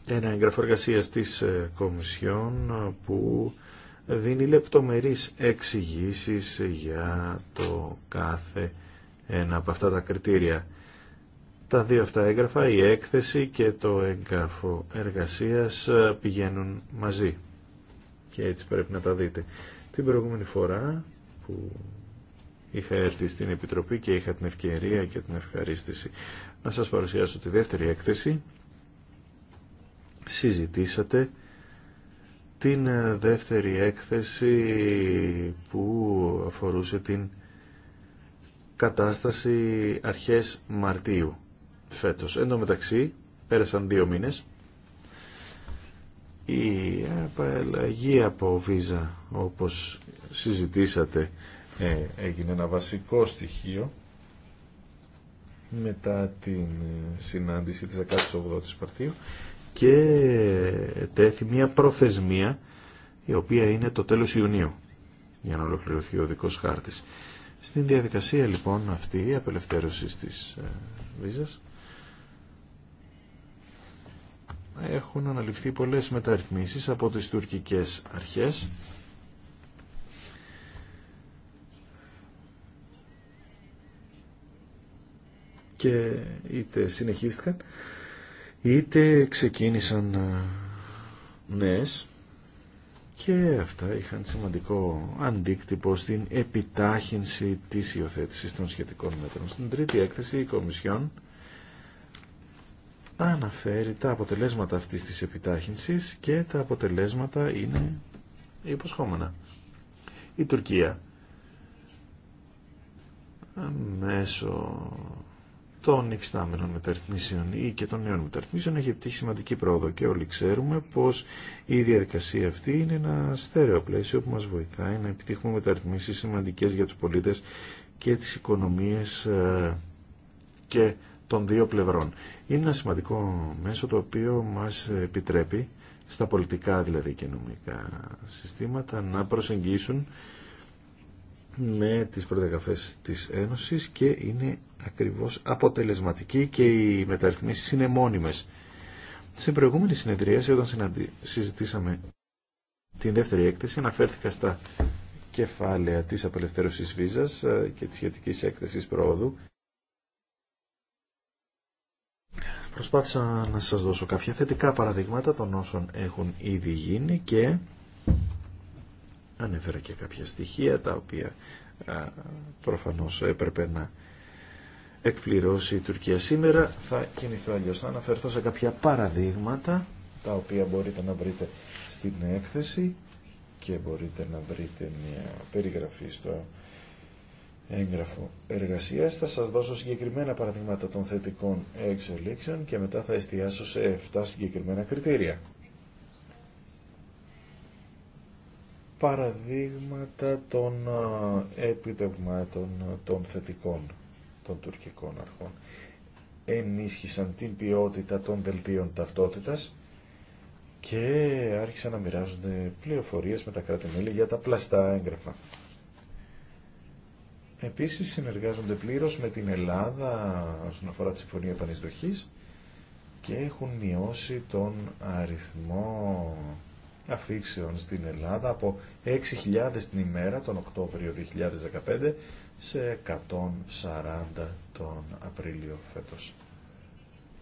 ένα έγγραφο εργασία της ε, Κομισιόν που δίνει λεπτομερείς εξηγήσει για το κάθε ένα από αυτά τα κριτήρια. Τα δύο αυτά έγγραφα, η έκθεση και το έγγραφο εργασίας ε, πηγαίνουν μαζί. Και έτσι πρέπει να τα δείτε. Την προηγούμενη φορά που είχα έρθει στην Επιτροπή και είχα την ευκαιρία και την ευχαρίστηση να σας παρουσιάσω τη δεύτερη έκθεση, συζητήσατε την ε, δεύτερη έκθεση που αφορούσε την κατάσταση αρχές Μαρτίου φέτος. Εν τω μεταξύ, πέρασαν δύο μήνες, η απαλλαγή από βίζα, όπως συζητήσατε, ε, έγινε ένα βασικό στοιχείο μετά την ε, συνάντηση της 18ης Παρτίου και τέθη μια προθεσμία η οποία είναι το τέλος Ιουνίου για να ολοκληρωθεί ο δικός χάρτης. Στην διαδικασία λοιπόν αυτή η απελευθέρωση της βίζας ε, έχουν αναλυφθεί πολλές μεταρρυθμίσεις από τις τουρκικές αρχές και είτε συνεχίστηκαν είτε ξεκίνησαν ε, νέες και αυτά είχαν σημαντικό αντίκτυπο στην επιτάχυνση της υιοθέτησης των σχετικών μέτρων. Στην τρίτη έκθεση η Κομισιόν αναφέρει τα αποτελέσματα αυτής της επιτάχυνσης και τα αποτελέσματα είναι υποσχόμενα. Η Τουρκία μέσω των υφιστάμενων μεταρρυθμίσεων ή και των νέων μεταρρυθμίσεων έχει επιτύχει σημαντική πρόοδο και όλοι ξέρουμε πως η διαδικασία αυτή είναι ένα στέρεο πλαίσιο που μας βοηθάει να επιτύχουμε μεταρρυθμίσεις σημαντικές για τους πολίτες και τις οικονομίες ε, και των δύο πλευρών. Είναι ένα σημαντικό μέσο το οποίο μας επιτρέπει στα πολιτικά δηλαδή και νομικά συστήματα να προσεγγίσουν με τις προδιαγραφές της Ένωσης και είναι ακριβώς αποτελεσματική και οι μεταρρυθμίσεις είναι μόνιμες. Σε προηγούμενη συνεδρία, όταν συζητήσαμε την δεύτερη έκθεση αναφέρθηκα στα κεφάλαια της απελευθέρωσης βίζας ε, και της σχετικής έκθεσης πρόοδου Προσπάθησα να σας δώσω κάποια θετικά παραδείγματα των όσων έχουν ήδη γίνει και ανέφερα και κάποια στοιχεία τα οποία προφανώς έπρεπε να εκπληρώσει η Τουρκία σήμερα. Θα κινηθώ αλλιώ να αναφερθώ σε κάποια παραδείγματα τα οποία μπορείτε να βρείτε στην έκθεση και μπορείτε να βρείτε μια περιγραφή στο έγγραφο εργασίας. Θα σας δώσω συγκεκριμένα παραδείγματα των θετικών εξελίξεων και μετά θα εστιάσω σε 7 συγκεκριμένα κριτήρια. Παραδείγματα των επιτευγμάτων των θετικών των τουρκικών αρχών. Ενίσχυσαν την ποιότητα των δελτίων ταυτότητας και άρχισαν να μοιράζονται πληροφορίες με τα κράτη-μέλη για τα πλαστά έγγραφα. Επίσης συνεργάζονται πλήρως με την Ελλάδα όσον αφορά τη Συμφωνία Επανεισδοχής και έχουν μειώσει τον αριθμό αφήξεων στην Ελλάδα από 6.000 την ημέρα τον Οκτώβριο 2015 σε 140 τον Απρίλιο φέτος.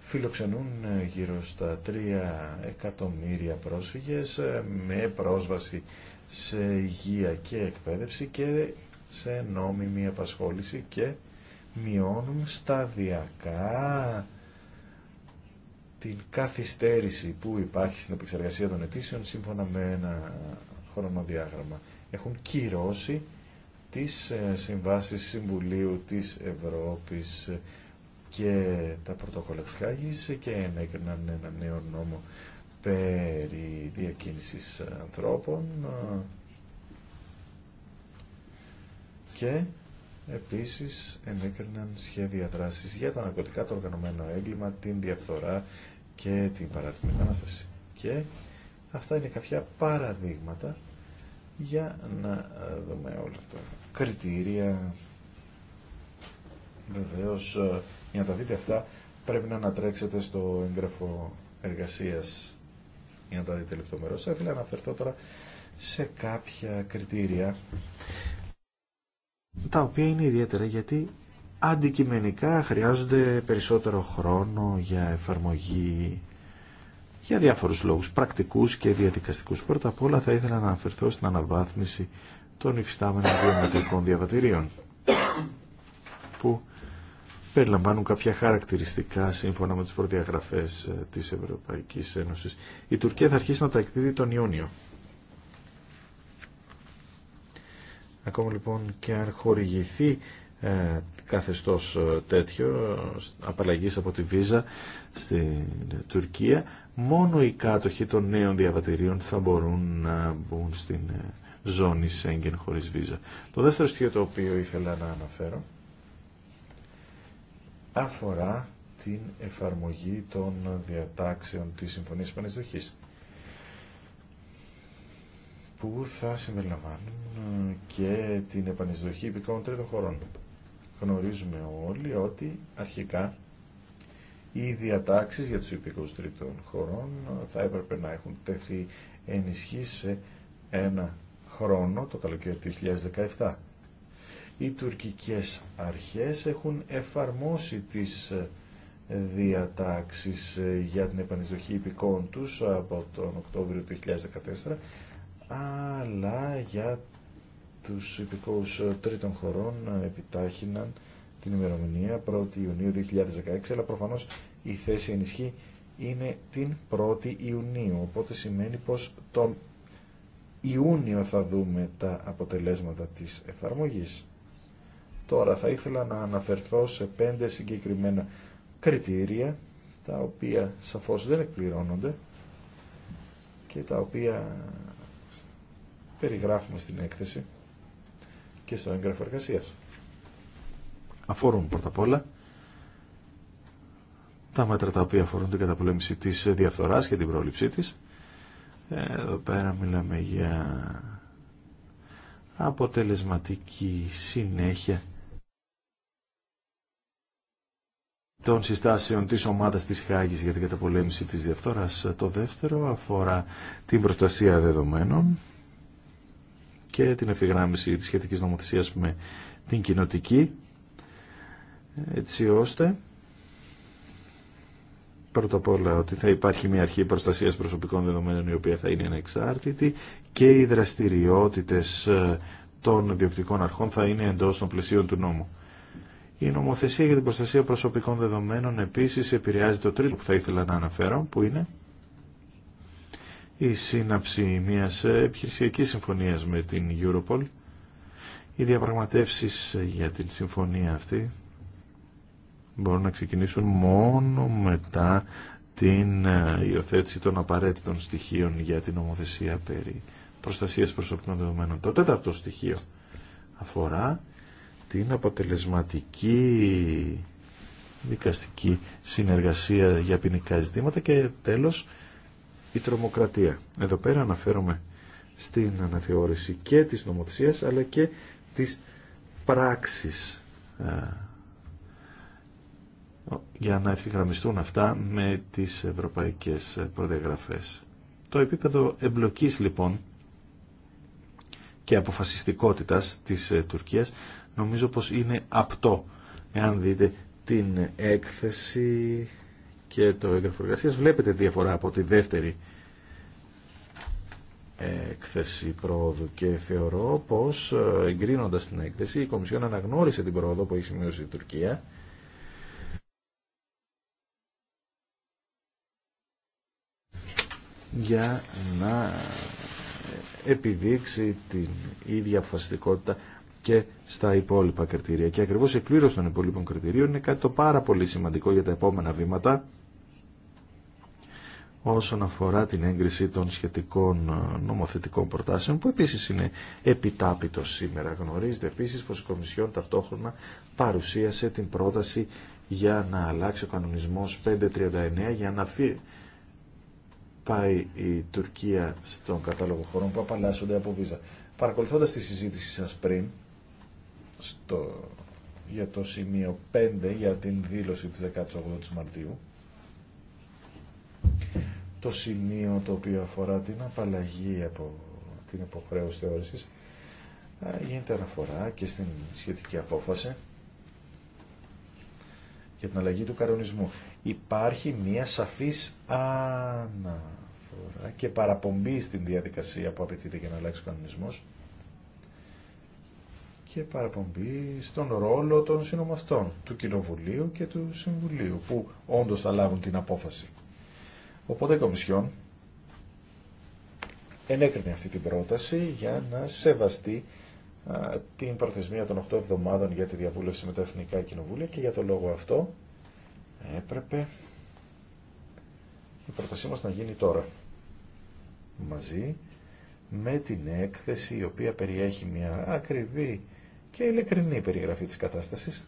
Φιλοξενούν ε, γύρω στα 3 εκατομμύρια πρόσφυγες ε, με πρόσβαση σε υγεία και εκπαίδευση και σε νόμιμη απασχόληση και μειώνουν σταδιακά την καθυστέρηση που υπάρχει στην επεξεργασία των αιτήσεων σύμφωνα με ένα χρονοδιάγραμμα. Έχουν κυρώσει τις ε, συμβάσεις Συμβουλίου της Ευρώπης και τα πρωτόκολλα της Χάγης και ενέκριναν ένα νέο νόμο περί διακίνησης ανθρώπων ε, και επίσης ενέκριναν σχέδια δράσης για τα ναρκωτικά, το οργανωμένο έγκλημα, την διαφθορά και την παράτυπη ανάσταση. Και αυτά είναι κάποια παραδείγματα για να δούμε όλα αυτά. Κριτήρια, βεβαίως, ε, για να τα δείτε αυτά πρέπει να ανατρέξετε στο έγγραφο εργασίας για να τα δείτε λεπτομερώς. Θα ήθελα να αναφερθώ τώρα σε κάποια κριτήρια τα οποία είναι ιδιαίτερα γιατί αντικειμενικά χρειάζονται περισσότερο χρόνο για εφαρμογή για διάφορους λόγους, πρακτικούς και διαδικαστικούς. Πρώτα απ' όλα θα ήθελα να αναφερθώ στην αναβάθμιση των υφιστάμενων βιομετρικών διαβατηρίων που περιλαμβάνουν κάποια χαρακτηριστικά σύμφωνα με τις προδιαγραφές ε, της Ευρωπαϊκής Ένωσης. Η Τουρκία θα αρχίσει να τα εκδίδει τον Ιούνιο. Ακόμα λοιπόν και αν χορηγηθεί ε, καθεστώς ε, τέτοιο ε, απαλλαγής από τη Βίζα στη ε, Τουρκία μόνο οι κάτοχοι των νέων διαβατηρίων θα μπορούν να μπουν στην ζώνη Σέγγεν χωρίς Βίζα. Το δεύτερο στοιχείο το οποίο ήθελα να αναφέρω αφορά την εφαρμογή των διατάξεων της Συμφωνίας Πανεσδοχής που θα συμπεριλαμβάνουν και την επανεισδοχή υπηκών τρίτων χωρών. Γνωρίζουμε όλοι ότι αρχικά οι διατάξεις για τους υπηκούς τρίτων χωρών θα έπρεπε να έχουν τεθεί ενισχύ σε ένα χρόνο το καλοκαίρι του 2017. Οι τουρκικές αρχές έχουν εφαρμόσει τις διατάξεις για την επανεισδοχή υπηκών τους από τον Οκτώβριο του 2014 αλλά για τους υπηκόους τρίτων χωρών επιτάχυναν την ημερομηνία 1η Ιουνίου 2016, αλλά προφανώς η θέση ενισχύ ενισχύει ειναι την 1η Ιουνίου, οπότε σημαίνει πως τον Ιούνιο θα δούμε τα αποτελέσματα της εφαρμογής. Τώρα θα ήθελα να αναφερθώ σε πέντε συγκεκριμένα κριτήρια, τα οποία σαφώς δεν εκπληρώνονται και τα οποία περιγράφουμε στην έκθεση και στο έγγραφο εργασία. Αφορούν πρώτα απ' όλα τα μέτρα τα οποία αφορούν την καταπολέμηση της διαφθοράς και την πρόληψή της. Εδώ πέρα μιλάμε για αποτελεσματική συνέχεια των συστάσεων της ομάδας της Χάγης για την καταπολέμηση της διαφθοράς. Το δεύτερο αφορά την προστασία δεδομένων και την ευθυγράμμιση της σχετικής νομοθεσίας με την κοινοτική έτσι ώστε πρώτα απ' όλα ότι θα υπάρχει μια αρχή προστασίας προσωπικών δεδομένων η οποία θα είναι ανεξάρτητη και οι δραστηριότητες ε, των διοκτικών αρχών θα είναι εντός των πλαισίων του νόμου. Η νομοθεσία για την προστασία προσωπικών δεδομένων επίσης επηρεάζει το τρίτο που θα ήθελα να αναφέρω που είναι η σύναψη μιας επιχειρησιακής συμφωνίας με την Europol. Οι διαπραγματεύσεις για την συμφωνία αυτή μπορούν να ξεκινήσουν μόνο μετά την υιοθέτηση των απαραίτητων στοιχείων για την ομοθεσία περί προστασίας προσωπικών δεδομένων. Το τέταρτο στοιχείο αφορά την αποτελεσματική δικαστική συνεργασία για ποινικά ζητήματα και τέλος η τρομοκρατία. Εδώ πέρα αναφέρομαι στην αναθεώρηση και της νομοθεσίας αλλά και της πράξης ε, για να ευθυγραμμιστούν αυτά με τις ευρωπαϊκές προδιαγραφές. Το επίπεδο εμπλοκής λοιπόν και αποφασιστικότητας της ε, Τουρκίας νομίζω πως είναι απτό εάν δείτε την έκθεση και το έγγραφο εργασία. Βλέπετε διαφορά από τη δεύτερη έκθεση ε, πρόοδου και θεωρώ πως ε, εγκρίνοντας την έκθεση η Κομισιόν αναγνώρισε την πρόοδο που έχει σημειώσει η Τουρκία για να ε, επιδείξει την ίδια αποφασιστικότητα και στα υπόλοιπα κριτήρια. Και ακριβώς η εκπλήρωση των υπόλοιπων κριτηρίων είναι κάτι το πάρα πολύ σημαντικό για τα επόμενα βήματα όσον αφορά την έγκριση των σχετικών ε, νομοθετικών προτάσεων που επίσης είναι επιτάπητο σήμερα. Γνωρίζετε επίσης πως η Κομισιόν ταυτόχρονα παρουσίασε την πρόταση για να αλλάξει ο κανονισμός 539 για να φύ, πάει η Τουρκία στον κατάλογο χωρών που απαλλάσσονται από βίζα. Παρακολουθώντας τη συζήτηση σας πριν στο, για το σημείο 5 για την δήλωση της 18ης Μαρτίου το σημείο το οποίο αφορά την απαλλαγή από την υποχρέωση θεώρησης γίνεται αναφορά και στην σχετική απόφαση για την αλλαγή του κανονισμού. Υπάρχει μία σαφής αναφορά και παραπομπή στην διαδικασία που απαιτείται για να αλλάξει ο κανονισμός και παραπομπή στον ρόλο των συνομαστών του Κοινοβουλίου και του Συμβουλίου που όντως θα λάβουν την απόφαση. Οπότε η Κομισιόν ενέκρινε αυτή την πρόταση για να σεβαστεί την προθεσμία των 8 εβδομάδων για τη διαβούλευση με τα Εθνικά Κοινοβούλια και για το λόγο αυτό έπρεπε η πρότασή μας να γίνει τώρα μαζί με την έκθεση η οποία περιέχει μια ακριβή και ειλικρινή περιγραφή της κατάστασης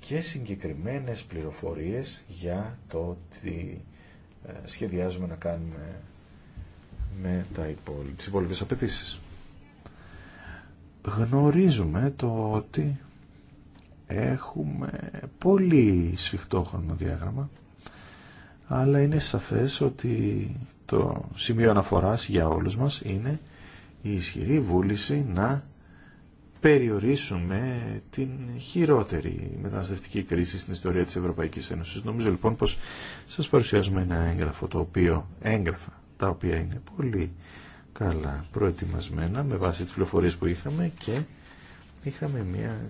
και συγκεκριμένες πληροφορίες για το τι ε, σχεδιάζουμε να κάνουμε με τα υπόλοιπα, τις υπόλοιπες απαιτήσει. Γνωρίζουμε το ότι έχουμε πολύ σφιχτό χρονοδιάγραμμα αλλά είναι σαφές ότι το σημείο αναφοράς για όλους μας είναι η ισχυρή βούληση να περιορίσουμε την χειρότερη μεταναστευτική κρίση στην ιστορία της Ευρωπαϊκής Ένωσης. Νομίζω λοιπόν πως σας παρουσιάζουμε ένα έγγραφο το οποίο έγγραφα, τα οποία είναι πολύ καλά προετοιμασμένα με βάση τις πληροφορίες που είχαμε και είχαμε μια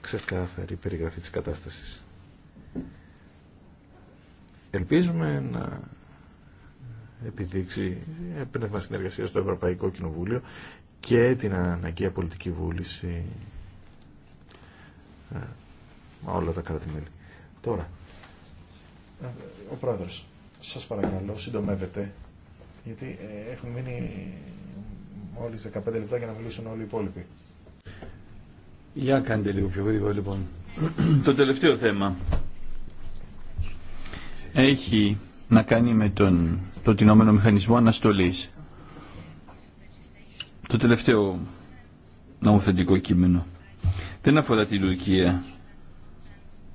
ξεκάθαρη περιγραφή της κατάστασης. Ελπίζουμε να επιδείξει πνεύμα συνεργασία στο Ευρωπαϊκό Κοινοβούλιο και την αναγκαία πολιτική βούληση ε, όλα τα κράτη-μέλη. Τώρα, ε, ο πρόεδρος, σας παρακαλώ, συντομεύετε, γιατί ε, έχουν μείνει μόλις 15 λεπτά για να μιλήσουν όλοι οι υπόλοιποι. Για κάντε λίγο πιο γρήγορα λοιπόν. Το τελευταίο θέμα έχει να κάνει με τον τεινόμενο μηχανισμό αναστολής. Το τελευταίο νομοθετικό κείμενο δεν αφορά την Τουρκία.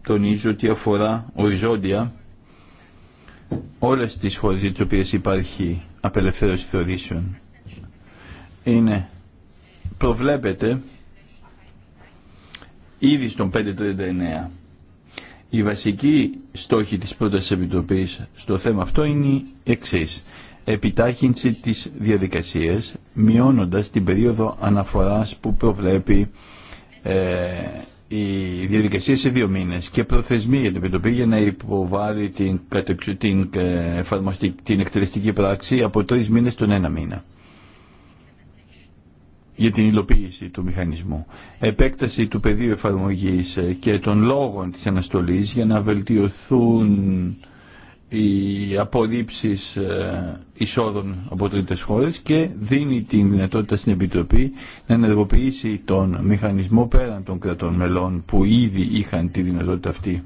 Τονίζω ότι αφορά οριζόντια όλες τις χώρες τις οποίες υπάρχει απελευθέρωση θεωρήσεων. Είναι, προβλέπεται ήδη στον 539. Η βασική στόχη της πρώτας επιτροπής στο θέμα αυτό είναι η εξής επιτάχυνση της διαδικασίας, μειώνοντας την περίοδο αναφοράς που προβλέπει ε, η διαδικασία σε δύο μήνες και προθεσμοί για την Επιτροπή για να υποβάλει την, την, ε, την εκτελεστική πράξη από τρει μήνες στον ένα μήνα για την υλοποίηση του μηχανισμού. Επέκταση του πεδίου εφαρμογής ε, και των λόγων της αναστολής για να βελτιωθούν οι απορρίψεις ε, εισόδων από τρίτες χώρες και δίνει την δυνατότητα στην Επιτροπή να ενεργοποιήσει τον μηχανισμό πέραν των κρατών μελών που ήδη είχαν τη δυνατότητα αυτή.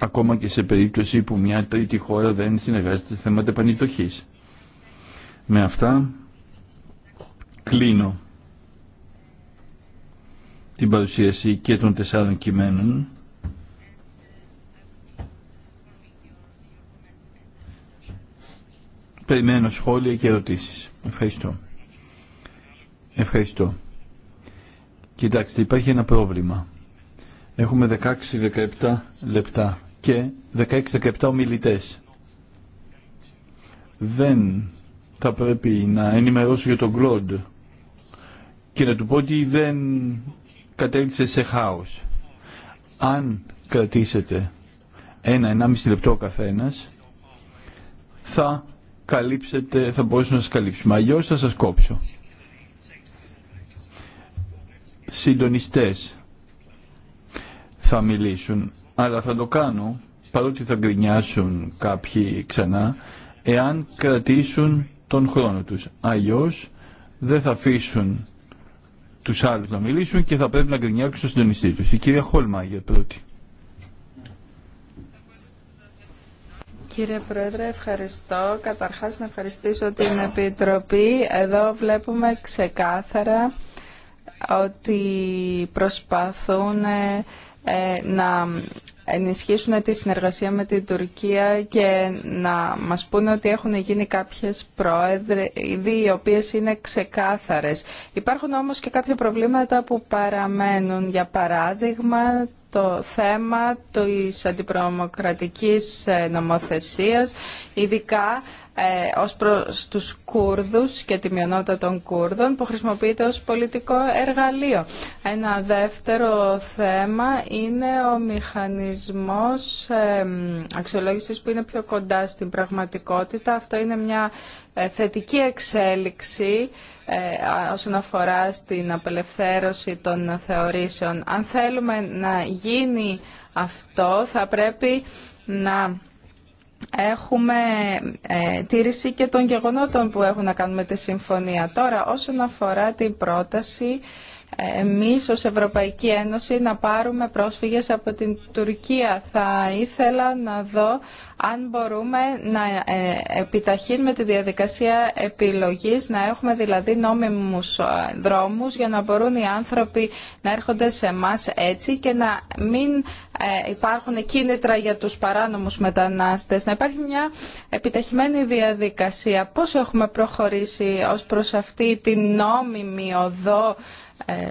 Ακόμα και σε περίπτωση που μια τρίτη χώρα δεν συνεργάζεται σε θέματα επανειδοχής. Με αυτά κλείνω την παρουσίαση και των τεσσάρων κειμένων Περιμένω σχόλια και ερωτήσεις. Ευχαριστώ. Ευχαριστώ. Κοιτάξτε, υπάρχει ένα πρόβλημα. Έχουμε 16-17 λεπτά και 16-17 ομιλητές. Δεν θα πρέπει να ενημερώσω για τον Κλοντ και να του πω ότι δεν κατέληξε σε χάος. Αν κρατήσετε ένα-ενάμιση λεπτό ο καθένας, θα καλύψετε, θα μπορούσαμε να σας καλύψουμε. Αλλιώ θα σας κόψω. Συντονιστές θα μιλήσουν, αλλά θα το κάνω, παρότι θα γκρινιάσουν κάποιοι ξανά, εάν κρατήσουν τον χρόνο τους. Αλλιώ δεν θα αφήσουν τους άλλους να μιλήσουν και θα πρέπει να γκρινιάξουν στον συντονιστή τους. Η κυρία Χόλμαγερ πρώτη. Κύριε Πρόεδρε, ευχαριστώ. Καταρχάς να ευχαριστήσω την Επιτροπή. Εδώ βλέπουμε ξεκάθαρα ότι προσπαθούν ε, να ενισχύσουν τη συνεργασία με την Τουρκία και να μας πούνε ότι έχουν γίνει κάποιες προέδροι οι οποίες είναι ξεκάθαρες. Υπάρχουν όμως και κάποια προβλήματα που παραμένουν. Για παράδειγμα το θέμα της αντιπρομοκρατικής ε, νομοθεσίας, ειδικά ε, ως προς τους Κούρδους και τη μειονότητα των Κούρδων που χρησιμοποιείται ως πολιτικό εργαλείο. Ένα δεύτερο θέμα είναι ο μηχανισμός μηχανισμός αξιολόγησης που είναι πιο κοντά στην πραγματικότητα. Αυτό είναι μια ε, θετική εξέλιξη ε, όσον αφορά στην απελευθέρωση των θεωρήσεων. Αν θέλουμε να γίνει αυτό, θα πρέπει να έχουμε ε, τήρηση και των γεγονότων που έχουν να κάνουν τη συμφωνία. Τώρα, όσον αφορά την πρόταση, εμείς ως Ευρωπαϊκή Ένωση να πάρουμε πρόσφυγες από την Τουρκία. Θα ήθελα να δω αν μπορούμε να ε, επιταχύνουμε τη διαδικασία επιλογής, να έχουμε δηλαδή νόμιμους ε, δρόμους για να μπορούν οι άνθρωποι να έρχονται σε εμά έτσι και να μην ε, υπάρχουν κίνητρα για τους παράνομους μετανάστες. Να υπάρχει μια επιταχυμένη διαδικασία. Πώς έχουμε προχωρήσει ως προς αυτή την νόμιμη οδό ε,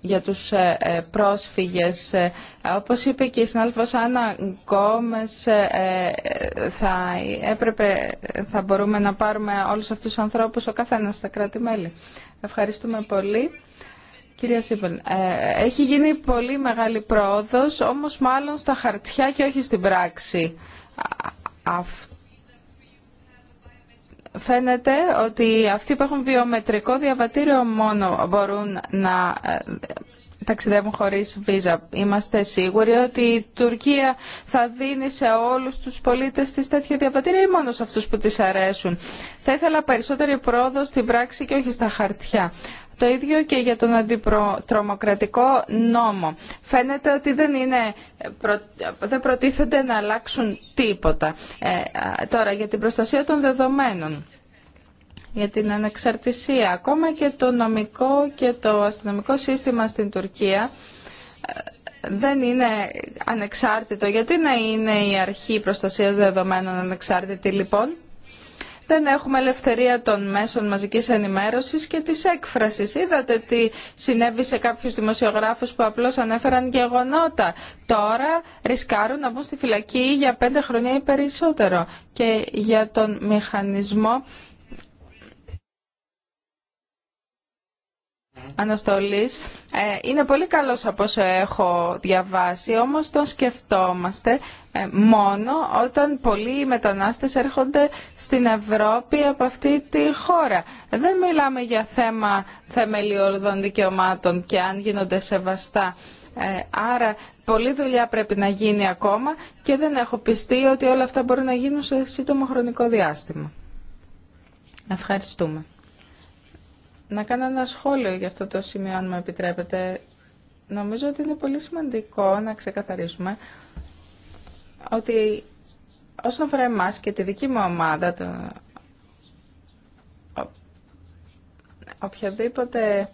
για τους ε, ε, πρόσφυγες. Όπως είπε και η συνάδελφος Άννα Γκόμες, θα, έπρεπε, θα μπορούμε να πάρουμε όλους αυτούς τους ανθρώπους, ο καθένας στα κράτη-μέλη. Ευχαριστούμε πολύ. Κυρία Σίπελ, έχει γίνει πολύ μεγάλη πρόοδος, όμως μάλλον στα χαρτιά και όχι στην πράξη. Αυτό Φαίνεται ότι αυτοί που έχουν βιομετρικό διαβατήριο μόνο μπορούν να ε, ταξιδεύουν χωρίς βίζα. Είμαστε σίγουροι ότι η Τουρκία θα δίνει σε όλους τους πολίτες της τέτοια διαβατήρια ή μόνο σε αυτούς που τις αρέσουν. Θα ήθελα περισσότερη πρόοδο στην πράξη και όχι στα χαρτιά. Το ίδιο και για τον αντιπροτρομοκρατικό νόμο. Φαίνεται ότι δεν, είναι, δεν προτίθεται να αλλάξουν τίποτα. Ε, τώρα, για την προστασία των δεδομένων για την ανεξαρτησία. Ακόμα και το νομικό και το αστυνομικό σύστημα στην Τουρκία ε, δεν είναι ανεξάρτητο. Γιατί να είναι η αρχή προστασίας δεδομένων ανεξάρτητη λοιπόν δεν έχουμε ελευθερία των μέσων μαζικής ενημέρωσης και της έκφρασης. Είδατε τι συνέβη σε κάποιους δημοσιογράφους που απλώς ανέφεραν γεγονότα. Τώρα ρισκάρουν να μπουν στη φυλακή για πέντε χρόνια ή περισσότερο. Και για τον μηχανισμό Ε, είναι πολύ καλός από όσο έχω διαβάσει, όμως τον σκεφτόμαστε ε, μόνο όταν πολλοί μετανάστες έρχονται στην Ευρώπη από αυτή τη χώρα. Δεν μιλάμε για θέμα θεμελιωδών δικαιωμάτων και αν γίνονται σεβαστά. Ε, άρα πολλή δουλειά πρέπει να γίνει ακόμα και δεν έχω πιστεί ότι όλα αυτά μπορούν να γίνουν σε σύντομο χρονικό διάστημα. Ευχαριστούμε να κάνω ένα σχόλιο για αυτό το σημείο, αν μου επιτρέπετε. Νομίζω ότι είναι πολύ σημαντικό να ξεκαθαρίσουμε ότι όσον αφορά εμά και τη δική μου ομάδα, το... οποιαδήποτε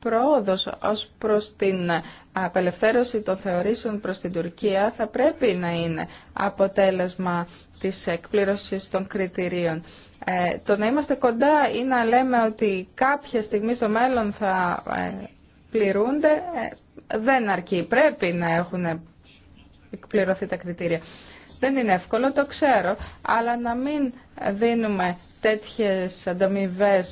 πρόοδος ως προς την απελευθέρωση των θεωρήσεων προς την Τουρκία θα πρέπει να είναι αποτέλεσμα της εκπλήρωσης των κριτηρίων. Ε, το να είμαστε κοντά ή να λέμε ότι κάποια στιγμή στο μέλλον θα ε, πληρούνται ε, δεν αρκεί. Πρέπει να έχουν εκπληρωθεί τα κριτήρια. Δεν είναι εύκολο, το ξέρω, αλλά να μην δίνουμε τέτοιες ανταμοιβέ.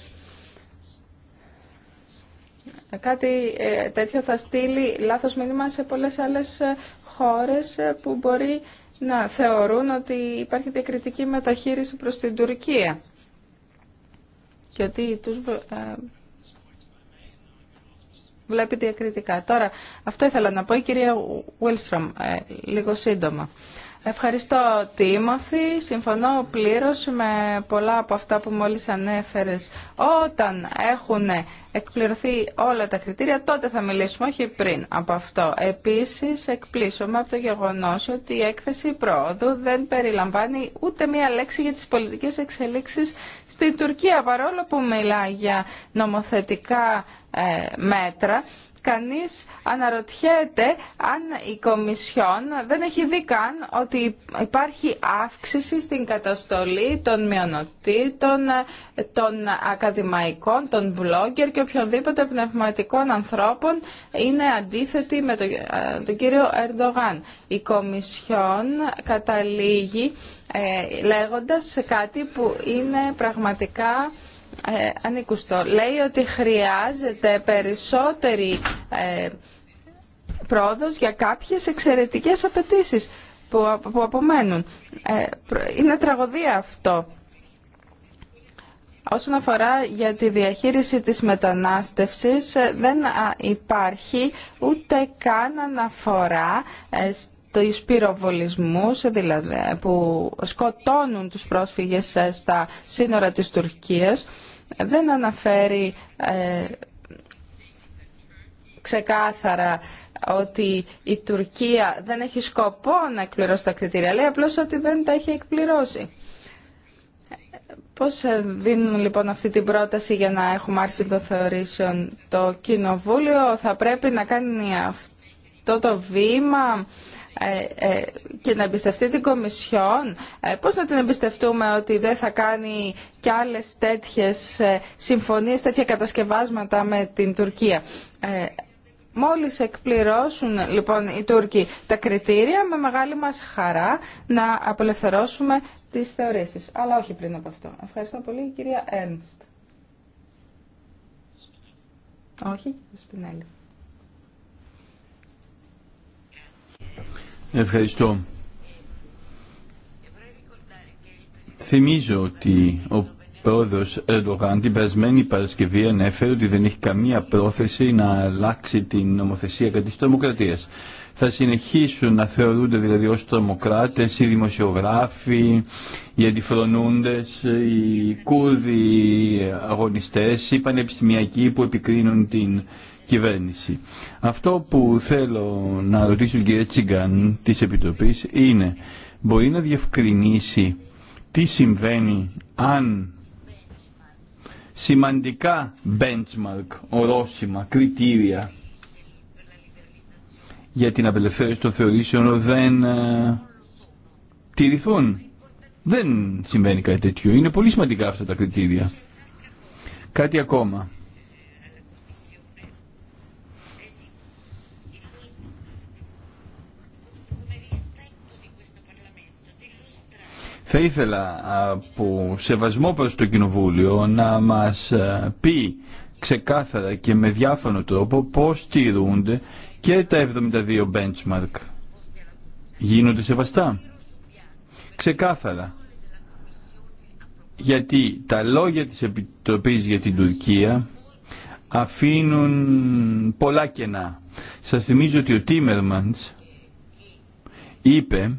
Κάτι ε, τέτοιο θα στείλει λάθος μήνυμα σε πολλές άλλες χώρες που μπορεί να θεωρούν ότι υπάρχει διακριτική μεταχείριση προς την Τουρκία και ότι τους ε, βλέπει διακριτικά. Τώρα, αυτό ήθελα να πω η κυρία Βίλστρομ, ε, λίγο σύντομα. Ευχαριστώ, Τίμωθη. Συμφωνώ πλήρως με πολλά από αυτά που μόλις ανέφερες. Όταν έχουν εκπληρωθεί όλα τα κριτήρια, τότε θα μιλήσουμε, όχι πριν από αυτό. Επίσης, εκπλήσωμαι από το γεγονός ότι η έκθεση πρόοδου δεν περιλαμβάνει ούτε μία λέξη για τις πολιτικές εξελίξεις στην Τουρκία, παρόλο που μιλά για νομοθετικά ε, μέτρα κανείς αναρωτιέται αν η Κομισιόν δεν έχει δει καν ότι υπάρχει αύξηση στην καταστολή των μειονοτήτων, των ακαδημαϊκών, των blogger και οποιοδήποτε πνευματικών ανθρώπων είναι αντίθετη με ε, τον, κύριο Ερντογάν. Η Κομισιόν καταλήγει ε, λέγοντας κάτι που είναι πραγματικά ε, ανήκουστο. Λέει ότι χρειάζεται περισσότερη ε, πρόοδος για κάποιες εξαιρετικές απαιτήσει που, απομένουν. Ε, είναι τραγωδία αυτό. Όσον αφορά για τη διαχείριση της μετανάστευσης, ε, δεν υπάρχει ούτε καν αναφορά ε, το πυροβολισμού δηλαδή, που σκοτώνουν τους πρόσφυγες ε, στα σύνορα της Τουρκίας δεν αναφέρει ε, ξεκάθαρα ότι η Τουρκία δεν έχει σκοπό να εκπληρώσει τα κριτήρια, λέει απλώς ότι δεν τα έχει εκπληρώσει. Πώς ε, δίνουν λοιπόν αυτή την πρόταση για να έχουμε άρση των θεωρήσεων το Κοινοβούλιο θα πρέπει να κάνει αυτό το βήμα ε, ε, και να εμπιστευτεί την Κομισιόν. Ε, πώς να την εμπιστευτούμε ότι δεν θα κάνει και άλλες τέτοιες συμφωνίες, τέτοια κατασκευάσματα με την Τουρκία. Μόλις εκπληρώσουν λοιπόν οι Τούρκοι τα κριτήρια, με μεγάλη μας χαρά να απελευθερώσουμε τις θεωρήσεις. Αλλά όχι πριν από αυτό. Ευχαριστώ πολύ κυρία Ένστ. Όχι, Σπινέλη. Ευχαριστώ. Θυμίζω ότι ο πρόεδρος Ερντογάν την περασμένη Παρασκευή ανέφερε ότι δεν έχει καμία πρόθεση να αλλάξει την νομοθεσία κατά της τρομοκρατίας. Θα συνεχίσουν να θεωρούνται δηλαδή ως τρομοκράτες οι δημοσιογράφοι, οι αντιφρονούντες, οι Κούρδοι αγωνιστές, οι πανεπιστημιακοί που επικρίνουν την κυβέρνηση. Αυτό που θέλω να ρωτήσω την κυρία Τσιγκάν της Επιτροπής είναι μπορεί να διευκρινίσει τι συμβαίνει αν σημαντικά benchmark, ορόσημα, κριτήρια για την απελευθέρωση των θεωρήσεων δεν ε, τηρηθούν. Δεν συμβαίνει κάτι τέτοιο. Είναι πολύ σημαντικά αυτά τα κριτήρια. Κάτι ακόμα. Θα ήθελα από σεβασμό προς το Κοινοβούλιο να μας πει ξεκάθαρα και με διάφανο τρόπο πώς τηρούνται και τα 72 benchmark. Γίνονται σεβαστά. Ξεκάθαρα. Γιατί τα λόγια της Επιτροπής για την Τουρκία αφήνουν πολλά κενά. Σας θυμίζω ότι ο Τίμερμαντς είπε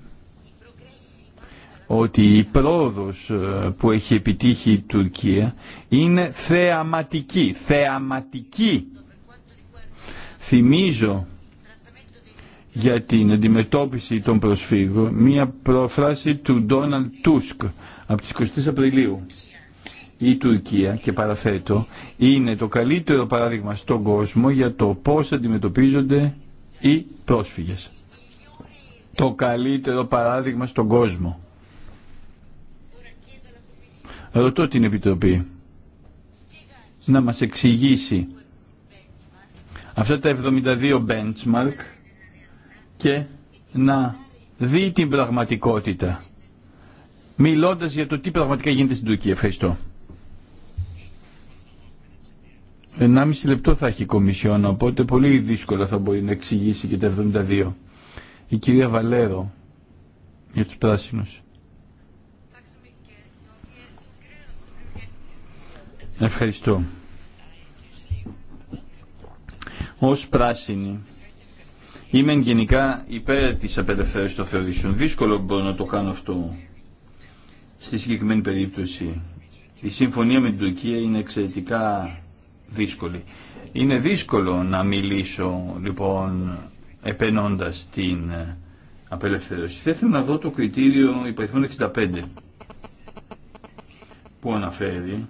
ότι η πρόοδος ε, που έχει επιτύχει η Τουρκία είναι θεαματική, θεαματική. Θυμίζω για την αντιμετώπιση των προσφύγων μία προφράση του Ντόναλτ Τούσκ από τις 20 Απριλίου. Η Τουρκία, και παραθέτω, είναι το καλύτερο παράδειγμα στον κόσμο για το πώς αντιμετωπίζονται οι πρόσφυγες. Το καλύτερο παράδειγμα στον κόσμο. Ρωτώ την Επιτροπή να μας εξηγήσει αυτά τα 72 benchmark και να δει την πραγματικότητα μιλώντας για το τι πραγματικά γίνεται στην Τουρκία. Ευχαριστώ. 1,5 λεπτό θα έχει η Κομισιόν, οπότε πολύ δύσκολα θα μπορεί να εξηγήσει και τα 72. Η κυρία Βαλέρο για τους πράσινους. Ευχαριστώ. Ως πράσινη είμαι γενικά υπέρ της απελευθέρωσης των θεωρήσεων. Δύσκολο μπορώ να το κάνω αυτό στη συγκεκριμένη περίπτωση. Η συμφωνία με την Τουρκία είναι εξαιρετικά δύσκολη. Είναι δύσκολο να μιλήσω λοιπόν επενώντας την ε, απελευθέρωση. Θα ήθελα να δω το κριτήριο υπαριθμών 65 που αναφέρει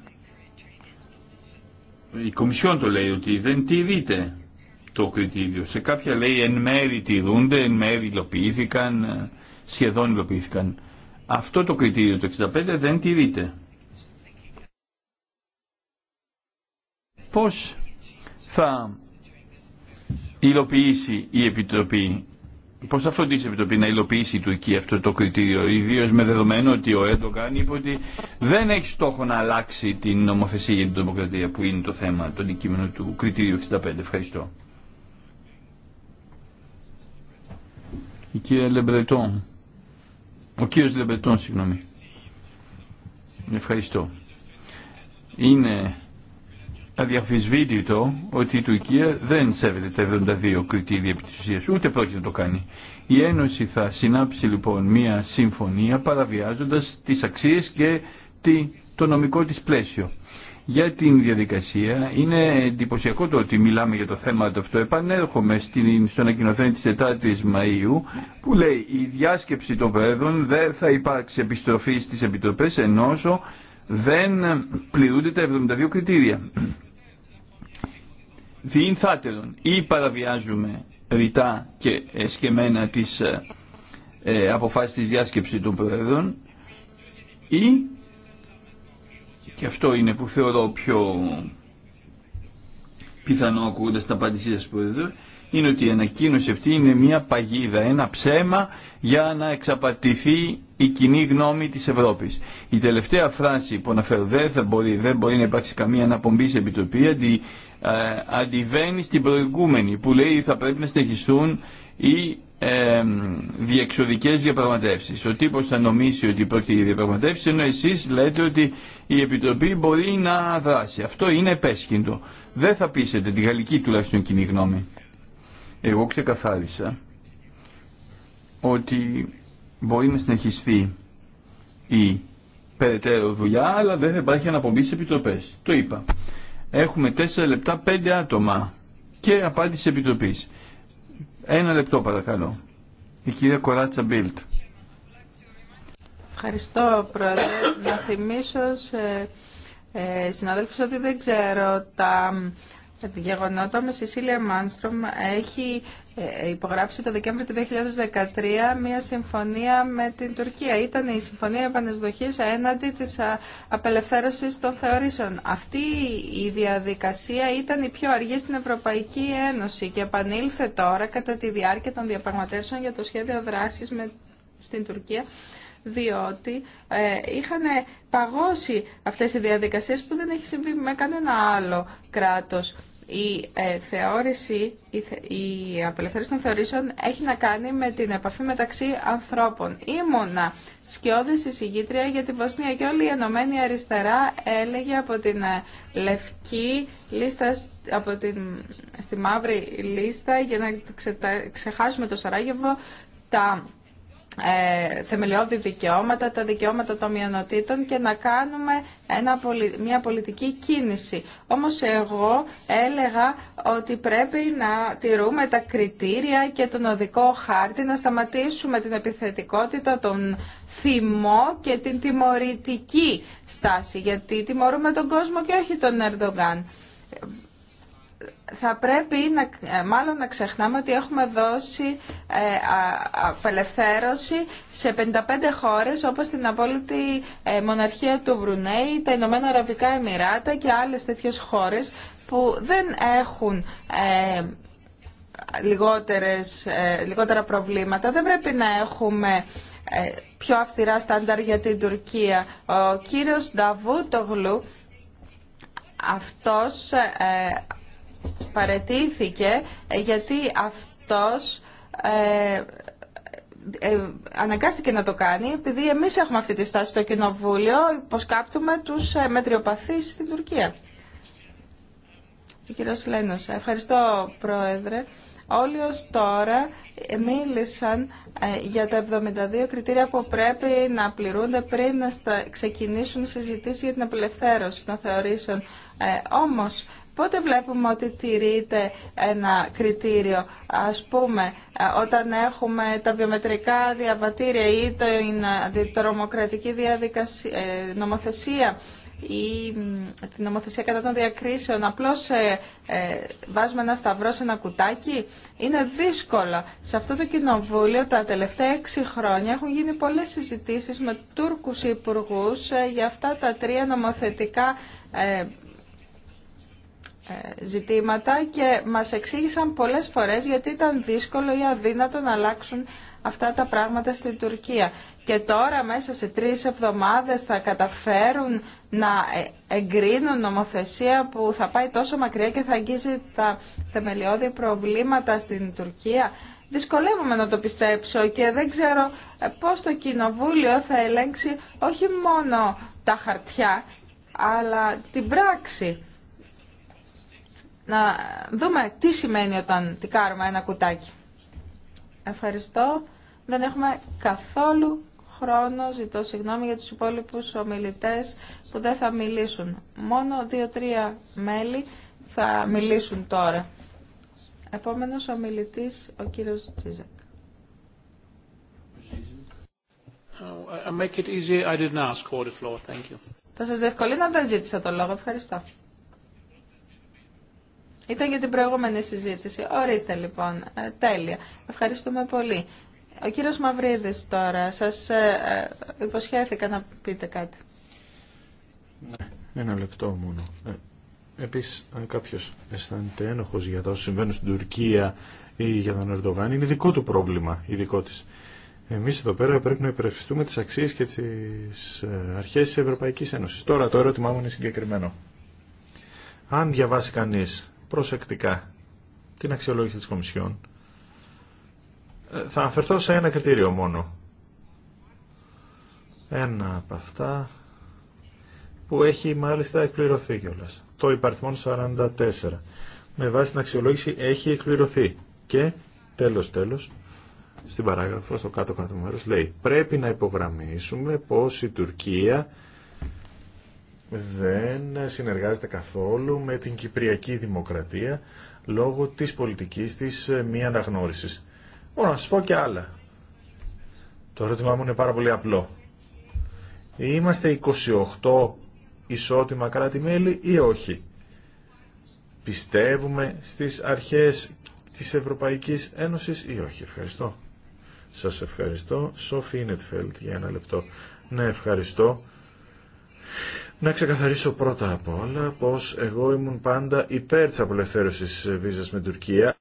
η Κομισιόν το λέει ότι δεν τηρείται το κριτήριο. Σε κάποια λέει εν μέρη τηρούνται, εν μέρη υλοποιήθηκαν, ε, σχεδόν υλοποιήθηκαν. Αυτό το κριτήριο το 65 δεν τηρείται. Πώς θα υλοποιήσει η Επιτροπή Πώ θα φροντίσει η Επιτροπή να υλοποιήσει η Τουρκία αυτό το κριτήριο, ιδίω με δεδομένο ότι ο Έντογκαν είπε ότι δεν έχει στόχο να αλλάξει την νομοθεσία για την δημοκρατία που είναι το θέμα, το αντικείμενο του κριτήριου 65. Ευχαριστώ. Η κυρία Ο κύριο Λεμπρετών, συγγνώμη. Ευχαριστώ. Είναι αδιαφυσβήτητο ότι η Τουρκία δεν σέβεται τα 72 κριτήρια επί ούτε πρόκειται να το κάνει. Η Ένωση θα συνάψει λοιπόν μία συμφωνία παραβιάζοντας τις αξίες και το νομικό της πλαίσιο. Για την διαδικασία είναι εντυπωσιακό το ότι μιλάμε για το θέμα αυτό. Επανέρχομαι στην, στον ανακοινωθέν της 4ης Μαΐου που λέει η διάσκεψη των Προέδρων δεν θα υπάρξει επιστροφή στις επιτροπές ενώσο δεν πληρούνται τα 72 κριτήρια διηνθάτερον ή παραβιάζουμε ρητά και εσκεμένα τις ε, ε αποφάσεις της διασκεψης των Προέδρων ή και αυτό είναι που θεωρώ πιο πιθανό ακούγοντα την απάντησή σα, Πρόεδρε, είναι ότι η ανακοίνωση αυτή είναι μια παγίδα, ένα ψέμα για να εξαπατηθεί η κοινή γνώμη τη Ευρώπη. Η τελευταία φράση που αναφέρω δεν, μπορεί, δεν μπορεί να υπάρξει καμία αναπομπή σε επιτροπή, αντί ε, αντιβαίνει στην προηγούμενη που λέει θα πρέπει να συνεχιστούν οι ε, διεξοδικές διαπραγματεύσεις. Ο τύπος θα νομίσει ότι πρόκειται για διαπραγματεύσεις ενώ εσείς λέτε ότι η Επιτροπή μπορεί να δράσει. Αυτό είναι επέσχυντο. Δεν θα πείσετε τη γαλλική τουλάχιστον κοινή γνώμη. Εγώ ξεκαθάρισα ότι μπορεί να συνεχιστεί η περαιτέρω δουλειά αλλά δεν θα υπάρχει αναπομπή σε επιτροπές. Το είπα. Έχουμε τέσσερα λεπτά πέντε άτομα και απάντηση επιτροπής. Ένα λεπτό παρακαλώ. Η κυρία Κοράτσα Μπίλτ. Ευχαριστώ πρόεδρε. Να θυμίσω σε ε, συναδέλφους ότι δεν ξέρω τα γεγονότα με Σίλια Μάνστρομ έχει ε, υπογράψει το Δεκέμβριο του 2013 μια συμφωνία με την Τουρκία. Ήταν η συμφωνία επανεσδοχής έναντι της απελευθέρωσης των θεωρήσεων. Αυτή η διαδικασία ήταν η πιο αργή στην Ευρωπαϊκή Ένωση και επανήλθε τώρα κατά τη διάρκεια των διαπραγματεύσεων για το σχέδιο δράσης με... στην Τουρκία διότι ε, είχαν παγώσει αυτές οι διαδικασίες που δεν έχει συμβεί με κανένα άλλο κράτος. Η ε, θεώρηση, η, απελευθέρωση των θεωρήσεων έχει να κάνει με την επαφή μεταξύ ανθρώπων. Ήμουνα σκιώδης εισηγήτρια για την Βοσνία και όλη η Ενωμένη Αριστερά έλεγε από την ε, λευκή λίστα, από την, στη μαύρη λίστα για να ξεχάσουμε το Σαράγεβο τα ε, θεμελιώδη δικαιώματα, τα δικαιώματα των μειονοτήτων και να κάνουμε ένα, μια πολιτική κίνηση. Όμως εγώ έλεγα ότι πρέπει να τηρούμε τα κριτήρια και τον οδικό χάρτη, να σταματήσουμε την επιθετικότητα, τον θυμό και την τιμωρητική στάση, γιατί τιμωρούμε τον κόσμο και όχι τον Ερδογκάν θα πρέπει να, ε, μάλλον να ξεχνάμε ότι έχουμε δώσει ε, απελευθέρωση σε 55 χώρες όπως την απόλυτη ε, μοναρχία του Βρουνέη, τα Ηνωμένα Αραβικά Εμμυράτα και άλλες τέτοιες χώρες που δεν έχουν λιγότερες, λιγότερα προβλήματα. Δεν πρέπει να έχουμε πιο αυστηρά στάνταρ για την Τουρκία. Ο κύριος Νταβούτογλου, αυτός παρετήθηκε ε, γιατί αυτός ε, ε, αναγκάστηκε να το κάνει επειδή εμείς έχουμε αυτή τη στάση στο Κοινοβούλιο υποσκάπτουμε τους ε, μετριοπαθείς στην Τουρκία. Ο κύριος Λένος, ευχαριστώ Πρόεδρε. Όλοι ως τώρα ε, μίλησαν για τα 72 κριτήρια που πρέπει να πληρούνται πριν να ξεκινήσουν συζητήσει για την απελευθέρωση των θεωρήσεων. Όμως Πότε βλέπουμε ότι τηρείται ένα κριτήριο, ας πούμε, ε, όταν έχουμε τα βιομετρικά διαβατήρια ή την αντιτρομοκρατική διαδικασία, ε, νομοθεσία ή την νομοθεσία κατά των διακρίσεων, απλώς ε, βάζουμε ένα σταυρό σε ένα κουτάκι. Είναι δύσκολο. Σε αυτό το κοινοβούλιο τα τελευταία έξι χρόνια έχουν γίνει πολλές συζητήσεις με Τούρκους υπουργούς για αυτά τα τρία νομοθετικά ε, ζητήματα και μας εξήγησαν πολλές φορές γιατί ήταν δύσκολο ή αδύνατο να αλλάξουν αυτά τα πράγματα στην Τουρκία. Και τώρα μέσα σε τρεις εβδομάδες θα καταφέρουν να ε, εγκρίνουν νομοθεσία που θα πάει τόσο μακριά και θα αγγίζει τα θεμελιώδη προβλήματα στην Τουρκία. Δυσκολεύομαι να το πιστέψω και δεν ξέρω ε, πώς το Κοινοβούλιο θα ελέγξει όχι μόνο τα χαρτιά, αλλά την πράξη να δούμε τι σημαίνει όταν τικάρουμε ένα κουτάκι. Ευχαριστώ. Δεν έχουμε καθόλου χρόνο. Ζητώ συγγνώμη για τους υπόλοιπους ομιλητές που δεν θα μιλήσουν. Μόνο δύο-τρία μέλη θα μιλήσουν τώρα. Επόμενος ομιλητής, ο κύριος Τσίζεκ. Uh, θα σας διευκολύνω, δεν ζήτησα το λόγο. Ευχαριστώ. Ήταν για την προηγούμενη συζήτηση. Ορίστε λοιπόν. Ε, τέλεια. Ευχαριστούμε πολύ. Ο κύριος Μαυρίδης τώρα. Σας ε, ε, υποσχέθηκα να πείτε κάτι. Ναι, ένα λεπτό μόνο. Επίσης, αν κάποιος αισθάνεται ένοχος για το συμβαίνουν στην Τουρκία ή για τον Ερντογάν, είναι δικό του πρόβλημα, η δικό της. Εμείς εδώ πέρα πρέπει να υπερευθυστούμε τις αξίες και τις αρχές της Ευρωπαϊκής Ένωσης. Τώρα το ερώτημά μου είναι συγκεκριμένο. Αν διαβάσει κανείς προσεκτικά την αξιολόγηση της Κομισιόν. Ε, θα αναφερθώ σε ένα κριτήριο μόνο. Ένα από αυτά που έχει μάλιστα εκπληρωθεί κιόλα. Το υπαριθμόν 44. Με βάση την αξιολόγηση έχει εκπληρωθεί. Και τέλος τέλος, στην παράγραφο, στο κάτω κάτω μέρος, λέει πρέπει να υπογραμμίσουμε πως η Τουρκία δεν συνεργάζεται καθόλου με την Κυπριακή Δημοκρατία λόγω της πολιτικής της ε, μη αναγνώρισης. Μπορώ να σας πω και άλλα. Το ερώτημά μου είναι πάρα πολύ απλό. Είμαστε 28 ισότιμα κράτη-μέλη ή όχι. Πιστεύουμε στις αρχές της Ευρωπαϊκής Ένωσης ή όχι. Ευχαριστώ. Σας ευχαριστώ. Σοφή Ινετφέλτ για ένα λεπτό. Ναι, ευχαριστώ. Να ξεκαθαρίσω πρώτα απ' όλα πως εγώ ήμουν πάντα υπέρ της απολευθέρωσης βίζας με Τουρκία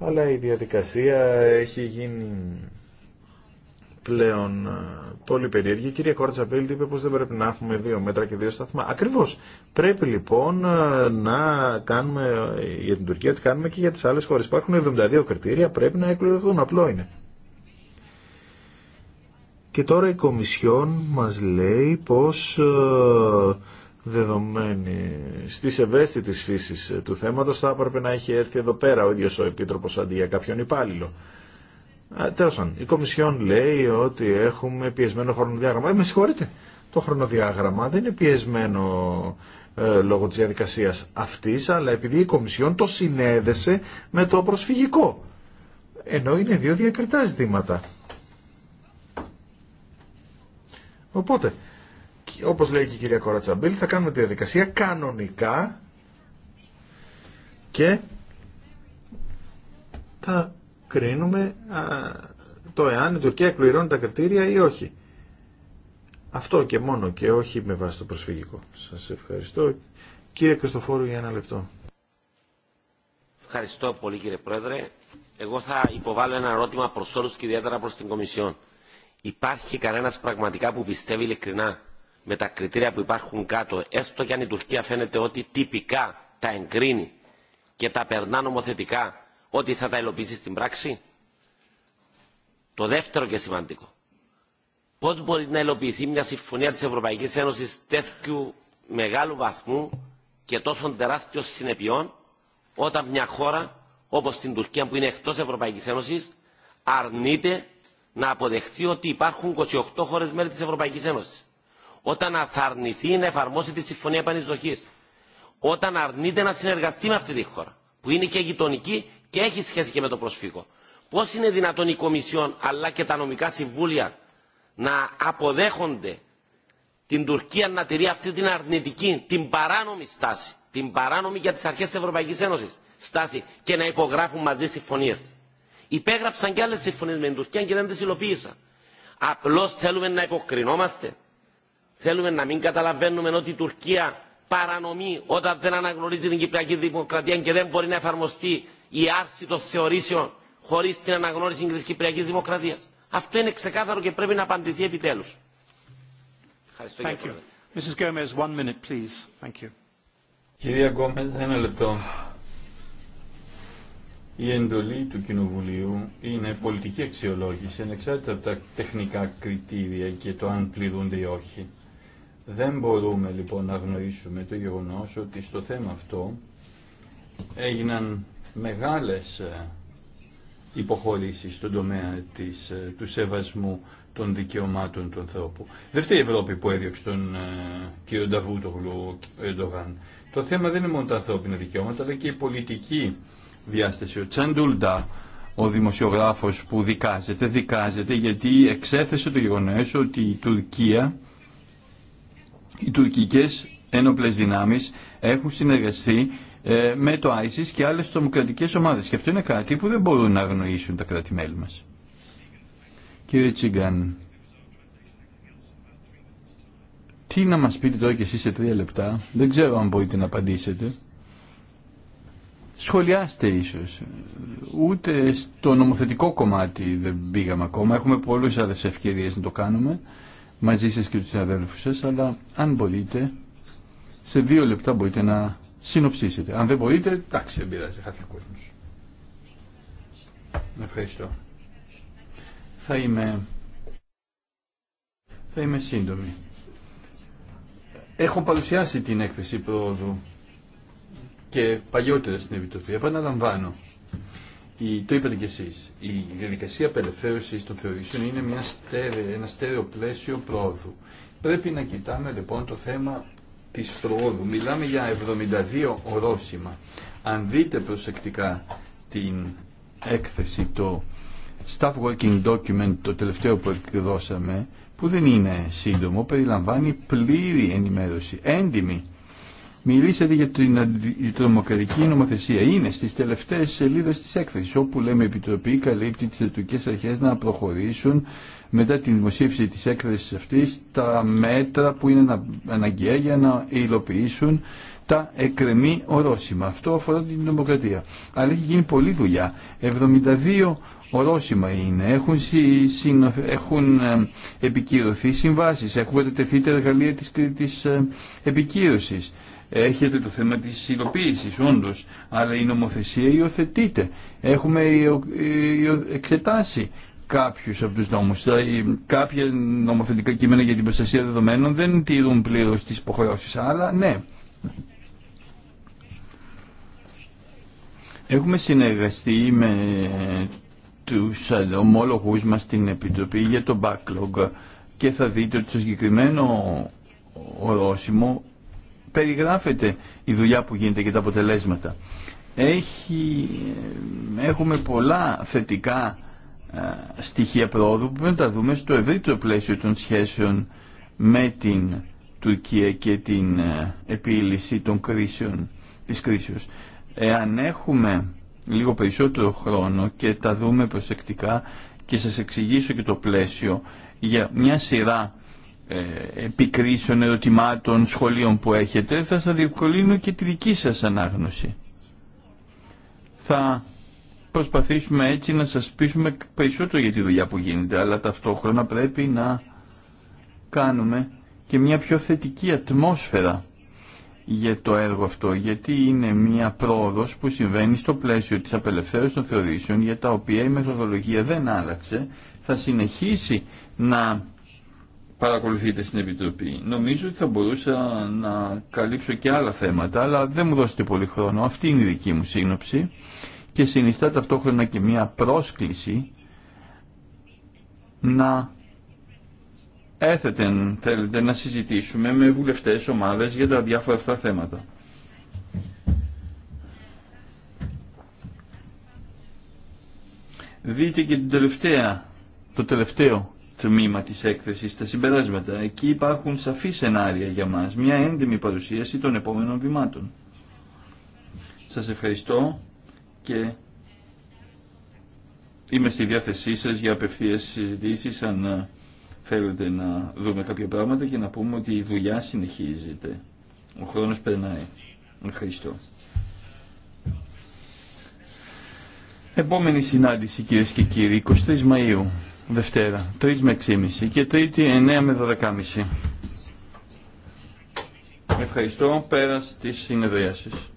αλλά η διαδικασία έχει γίνει πλέον ε, πολύ περίεργη. Η κυρία Κόρτσαπέλτ είπε πως δεν πρέπει να έχουμε δύο μέτρα και δύο σταθμά. Ακριβώς. Πρέπει λοιπόν ε, να κάνουμε ε, για την Τουρκία ότι κάνουμε και για τις άλλες χώρες. Υπάρχουν 72 κριτήρια, πρέπει να εκπληρωθούν. Απλό είναι. Και τώρα η Κομισιόν μας λέει πως ε, δεδομένη στις ευαίσθητες φύσης ε, του θέματος θα έπρεπε να έχει έρθει εδώ πέρα ο ίδιος ο Επίτροπος αντί για κάποιον υπάλληλο. Ε, τέλος η Κομισιόν λέει ότι έχουμε πιεσμένο χρονοδιάγραμμα. Ε, με συγχωρείτε, το χρονοδιάγραμμα δεν είναι πιεσμένο ε, λόγω της διαδικασίας αυτής, αλλά επειδή η Κομισιόν το συνέδεσε με το προσφυγικό. Ενώ είναι δύο διακριτά ζητήματα. Οπότε, όπως λέει και η κυρία Κορατσαμπίλ, θα κάνουμε τη διαδικασία κανονικά και θα κρίνουμε το εάν η Τουρκία εκπληρώνει τα κριτήρια ή όχι. Αυτό και μόνο και όχι με βάση το προσφυγικό. Σας ευχαριστώ. Κύριε Κριστοφόρου για ένα λεπτό. Ευχαριστώ πολύ κύριε Πρόεδρε. Εγώ θα υποβάλω ένα ερώτημα προς όλους και ιδιαίτερα προς την Κομισιόν. Υπάρχει κανένας πραγματικά που πιστεύει ειλικρινά με τα κριτήρια που υπάρχουν κάτω, έστω και αν η Τουρκία φαίνεται ότι τυπικά τα εγκρίνει και τα περνά νομοθετικά, ότι θα τα υλοποιήσει στην πράξη. Το δεύτερο και σημαντικό. Πώς μπορεί να υλοποιηθεί μια συμφωνία της Ευρωπαϊκής Ένωσης τέτοιου μεγάλου βαθμού και τόσων τεράστιων συνεπειών, όταν μια χώρα όπως την Τουρκία που είναι εκτός Ευρωπαϊκής Ένωσης αρνείται να αποδεχθεί ότι υπάρχουν 28 χώρε μέλη τη Ευρωπαϊκή Ένωση. Όταν θα αρνηθεί να εφαρμόσει τη Συμφωνία Επανεισδοχή. Όταν αρνείται να συνεργαστεί με αυτή τη χώρα, που είναι και γειτονική και έχει σχέση και με το προσφύγο. Πώ είναι δυνατόν η Κομισιόν αλλά και τα νομικά συμβούλια να αποδέχονται την Τουρκία να τηρεί αυτή την αρνητική, την παράνομη στάση, την παράνομη για τι αρχέ τη Ευρωπαϊκή Ένωση στάση και να υπογράφουν μαζί συμφωνίε υπέγραψαν και άλλε συμφωνίε με την Τουρκία και δεν τι υλοποίησαν. Απλώ θέλουμε να υποκρινόμαστε. Θέλουμε να μην καταλαβαίνουμε ότι η Τουρκία παρανομεί όταν δεν αναγνωρίζει την Κυπριακή Δημοκρατία και δεν μπορεί να εφαρμοστεί η άρση των θεωρήσεων χωρί την αναγνώριση τη Κυπριακή Δημοκρατία. Αυτό είναι ξεκάθαρο και πρέπει να απαντηθεί επιτέλου. Ευχαριστώ Thank you. Mrs. Gomez, one minute, please. Thank you. Κυρία Γκόμες, ένα λεπτό. Η εντολή του Κοινοβουλίου είναι πολιτική αξιολόγηση, ανεξάρτητα από τα τεχνικά κριτήρια και το αν πληρούνται ή όχι. Δεν μπορούμε λοιπόν να γνωρίσουμε το γεγονός ότι στο θέμα αυτό έγιναν μεγάλες ε, υποχωρήσεις στον τομέα της, ε, του σεβασμού των δικαιωμάτων του ανθρώπου. Δεν φταίει η Ευρώπη που έδιωξε τον ε, κύριο Νταβούτογλου εντογαν Το θέμα δεν είναι μόνο τα ανθρώπινα δικαιώματα, αλλά και η πολιτική διάσταση. Ο Τσαντούλντα, ο δημοσιογράφος που δικάζεται, δικάζεται γιατί εξέθεσε το γεγονός ότι η Τουρκία, οι τουρκικές ένοπλες δυνάμεις έχουν συνεργαστεί ε, με το ISIS και άλλες τρομοκρατικές ομάδες. Και αυτό είναι κάτι που δεν μπορούν να αγνοήσουν τα κράτη-μέλη μας. Κύριε Τσίγκαν, τι να μας πείτε τώρα κι εσείς σε τρία λεπτά, δεν ξέρω αν μπορείτε να απαντήσετε σχολιάστε ίσως. Ούτε στο νομοθετικό κομμάτι δεν πήγαμε ακόμα. Έχουμε πολλούς άλλες ευκαιρίες να το κάνουμε μαζί σας και τους αδέλφους σας, αλλά αν μπορείτε, σε δύο λεπτά μπορείτε να συνοψίσετε. Αν δεν μπορείτε, εντάξει, δεν πειράζει, χάθηκε ο κόσμος. Ευχαριστώ. Θα είμαι, θα είμαι σύντομη. Έχω παρουσιάσει την έκθεση πρόοδου και παλιότερα στην Επιτροπή. Επαναλαμβάνω, το είπατε κι εσείς, η διαδικασία απελευθέρωση των θεωρήσεων είναι μια ένα στέρεο πλαίσιο πρόοδου. Πρέπει να κοιτάμε λοιπόν το θέμα της πρόοδου. Μιλάμε για 72 ορόσημα. Αν δείτε προσεκτικά την έκθεση, το Staff Working Document, το τελευταίο που εκδώσαμε, που δεν είναι σύντομο, περιλαμβάνει πλήρη ενημέρωση, έντιμη Μιλήσατε για την αντιτρομοκρατική νομοθεσία. Είναι στις τελευταίες σελίδες της έκθεσης, όπου λέμε η Επιτροπή καλύπτει τις ειδικές αρχές να προχωρήσουν μετά τη δημοσίευση της έκθεσης αυτής τα μέτρα που είναι αναγκαία για να υλοποιήσουν τα εκρεμή ορόσημα. Αυτό αφορά την δημοκρατία. Αλλά έχει γίνει πολλή δουλειά. 72 ορόσημα είναι. Έχουν, έχουν ε, επικυρωθεί συμβάσεις. Έχουν τεθεί τα εργαλεία της, της ε, Έχετε το θέμα της υλοποίησης όντως, αλλά η νομοθεσία υιοθετείται. Έχουμε εξετάσει κάποιους από τους νόμους. Κάποια νομοθετικά κείμενα για την προστασία δεδομένων δεν τηρούν πλήρως τις υποχρεώσεις, αλλά ναι. Έχουμε συνεργαστεί με τους ομόλογους μας στην Επιτροπή για το backlog και θα δείτε ότι στο συγκεκριμένο ορόσημο περιγράφεται η δουλειά που γίνεται και τα αποτελέσματα. Ε, έχουμε πολλά θετικά ε, στοιχεία πρόοδου που πρέπει να τα δούμε στο ευρύτερο πλαίσιο των σχέσεων με την Τουρκία και την ε, επίλυση των κρίσεων, της κρίσεως. Εάν έχουμε λίγο περισσότερο χρόνο και τα δούμε προσεκτικά και σας εξηγήσω και το πλαίσιο για μια σειρά ε, επικρίσεων, ερωτημάτων, σχολείων που έχετε, θα σας διευκολύνω και τη δική σας ανάγνωση. Θα προσπαθήσουμε έτσι να σας πείσουμε περισσότερο για τη δουλειά που γίνεται, αλλά ταυτόχρονα πρέπει να κάνουμε και μια πιο θετική ατμόσφαιρα για το έργο αυτό, γιατί είναι μια πρόοδος που συμβαίνει στο πλαίσιο της απελευθέρωσης των θεωρήσεων, για τα οποία η μεθοδολογία δεν άλλαξε, θα συνεχίσει να παρακολουθείτε στην Επιτροπή. Νομίζω ότι θα μπορούσα να καλύψω και άλλα θέματα, αλλά δεν μου δώσετε πολύ χρόνο. Αυτή είναι η δική μου σύνοψη και συνιστά ταυτόχρονα και μια πρόσκληση να έθετε, θέλετε, να συζητήσουμε με βουλευτές ομάδες για τα διάφορα αυτά θέματα. Δείτε και την τελευταία, το τελευταίο τμήμα της έκθεσης, τα συμπεράσματα. Εκεί υπάρχουν σαφή σενάρια για μας, μια έντιμη παρουσίαση των επόμενων βημάτων. Σας ευχαριστώ και είμαι στη διάθεσή σας για απευθείας συζητήσεις αν ε, θέλετε να δούμε κάποια πράγματα και να πούμε ότι η δουλειά συνεχίζεται. Ο χρόνος περνάει. Ευχαριστώ. Επόμενη συνάντηση κυρίες και κύριοι, 23 Μαΐου. Δευτέρα, 3 με 6,5 και Τρίτη 9 με 12,5. Ευχαριστώ. Πέρας της συνεδρίασης.